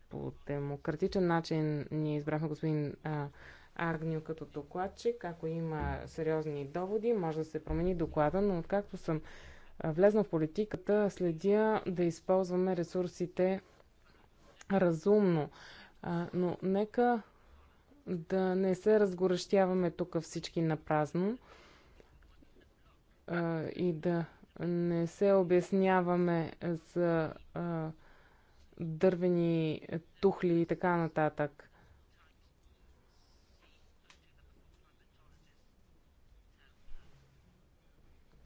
по демократичен начин ние избрахме господин а, Агню като докладчик. Ако има сериозни доводи, може да се промени доклада, но откакто съм влезна в политиката, следя да използваме ресурсите разумно. но нека да не се разгорещяваме тук всички на празно и да не се обясняваме за дървени тухли и така нататък.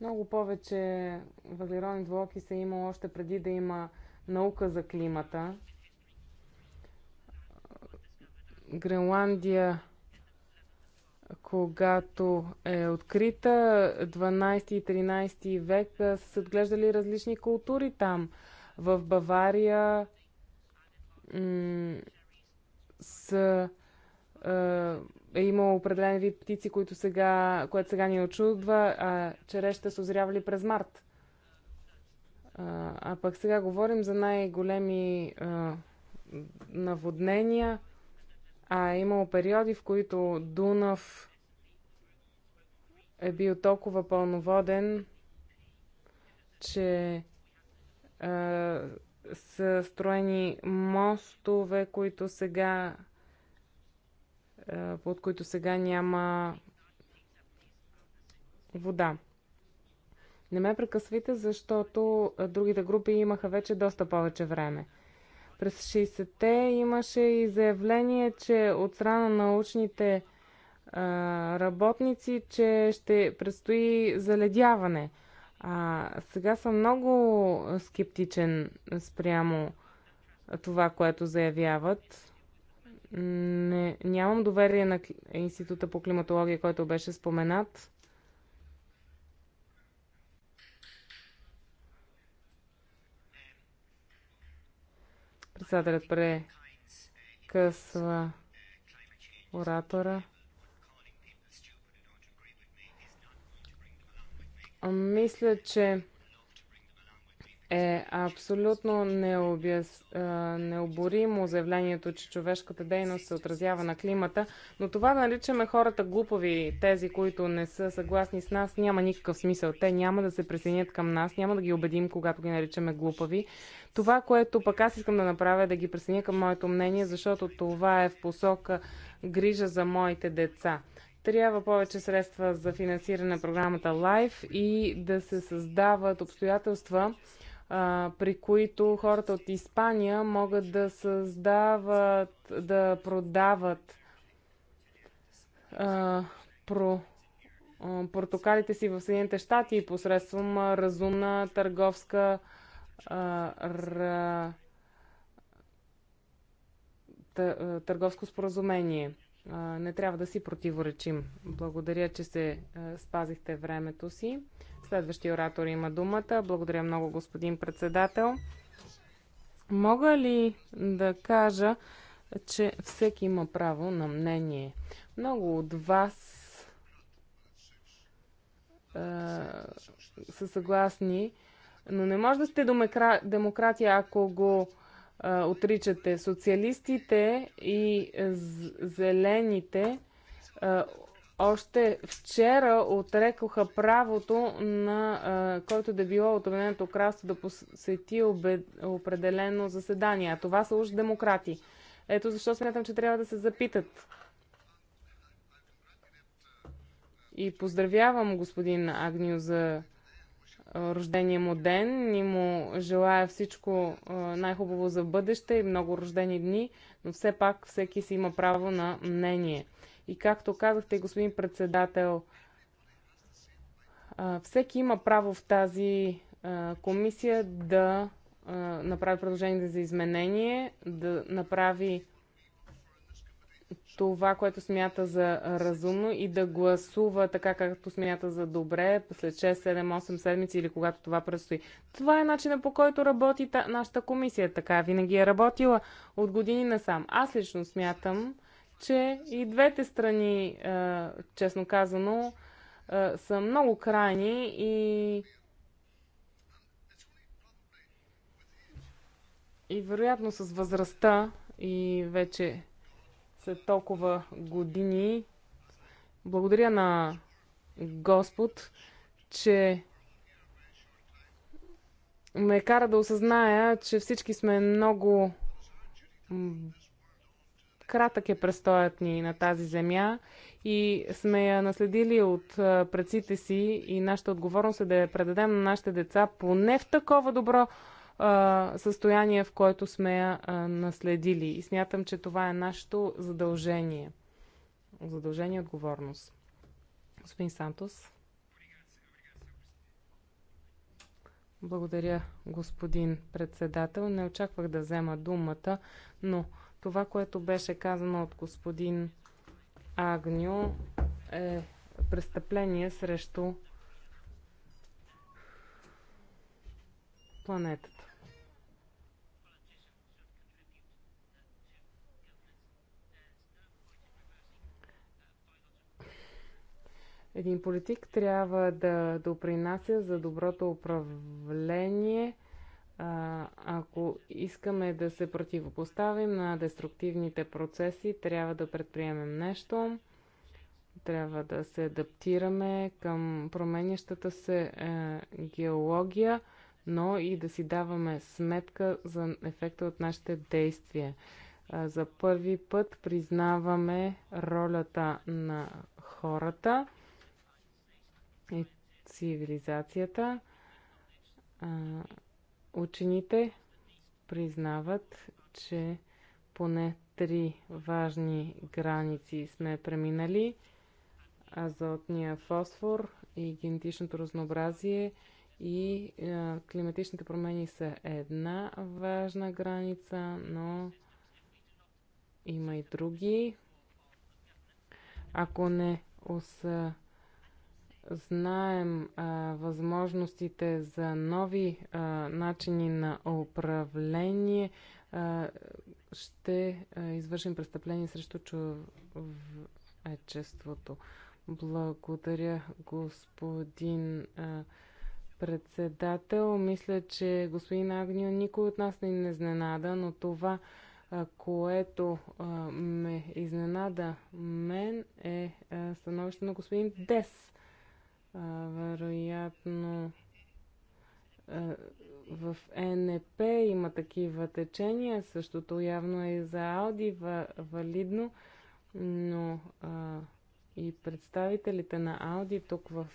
Много повече въглеродни двуокиси са имало още преди да има наука за климата. Гренландия, когато е открита, 12 и 13 век са се отглеждали различни култури там. В Бавария са е, е имало определен вид птици, които сега, което сега ни очудва, а черещите са озрявали през март. А, а пък сега говорим за най-големи наводнения, а е имало периоди, в които Дунав е бил толкова пълноводен, че а, са строени мостове, които сега е, от които сега няма вода. Не ме прекъсвайте, защото е, другите групи имаха вече доста повече време. През 60-те имаше и заявление, че от страна на научните е, работници, че ще предстои заледяване. А, сега съм много скептичен спрямо това, което заявяват не, нямам доверие на Института по климатология, който беше споменат. Председателят прекъсва оратора. Мисля, че е абсолютно необяс... необоримо заявлението, че човешката дейност се отразява на климата, но това да наричаме хората глупави, тези, които не са съгласни с нас, няма никакъв смисъл. Те няма да се присъединят към нас, няма да ги убедим, когато ги наричаме глупави. Това, което пък аз искам да направя, е да ги присъединя към моето мнение, защото това е в посока грижа за моите деца трябва повече средства за финансиране на програмата Life и да се създават обстоятелства, а, при които хората от Испания могат да създават, да продават а, про, а, портокалите си в Съединените щати посредством а, разумна търговска а, р, тъ, търговско споразумение не трябва да си противоречим. Благодаря, че се спазихте времето си. Следващия оратор има думата. Благодаря много, господин председател. Мога ли да кажа, че всеки има право на мнение? Много от вас е, са съгласни, но не може да сте демократия, ако го е, отричате. Социалистите и зелените е, още вчера отрекоха правото на а, който да било от Обединеното кралство да посети определено заседание. А това са уж демократи. Ето защо смятам, че трябва да се запитат. И поздравявам господин Агнио за рождения му ден и му желая всичко най-хубаво за бъдеще и много рождени дни, но все пак всеки си има право на мнение. И както казахте, господин председател, всеки има право в тази комисия да направи предложение за изменение, да направи това, което смята за разумно и да гласува така, както смята за добре, след 6, 7, 8 седмици или когато това предстои. Това е начинът по който работи та, нашата комисия. Така винаги е работила от години насам. Аз лично смятам, че и двете страни, е, честно казано, е, са много крайни и и вероятно с възрастта и вече след толкова години благодаря на Господ, че ме кара да осъзная, че всички сме много кратък е престоят ни на тази земя и сме я наследили от предците си и нашата отговорност е да я предадем на нашите деца поне в такова добро състояние, в което сме я наследили. И смятам, че това е нашето задължение. Задължение и отговорност. Господин Сантос. Благодаря, господин председател. Не очаквах да взема думата, но това, което беше казано от господин Агню, е престъпление срещу планетата. Един политик трябва да допринася за доброто управление ако искаме да се противопоставим на деструктивните процеси, трябва да предприемем нещо, трябва да се адаптираме към променящата се е, геология, но и да си даваме сметка за ефекта от нашите действия. За първи път признаваме ролята на хората и цивилизацията Учените признават, че поне три важни граници сме преминали азотния фосфор и генетичното разнообразие и е, климатичните промени са една важна граница, но има и други. Ако не уса знаем а, възможностите за нови а, начини на управление, а, ще а, извършим престъпление срещу човечеството. Благодаря, господин а, председател. Мисля, че господин Агнио никой от нас не е изненада, но това, а, което а, ме изненада мен е становището становище на господин Дес вероятно в НП има такива течения, същото явно е и за Ауди валидно, но и представителите на Ауди тук в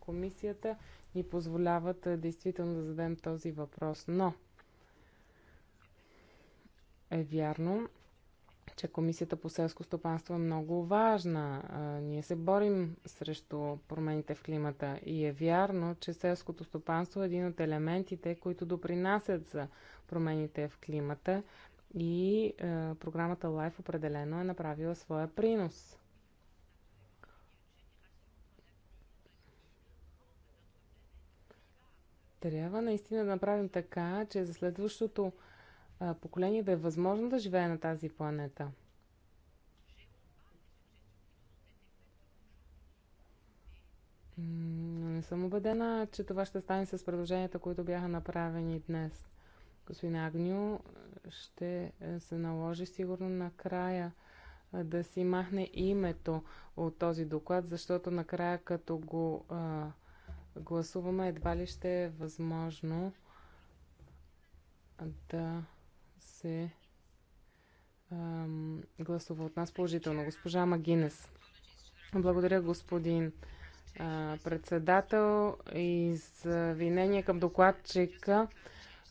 комисията ни позволяват действително да зададем този въпрос. Но е вярно, че Комисията по селско стопанство е много важна. А, ние се борим срещу промените в климата и е вярно, че селското стопанство е един от елементите, които допринасят за промените в климата и а, програмата LIFE определено е направила своя принос. Трябва наистина да направим така, че за следващото поколение да е възможно да живее на тази планета. Не съм убедена, че това ще стане с предложенията, които бяха направени днес. Господин Агню, ще е, се наложи сигурно накрая е, да си махне името от този доклад, защото накрая като го а, гласуваме едва ли ще е възможно да се ам, гласува от нас положително. Госпожа Магинес. Благодаря, господин а, председател. Извинение към докладчика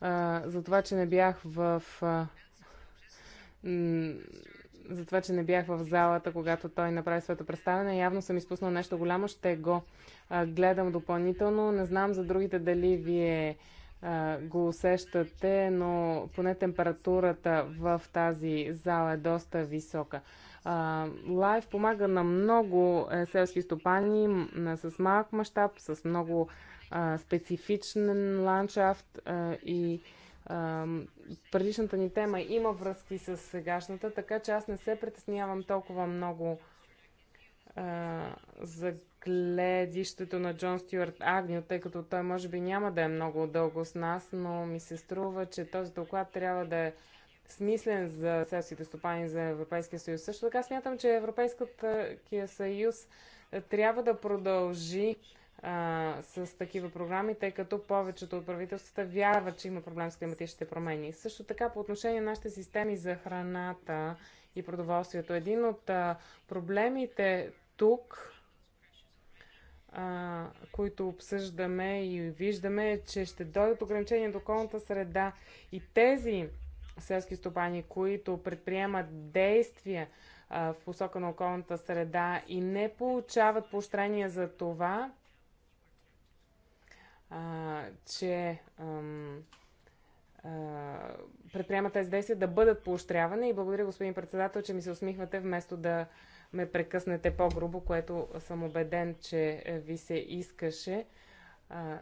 а, за това, че не бях в. А, за това, че не бях в залата, когато той направи своето представяне. Явно съм изпуснал нещо голямо, ще го а, гледам допълнително. Не знам за другите дали вие го усещате, но поне температурата в тази зала е доста висока. Лайв помага на много е, селски стопани с малък мащаб, с много специфичен ландшафт и предишната ни тема има връзки с сегашната, така че аз не се притеснявам толкова много за гледището на Джон Стюарт Агню, тъй като той може би няма да е много дълго с нас, но ми се струва, че този доклад трябва да е смислен за селските стопани за Европейския съюз. Също така смятам, че Европейския съюз трябва да продължи а, с такива програми, тъй като повечето от правителствата вярват, че има проблем с климатичните промени. Също така по отношение на нашите системи за храната и продоволствието. Един от а, проблемите тук а, които обсъждаме и виждаме, че ще дойдат ограничения до околната среда и тези селски стопани, които предприемат действия а, в посока на околната среда и не получават поощрения за това, а, че ам, предприемат тези действия, да бъдат поощрявани. И благодаря, господин председател, че ми се усмихвате вместо да ме прекъснете по-грубо, което съм убеден, че е, ви се искаше. А,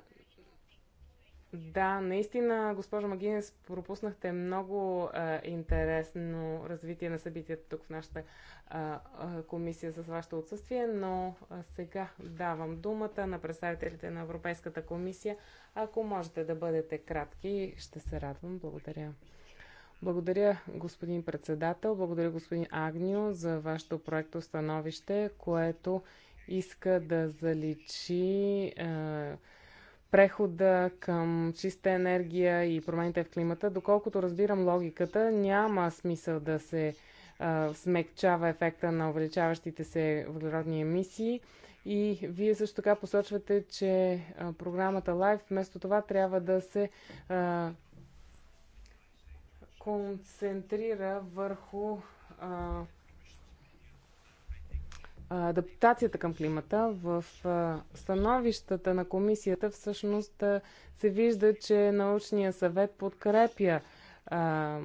да, наистина, госпожо Магинес, пропуснахте много а, интересно развитие на събитията тук в нашата а, а, комисия с вашето отсъствие, но а сега давам думата на представителите на Европейската комисия. Ако можете да бъдете кратки, ще се радвам. Благодаря. Благодаря, господин председател. Благодаря, господин Агнио, за вашето проекто становище, което иска да заличи е, прехода към чиста енергия и промените в климата. Доколкото разбирам логиката, няма смисъл да се е, смекчава ефекта на увеличаващите се въглеродни емисии. И вие също така посочвате, че е, програмата Live вместо това трябва да се е, концентрира върху а, адаптацията към климата. В а, становищата на комисията всъщност а, се вижда, че научния съвет подкрепя а,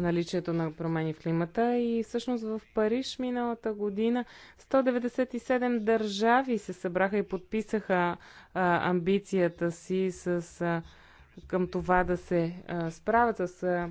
наличието на промени в климата. И всъщност в Париж миналата година 197 държави се събраха и подписаха а, амбицията си с а, към това да се а, справят с а,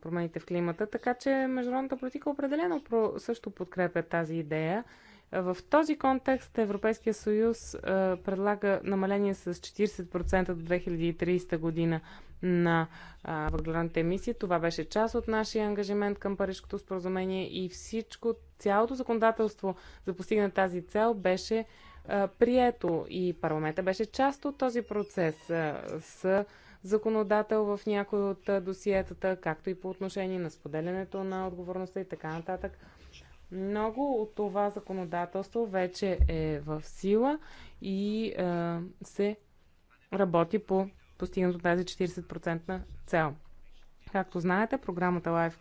промените в климата. Така че международната политика определено про, също подкрепя тази идея. В този контекст Европейския съюз а, предлага намаление с 40% до 2030 година на въглеродните емисии. Това беше част от нашия ангажимент към Парижското споразумение и всичко, цялото законодателство за постигане тази цел беше прието и парламента беше част от този процес с законодател в някои от досиетата, както и по отношение на споделянето на отговорността и така нататък. Много от това законодателство вече е в сила и е, се работи по постигнато тази 40% цел. Както знаете, програмата LIFE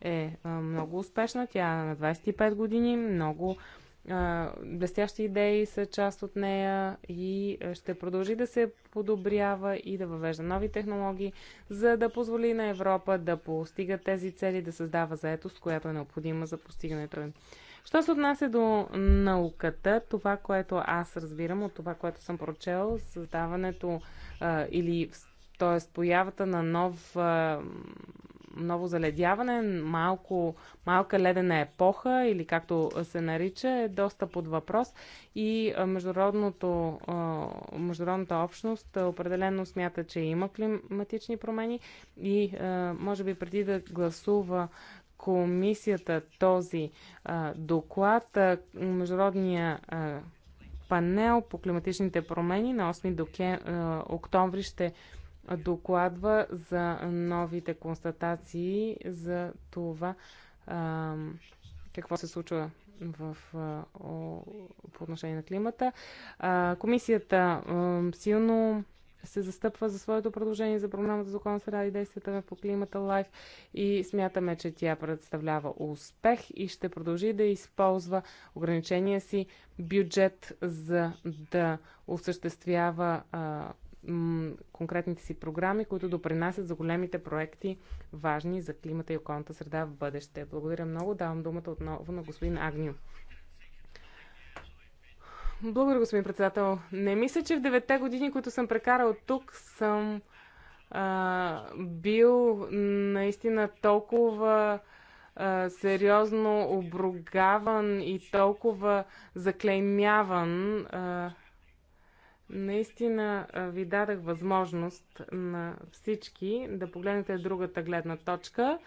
е много успешна. Тя е на 25 години, много блестящи идеи са част от нея и ще продължи да се подобрява и да въвежда нови технологии, за да позволи на Европа да постига тези цели, да създава заетост, която е необходима за постигането им. Що се отнася до науката, това, което аз разбирам от това, което съм прочел, създаването а, или т.е. появата на нов, ново заледяване, малко, малка ледена епоха или както се нарича, е доста под въпрос и международното, международната общност определено смята, че има климатични промени и може би преди да гласува комисията този доклад, Международния панел по климатичните промени на 8 октомври ще докладва за новите констатации за това а, какво се случва в, а, о, по отношение на климата. А, комисията а, силно се застъпва за своето предложение за програмата за околна среда и действията по климата Лайф и смятаме, че тя представлява успех и ще продължи да използва ограничения си бюджет за да осъществява а, конкретните си програми, които допринасят за големите проекти, важни за климата и околната среда в бъдеще. Благодаря много. Давам думата отново на господин Агню. Благодаря, господин председател. Не мисля, че в девете години, които съм прекарал тук, съм а, бил наистина толкова а, сериозно обругаван и толкова заклеймяван. А, Наистина ви дадах възможност на всички да погледнете другата гледна точка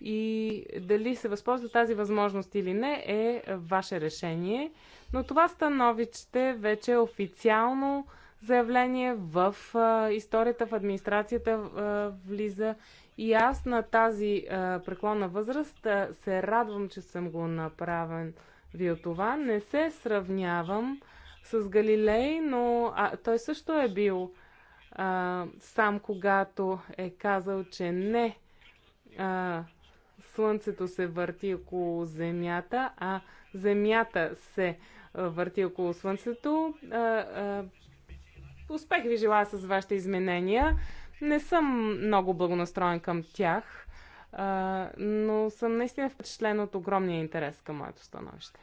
и дали се възползва тази възможност или не е ваше решение. Но това становище вече е официално заявление в а, историята, в администрацията а, влиза. И аз на тази а, преклонна възраст а, се радвам, че съм го направен. Вие това не се сравнявам с Галилей, но а, той също е бил а, сам, когато е казал, че не а, Слънцето се върти около Земята, а Земята се върти около Слънцето. А, а, успех ви желая с вашите изменения. Не съм много благонастроен към тях, а, но съм наистина впечатлен от огромния интерес към моето становище.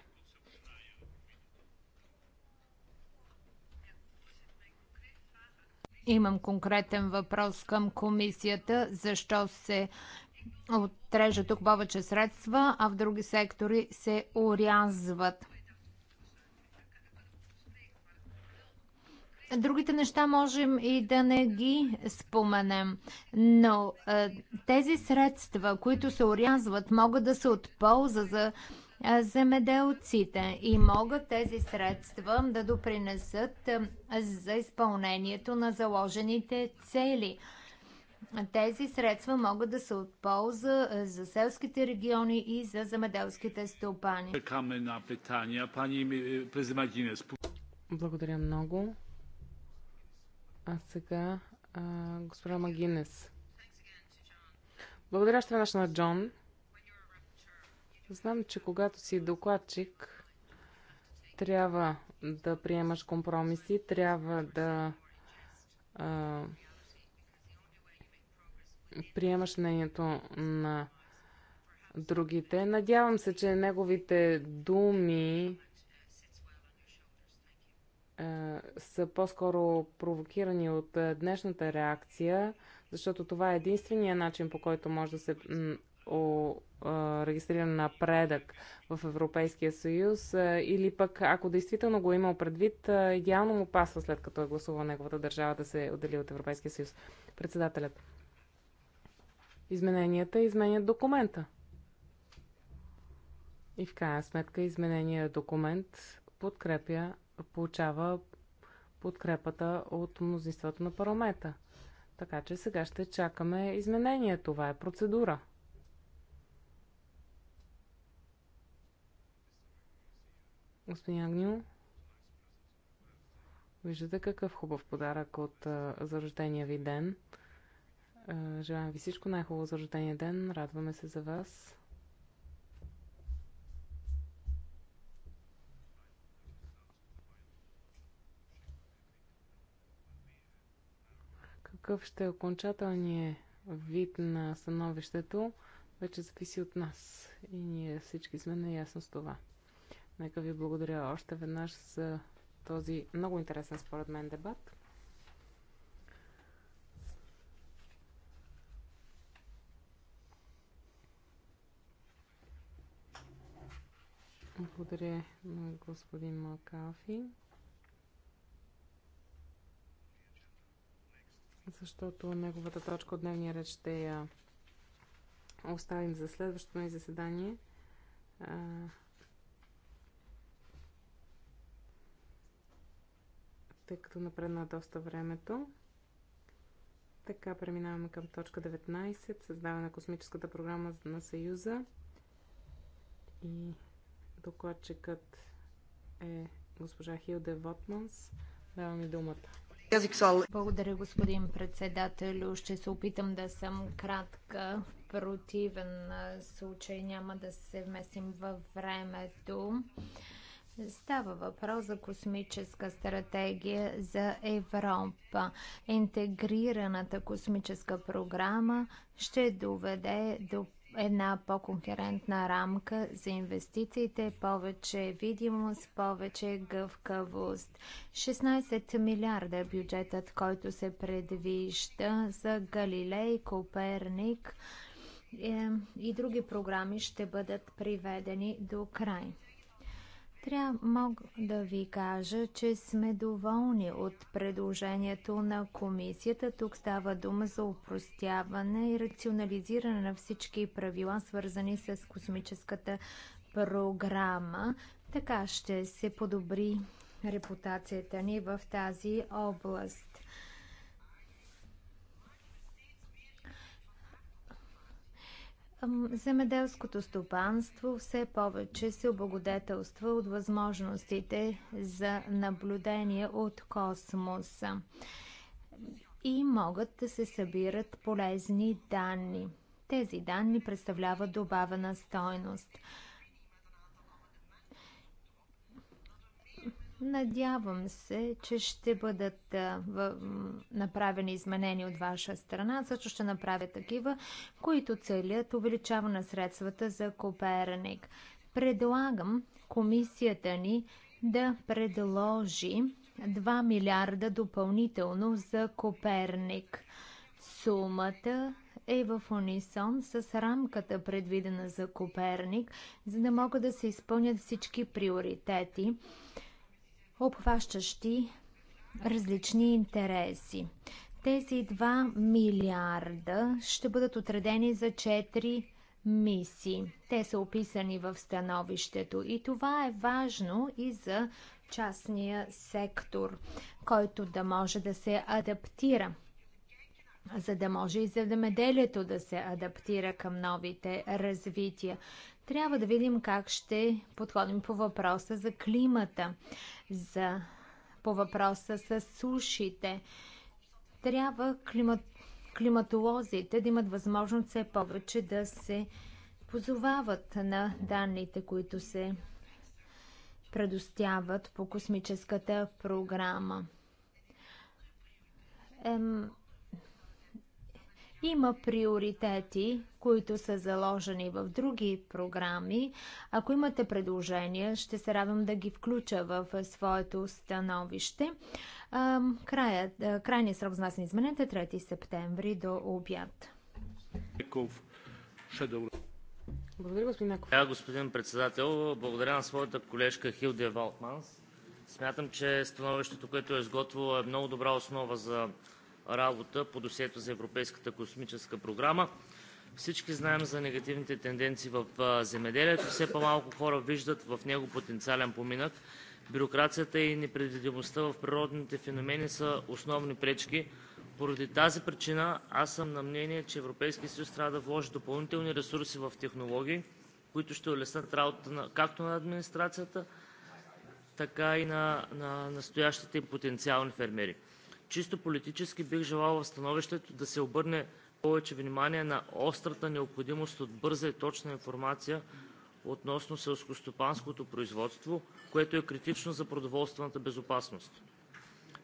Имам конкретен въпрос към комисията. Защо се отрежат тук повече средства, а в други сектори се урязват? Другите неща можем и да не ги споменем, но е, тези средства, които се урязват, могат да се отполза за земеделците и могат тези средства да допринесат за изпълнението на заложените цели. Тези средства могат да се отполза за селските региони и за земеделските стопани. Е, Благодаря много. А сега а, госпожа Магинес. Благодаря още е на Джон Знам, че когато си докладчик, трябва да приемаш компромиси, трябва да а, приемаш мнението на другите. Надявам се, че неговите думи а, са по-скоро провокирани от днешната реакция, защото това е единствения начин по който може да се о, а, регистриран напредък в Европейския съюз а, или пък ако действително го е имал предвид, а, идеално му пасва след като е гласувал неговата държава да се отдели от Европейския съюз. Председателят. Измененията изменят документа. И в крайна сметка изменения документ подкрепя, получава подкрепата от мнозинството на парламента. Така че сега ще чакаме изменения. Това е процедура. Господин Агню, виждате какъв хубав подарък от а, за рождения ви ден. А, желаем ви всичко най-хубаво за рождения ден. Радваме се за вас. Какъв ще е окончателният вид на становището, вече зависи от нас. И ние всички сме наясно с това. Нека ви благодаря още веднъж за този много интересен според мен дебат. Благодаря на господин Макафи. Защото неговата точка от дневния ред ще я оставим за следващото ни заседание. тъй като напредна доста времето. Така преминаваме към точка 19. Създаване на космическата програма на Съюза. И докладчикът е госпожа Хилде Вотманс. Давам ми думата. Благодаря, господин председател. Ще се опитам да съм кратка. В противен случай няма да се вместим във времето. Става въпрос за космическа стратегия за Европа. Интегрираната космическа програма ще доведе до една по-конкурентна рамка за инвестициите, повече видимост, повече гъвкавост. 16 милиарда е бюджетът, който се предвижда за Галилей, Коперник е, и други програми ще бъдат приведени до край. Трябва мога да ви кажа, че сме доволни от предложението на комисията. Тук става дума за упростяване и рационализиране на всички правила, свързани с космическата програма. Така ще се подобри репутацията ни в тази област. Земеделското стопанство все повече се облагодетелства от възможностите за наблюдение от космоса и могат да се събират полезни данни. Тези данни представляват добавена стойност. Надявам се, че ще бъдат направени изменения от ваша страна. Също ще направя такива, които целят увеличаване на средствата за Коперник. Предлагам комисията ни да предложи 2 милиарда допълнително за Коперник. Сумата е в унисон с рамката предвидена за Коперник, за да могат да се изпълнят всички приоритети обхващащи различни интереси. Тези 2 милиарда ще бъдат отредени за 4 мисии. Те са описани в становището и това е важно и за частния сектор, който да може да се адаптира, за да може и земеделието да се адаптира към новите развития. Трябва да видим как ще подходим по въпроса за климата, за, по въпроса с сушите. Трябва климат, климатолозите да имат възможност все повече да се позовават на данните, които се предоставят по космическата програма. Ем, има приоритети, които са заложени в други програми. Ако имате предложения, ще се радвам да ги включа в своето становище. Краят, крайният срок за нас изменете 3 септември до обяд. Благодаря, господин Аков. Да, господин председател, благодаря на своята колежка Хилдия Валтманс. Смятам, че становището, което е изготвило, е много добра основа за работа по досието за Европейската космическа програма. Всички знаем за негативните тенденции в земеделието. Все по-малко хора виждат в него потенциален поминък. Бюрокрацията и непредвидимостта в природните феномени са основни пречки. Поради тази причина аз съм на мнение, че Европейския съюз трябва да вложи допълнителни ресурси в технологии, които ще улеснат работата както на администрацията, така и на настоящите и потенциални фермери. Чисто политически бих желал в становището да се обърне повече внимание на острата необходимост от бърза и точна информация относно селскостопанското производство, което е критично за продоволствената безопасност.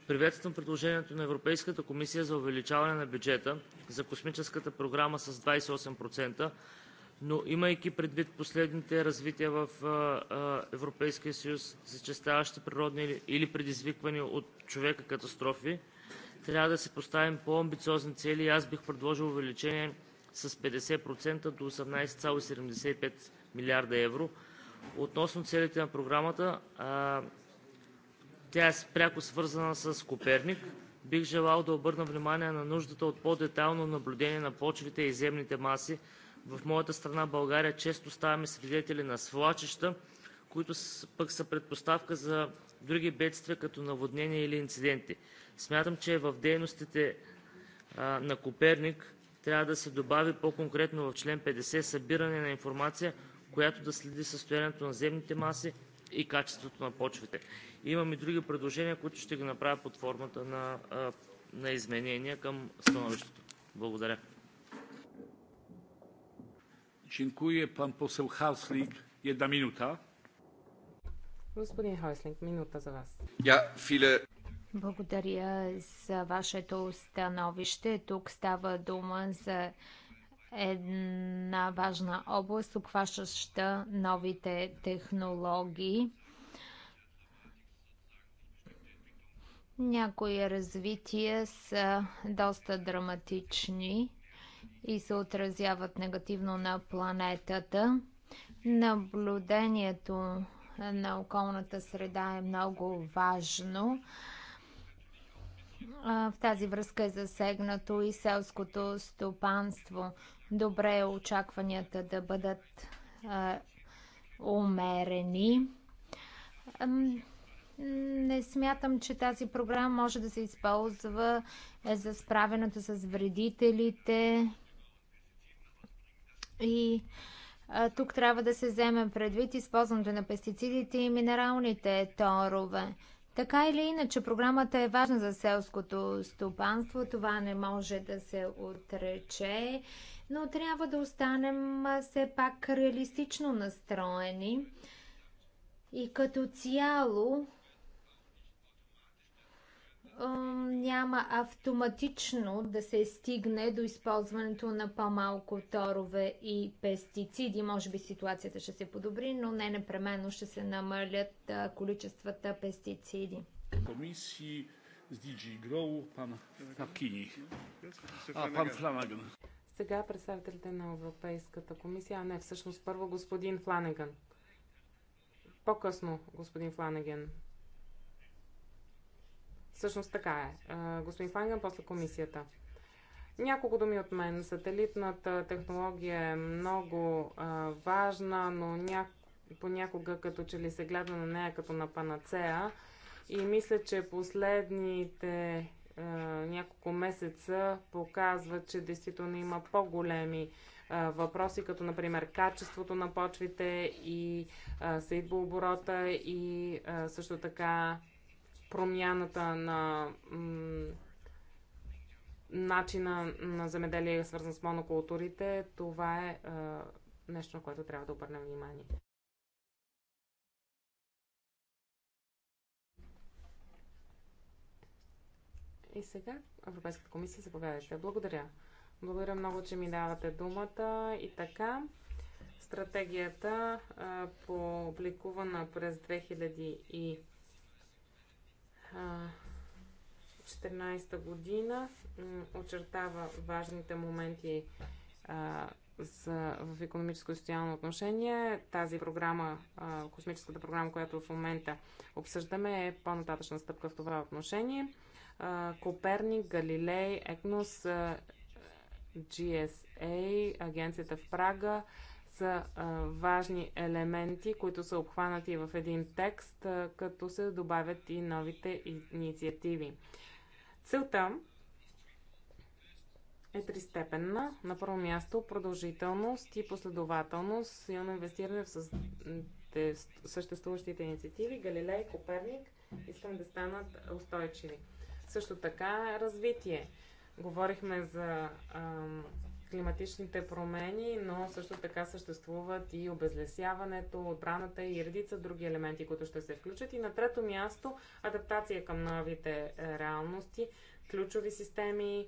Приветствам предложението на Европейската комисия за увеличаване на бюджета за космическата програма с 28%, но имайки предвид последните развития в Европейския съюз, зачестяващи природни или предизвиквани от човека катастрофи, трябва да си поставим по-амбициозни цели и аз бих предложил увеличение с 50% до 18,75 милиарда евро. Относно целите на програмата, тя е пряко свързана с „Коперник“. Бих желал да обърна внимание на нуждата от по детално наблюдение на почвите и земните маси. В моята страна България често ставаме свидетели на свлачища, които пък са предпоставка за други бедствия, като наводнения или инциденти. Смятам, че в дейностите на „Коперник“ трябва да се добави по-конкретно в член 50 събиране на информация, която да следи състоянието на земните маси и качеството на почвите. Имам и други предложения, които ще ги направя под формата на изменения към становището. Благодаря. Дякую, пан посел Хаслик. Една минута. Господин Хойслинг, минута за вас. Я, филе. Благодаря за вашето становище. Тук става дума за една важна област, обхващаща новите технологии. Някои развития са доста драматични и се отразяват негативно на планетата. Наблюдението на околната среда е много важно. В тази връзка е засегнато и селското стопанство. Добре е очакванията да бъдат умерени. Не смятам, че тази програма може да се използва е, за справянето с вредителите и тук трябва да се вземе предвид използването на пестицидите и минералните торове. Така или иначе, програмата е важна за селското стопанство, това не може да се отрече, но трябва да останем все пак реалистично настроени. И като цяло няма автоматично да се стигне до използването на по-малко торове и пестициди. Може би ситуацията ще се подобри, но не непременно ще се намалят количествата пестициди. Комисии с DG Grow, пан Флакини. А, пан Фланаган. Сега представителите на Европейската комисия, а не всъщност първо господин Фланаган. По-късно господин Фланаген. Всъщност така е. Господин Фанган, после комисията. Няколко думи от мен. Сателитната технология е много важна, но понякога като че ли се гледа на нея като на панацея. И мисля, че последните няколко месеца показват, че действително има по-големи въпроси, като например качеството на почвите и а, сейдбооборота и също така промяната на начина на земеделие, свързан с монокултурите, това е нещо, на което трябва да обърнем внимание. И сега Европейската комисия, заповядайте. Благодаря. Благодаря много, че ми давате думата. И така, стратегията, публикувана през 2000 и 2014 година очертава важните моменти а, за, в економическо и социално отношение. Тази програма, а, космическата програма, която в момента обсъждаме, е по-нататъчна стъпка в това отношение. А, Коперник, Галилей, Екнос, GSA, агенцията в Прага, са а, важни елементи, които са обхванати в един текст, а, като се добавят и новите инициативи. Целта е тристепенна. На първо място продължителност и последователност, силно инвестиране в съществуващите инициативи, Галилей, Коперник, искам да станат устойчиви. Също така развитие. Говорихме за климатичните промени, но също така съществуват и обезлесяването, отбраната и редица други елементи, които ще се включат. И на трето място адаптация към новите е, реалности, ключови системи,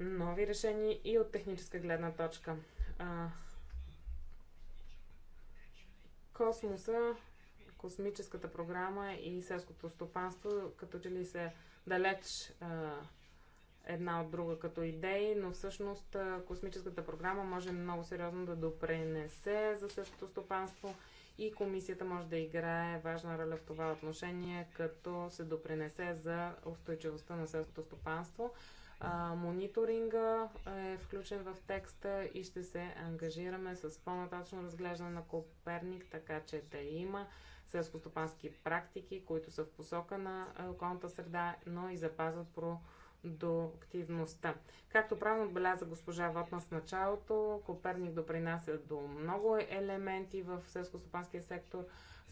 нови решения и от техническа гледна точка. Космоса, космическата програма и селското стопанство като че ли се далеч една от друга като идеи, но всъщност космическата програма може много сериозно да допренесе за същото стопанство и комисията може да играе важна роля в това отношение, като се допринесе за устойчивостта на селското стопанство. А, мониторинга е включен в текста и ще се ангажираме с по-нататъчно разглеждане на Коперник, така че да има селскостопански практики, които са в посока на околната среда, но и запазват про до активността. Както правилно отбеляза госпожа Вотна в началото, Коперник допринася до много елементи в селско селско-стопанския сектор,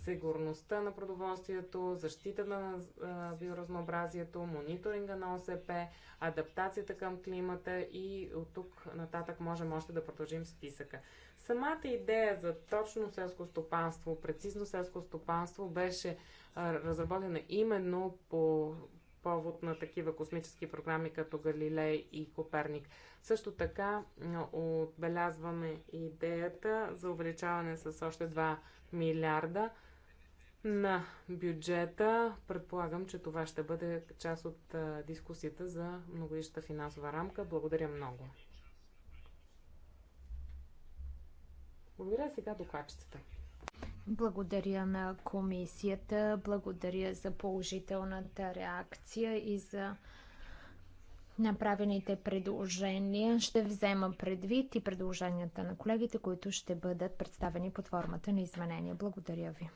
сигурността на продоволствието, защита на биоразнообразието, мониторинга на ОСП, адаптацията към климата и от тук нататък можем още да продължим списъка. Самата идея за точно селско стопанство, прецизно селско стопанство беше разработена именно по повод на такива космически програми като Галилей и Коперник. Също така отбелязваме идеята за увеличаване с още 2 милиарда на бюджета. Предполагам, че това ще бъде част от дискусията за многогодишната финансова рамка. Благодаря много. Благодаря сега докладчицата. Благодаря на комисията, благодаря за положителната реакция и за направените предложения. Ще взема предвид и предложенията на колегите, които ще бъдат представени под формата на изменения. Благодаря ви.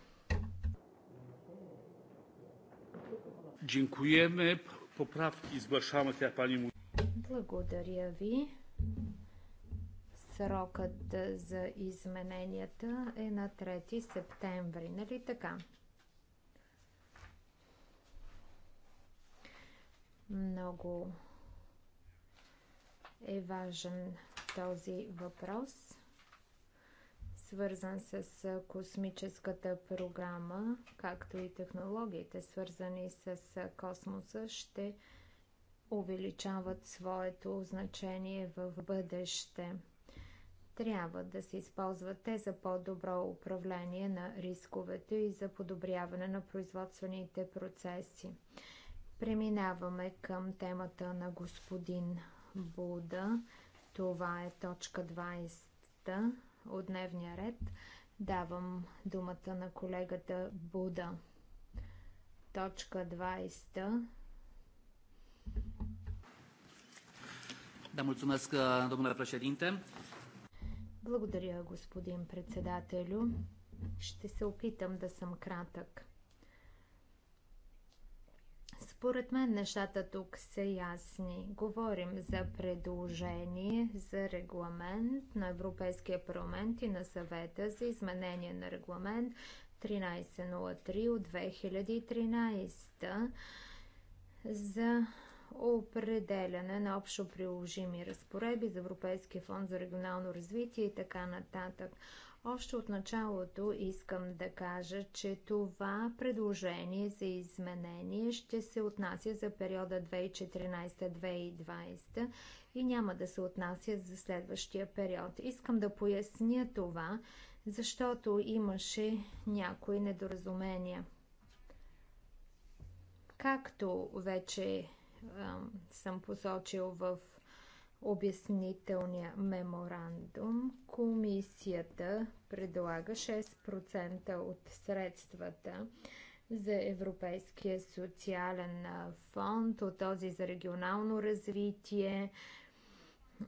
Dziękujemy. Poprawki Благодаря ви. Срокът за измененията е на 3 септември, нали така? Много е важен този въпрос, свързан с космическата програма, както и технологиите, свързани с космоса, ще увеличават своето значение в бъдеще трябва да се използват те за по-добро управление на рисковете и за подобряване на производствените процеси. Преминаваме към темата на господин Буда. Това е точка 20 от дневния ред. Давам думата на колегата Буда. Точка 20. Da, mulțumesc, domnule președinte. Благодаря, господин председателю. Ще се опитам да съм кратък. Според мен нещата тук са ясни. Говорим за предложение за регламент на Европейския парламент и на съвета за изменение на регламент 1303 от 2013 за определяне на общо приложими разпоредби за Европейския фонд за регионално развитие и така нататък. Още от началото искам да кажа, че това предложение за изменение ще се отнася за периода 2014-2020 и няма да се отнася за следващия период. Искам да поясня това, защото имаше някои недоразумения. Както вече съм посочил в обяснителния меморандум. Комисията предлага 6% от средствата за Европейския социален фонд, от този за регионално развитие,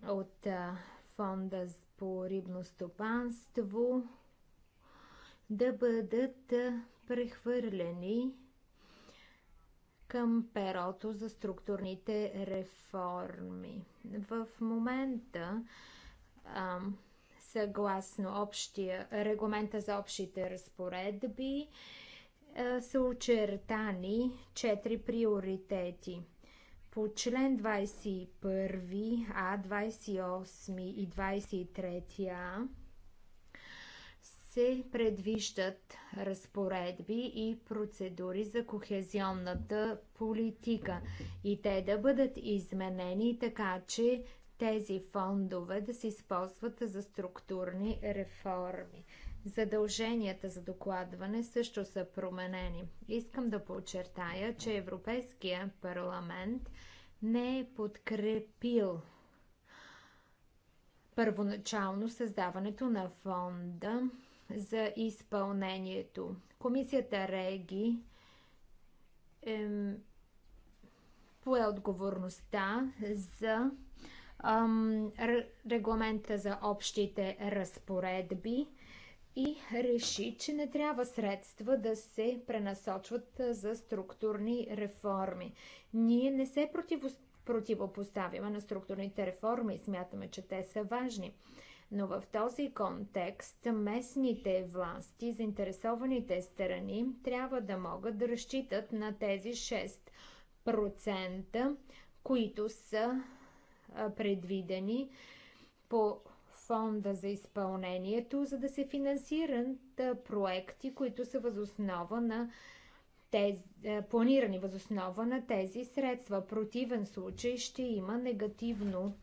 от фонда по рибно стопанство да бъдат прехвърлени към перото за структурните реформи. В момента съгласно общия регламента за общите разпоредби а, е, са очертани четири приоритети. По член 21А, 28 и 23А се предвиждат разпоредби и процедури за кохезионната политика и те да бъдат изменени така, че тези фондове да се използват за структурни реформи. Задълженията за докладване също са променени. Искам да подчертая, че Европейския парламент не е подкрепил първоначално създаването на фонда за изпълнението. Комисията Реги е, пое отговорността за ем, регламента за общите разпоредби и реши, че не трябва средства да се пренасочват за структурни реформи. Ние не се противопоставяме на структурните реформи и смятаме, че те са важни. Но в този контекст местните власти, заинтересованите страни, трябва да могат да разчитат на тези 6%, които са предвидени по фонда за изпълнението, за да се финансират проекти, които са възоснова на тези, планирани възоснова на тези средства. В противен случай ще има негативно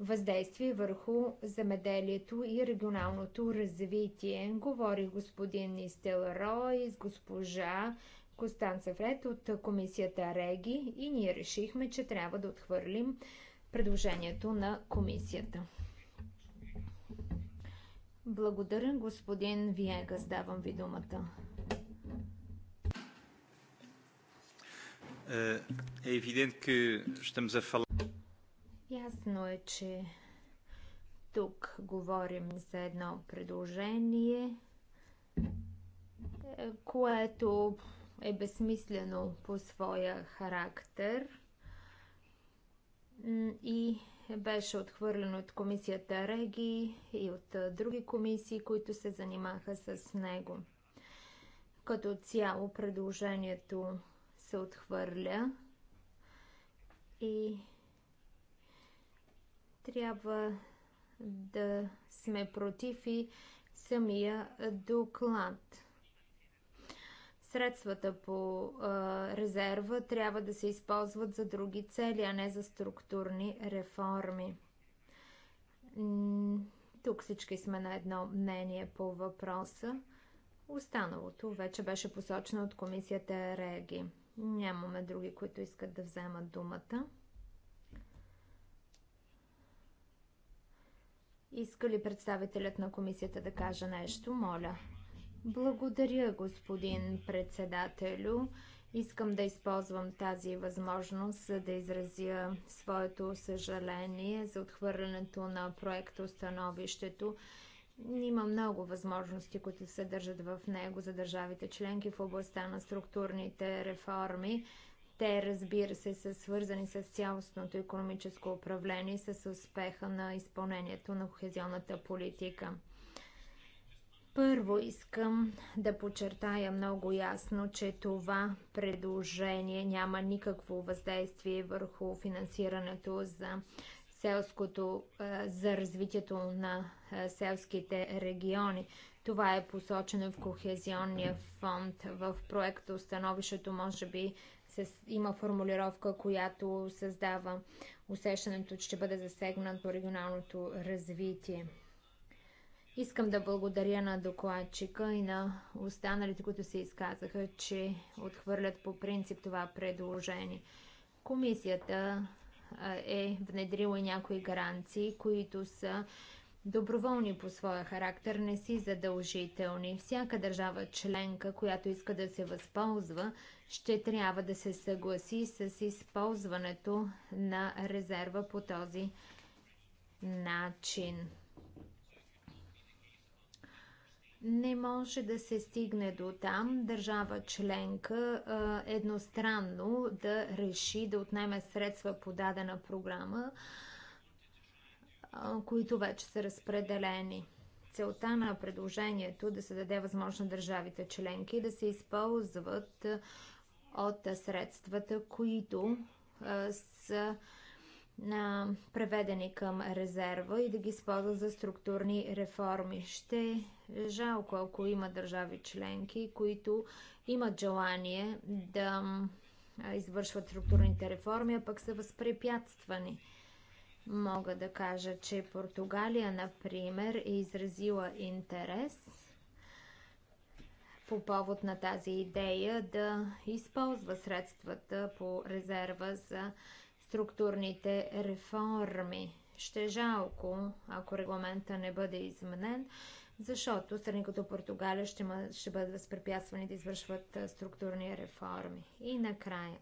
въздействие върху земеделието и регионалното развитие. Говори господин Истел Рой с госпожа Костанца Фред от комисията Реги и ние решихме, че трябва да отхвърлим предложението на комисията. Благодаря, господин Виега, сдавам ви думата. É evidente que estamos a falar. Ясно е, че тук говорим за едно предложение, е, което е безсмислено по своя характер и беше отхвърлено от комисията Реги и от други комисии, които се занимаха с него. Като цяло предложението се отхвърля и трябва да сме против и самия доклад. Средствата по а, резерва трябва да се използват за други цели, а не за структурни реформи. Тук всички сме на едно мнение по въпроса. Останалото вече беше посочено от комисията Реги. Нямаме други, които искат да вземат думата. Иска ли представителят на комисията да каже нещо? Моля. Благодаря, господин председателю. Искам да използвам тази възможност за да изразя своето съжаление за отхвърлянето на проекта становището. Има много възможности, които се държат в него за държавите членки в областта на структурните реформи. Те, разбира се, са свързани с цялостното економическо управление и с успеха на изпълнението на кохезионната политика. Първо искам да подчертая много ясно, че това предложение няма никакво въздействие върху финансирането за селското, за развитието на селските региони. Това е посочено в Кохезионния фонд. В проекта установището може би с, има формулировка, която създава усещането, че ще бъде засегнато регионалното развитие. Искам да благодаря на докладчика и на останалите, които се изказаха, че отхвърлят по принцип това предложение. Комисията е внедрила някои гаранции, които са доброволни по своя характер, не си задължителни. Всяка държава членка, която иска да се възползва, ще трябва да се съгласи с използването на резерва по този начин. Не може да се стигне до там държава членка едностранно да реши да отнеме средства по дадена програма, които вече са разпределени. Целта на предложението е да се даде възможност държавите членки да се използват от средствата, които са преведени към резерва и да ги използват за структурни реформи. Ще е жалко, ако има държави членки, които имат желание да извършват структурните реформи, а пък са възпрепятствани. Мога да кажа, че Португалия, например, е изразила интерес по повод на тази идея да използва средствата по резерва за структурните реформи. Ще е жалко, ако регламента не бъде изменен, защото страни като Португалия ще, ще бъдат възпрепятствани да извършват структурни реформи. И накрая,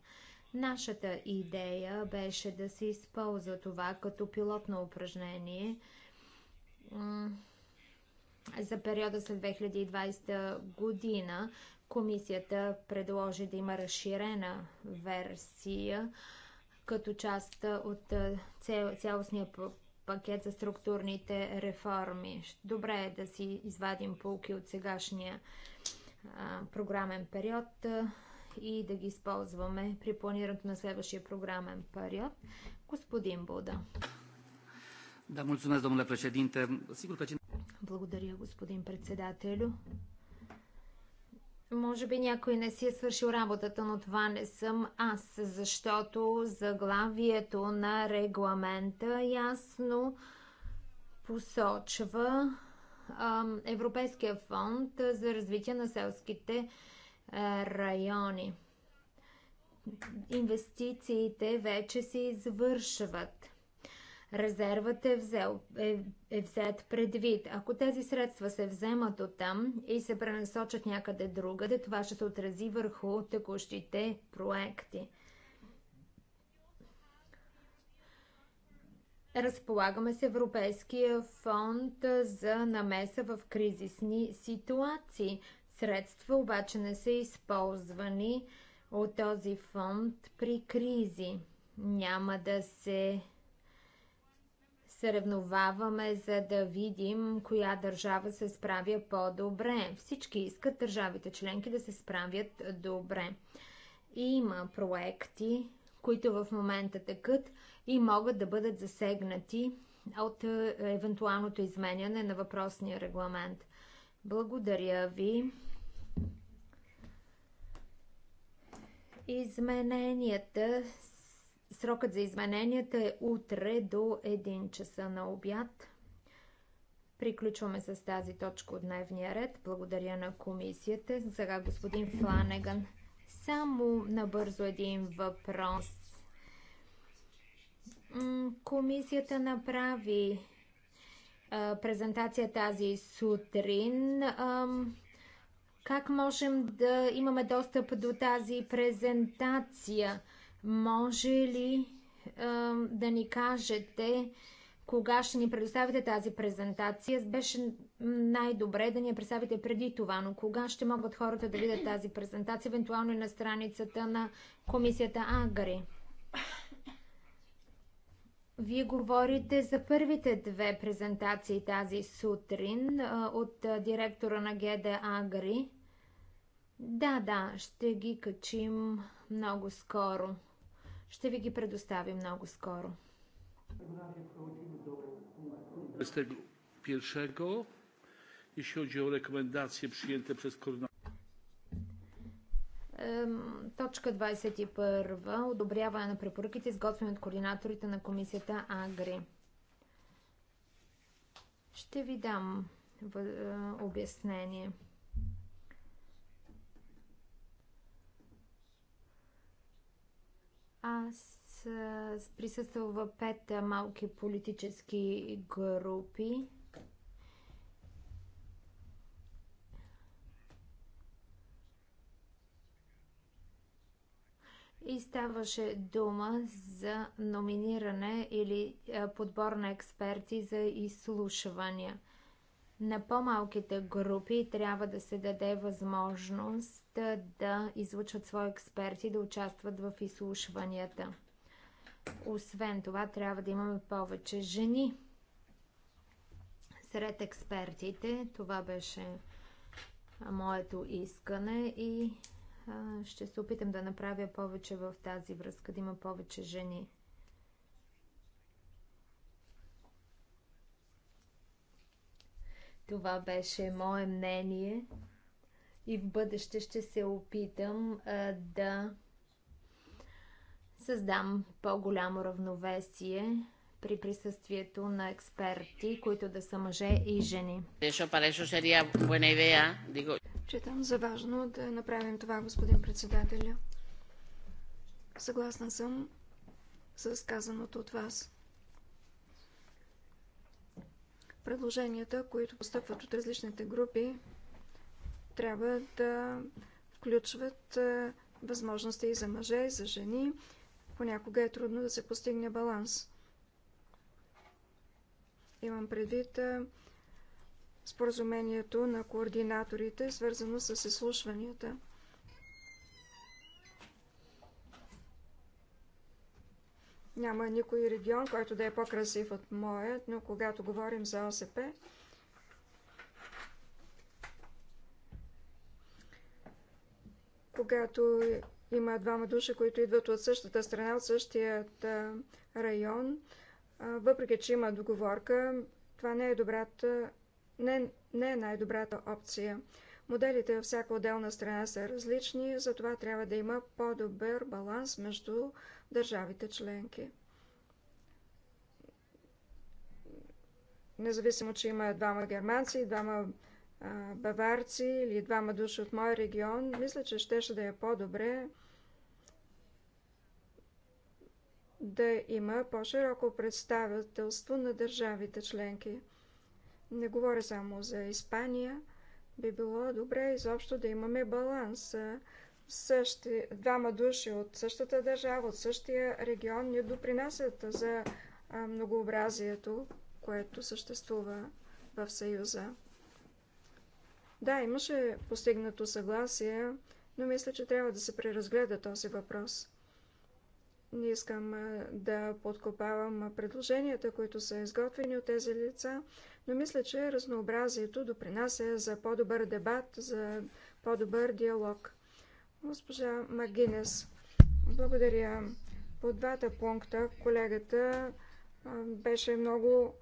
Нашата идея беше да се използва това като пилотно упражнение за периода след 2020 година. Комисията предложи да има разширена версия като част от цялостния пакет за структурните реформи. Добре е да си извадим полки от сегашния а, програмен период и да ги използваме при планирането на следващия програмен период. Господин Буда. Да, мулцумес, domnule președinte. Sigur че... Благодаря, господин председателю. Може би някой не си е свършил работата, но това не съм аз, защото заглавието на регламента ясно посочва Европейския фонд за развитие на селските е, райони. Инвестициите вече се извършват. Резервът е, взел, е, е взет предвид. Ако тези средства се вземат от там и се пренасочат някъде другаде, това ще се отрази върху текущите проекти. Разполагаме с Европейския фонд за намеса в кризисни ситуации. Средства обаче не са използвани от този фонд при кризи. Няма да се съревноваваме, за да видим коя държава се справя по-добре. Всички искат държавите членки да се справят добре. И има проекти, които в момента тъкат и могат да бъдат засегнати от е, евентуалното изменяне на въпросния регламент. Благодаря ви. Измененията, срокът за измененията е утре до 1 часа на обяд. Приключваме с тази точка от дневния ред. Благодаря на комисията. Сега господин Фланеган. Само набързо един въпрос. Комисията направи презентация тази сутрин. Как можем да имаме достъп до тази презентация? Може ли е, да ни кажете кога ще ни предоставите тази презентация? Беше най-добре да ни я представите преди това, но кога ще могат хората да видят тази презентация, евентуално и на страницата на комисията Агари? Вие говорите за първите две презентации тази сутрин от директора на ГД Агри. Да, да, ще ги качим много скоро. Ще ви ги предоставим много скоро. Точка 21. Одобряване на препоръките, изготвени от координаторите на комисията АГРИ. Ще ви дам е, обяснение. Аз присъствал в пет малки политически групи. И ставаше дума за номиниране или подбор на експерти за изслушвания – на по-малките групи трябва да се даде възможност да излучват свои експерти, да участват в изслушванията. Освен това, трябва да имаме повече жени сред експертите. Това беше моето искане и ще се опитам да направя повече в тази връзка, да има повече жени. Това беше мое мнение и в бъдеще ще се опитам а, да създам по-голямо равновесие при присъствието на експерти, които да са мъже и жени. Четам за важно да направим това, господин председателя. Съгласна съм с казаното от вас. Предложенията, които постъпват от различните групи, трябва да включват е, възможности и за мъже, и за жени. Понякога е трудно да се постигне баланс. Имам предвид е, споразумението на координаторите, свързано с изслушванията. Няма никой регион, който да е по-красив от моят, но когато говорим за ОСП, когато има двама души, които идват от същата страна, от същият район, въпреки че има договорка, това не е добрата, не, не е най-добрата опция. Моделите във всяка отделна страна са различни, затова трябва да има по-добър баланс между държавите членки. Независимо, че има двама германци, двама а, баварци или двама души от моя регион, мисля, че щеше да е по-добре да има по-широко представителство на държавите членки. Не говоря само за Испания – би било добре изобщо да имаме баланс. Същи, двама души от същата държава, от същия регион не допринасят за многообразието, което съществува в Съюза. Да, имаше постигнато съгласие, но мисля, че трябва да се преразгледа този въпрос. Не искам да подкопавам предложенията, които са изготвени от тези лица, но мисля, че разнообразието допринася за по-добър дебат, за по-добър диалог. Госпожа Магинес, благодаря. По двата пункта колегата беше много...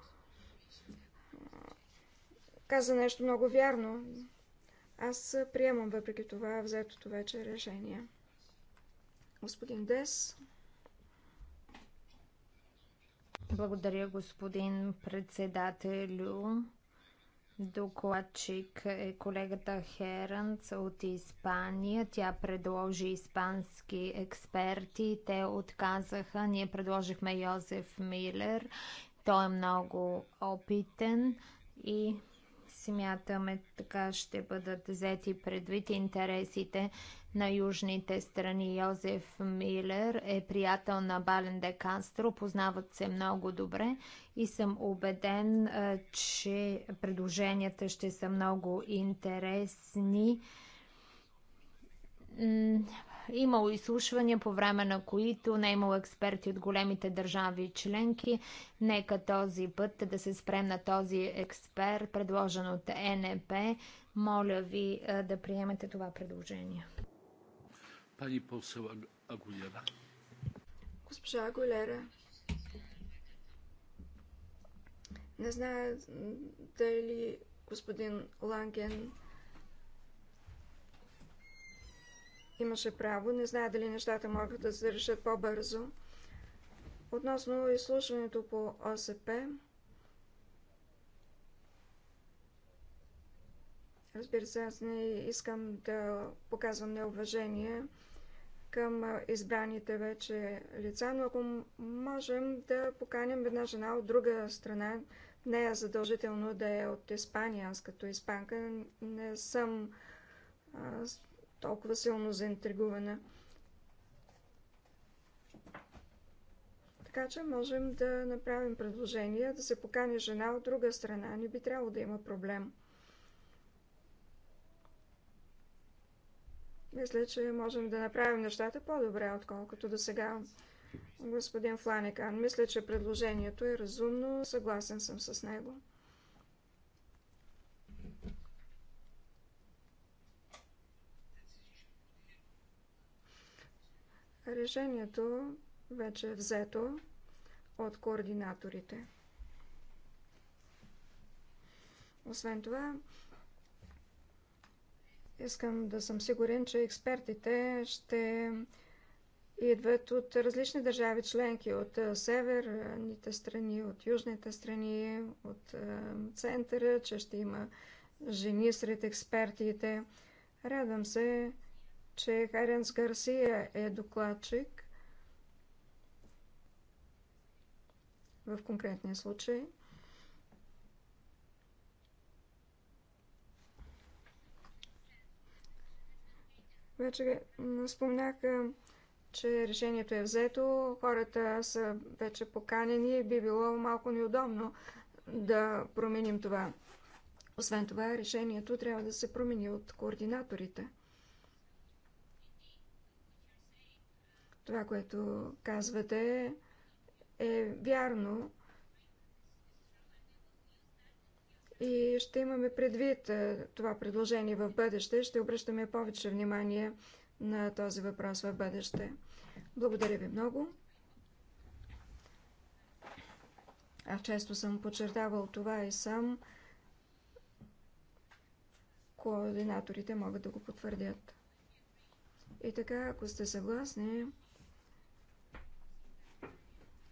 каза нещо много вярно. Аз приемам въпреки това взетото вече решение. Господин Дес, благодаря, господин председателю. Докладчик е колегата Херанц от Испания. Тя предложи испански експерти. Те отказаха. Ние предложихме Йозеф Милер. Той е много опитен и Смятаме, така ще бъдат взети предвид интересите на южните страни. Йозеф Милер е приятел на Бален де Кастро, познават се много добре и съм убеден, че предложенията ще са много интересни Имало изслушвания, по време на които не е имало експерти от големите държави и членки. Нека този път да се спрем на този експерт, предложен от ЕНП. Моля ви да приемете това предложение. Пани посел Агулера. Госпожа Агулера. Не знае дали господин Ланген имаше право. Не знае дали нещата могат да се решат по-бързо. Относно изслушването по ОСП, разбира се, аз не искам да показвам неуважение към избраните вече лица, но ако можем да поканим една жена от друга страна, не е задължително да е от Испания. Аз като испанка не съм толкова силно заинтригувана. Така че можем да направим предложение да се покани жена от друга страна. Не би трябвало да има проблем. Мисля, че можем да направим нещата по-добре, отколкото до сега. Господин Фланекан, мисля, че предложението е разумно. Съгласен съм с него. Решението вече е взето от координаторите. Освен това, искам да съм сигурен, че експертите ще идват от различни държави членки, от северните страни, от южните страни, от центъра, че ще има жени сред експертите. Радвам се, че Хайренс Гарсия е докладчик в конкретния случай. Вече спомнях, че решението е взето, хората са вече поканени и би било малко неудобно да променим това. Освен това, решението трябва да се промени от координаторите. Това, което казвате, е вярно. И ще имаме предвид е, това предложение в бъдеще. Ще обръщаме повече внимание на този въпрос в бъдеще. Благодаря ви много. Аз често съм подчертавал това и сам. Координаторите могат да го потвърдят. И така, ако сте съгласни,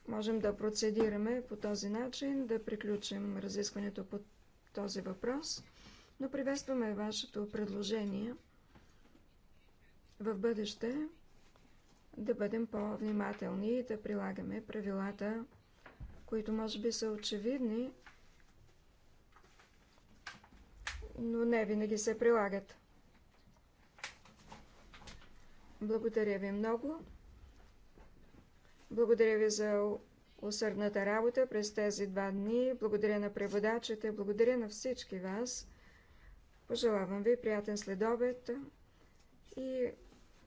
можем да процедираме по този начин, да приключим разискването по този въпрос, но приветстваме вашето предложение в бъдеще да бъдем по-внимателни и да прилагаме правилата, които може би са очевидни, но не винаги се прилагат. Благодаря ви много. Благодаря ви за усърдната работа през тези два дни. Благодаря на преводачите, благодаря на всички вас. Пожелавам ви приятен следобед и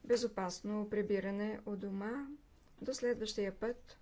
безопасно прибиране у дома. До следващия път.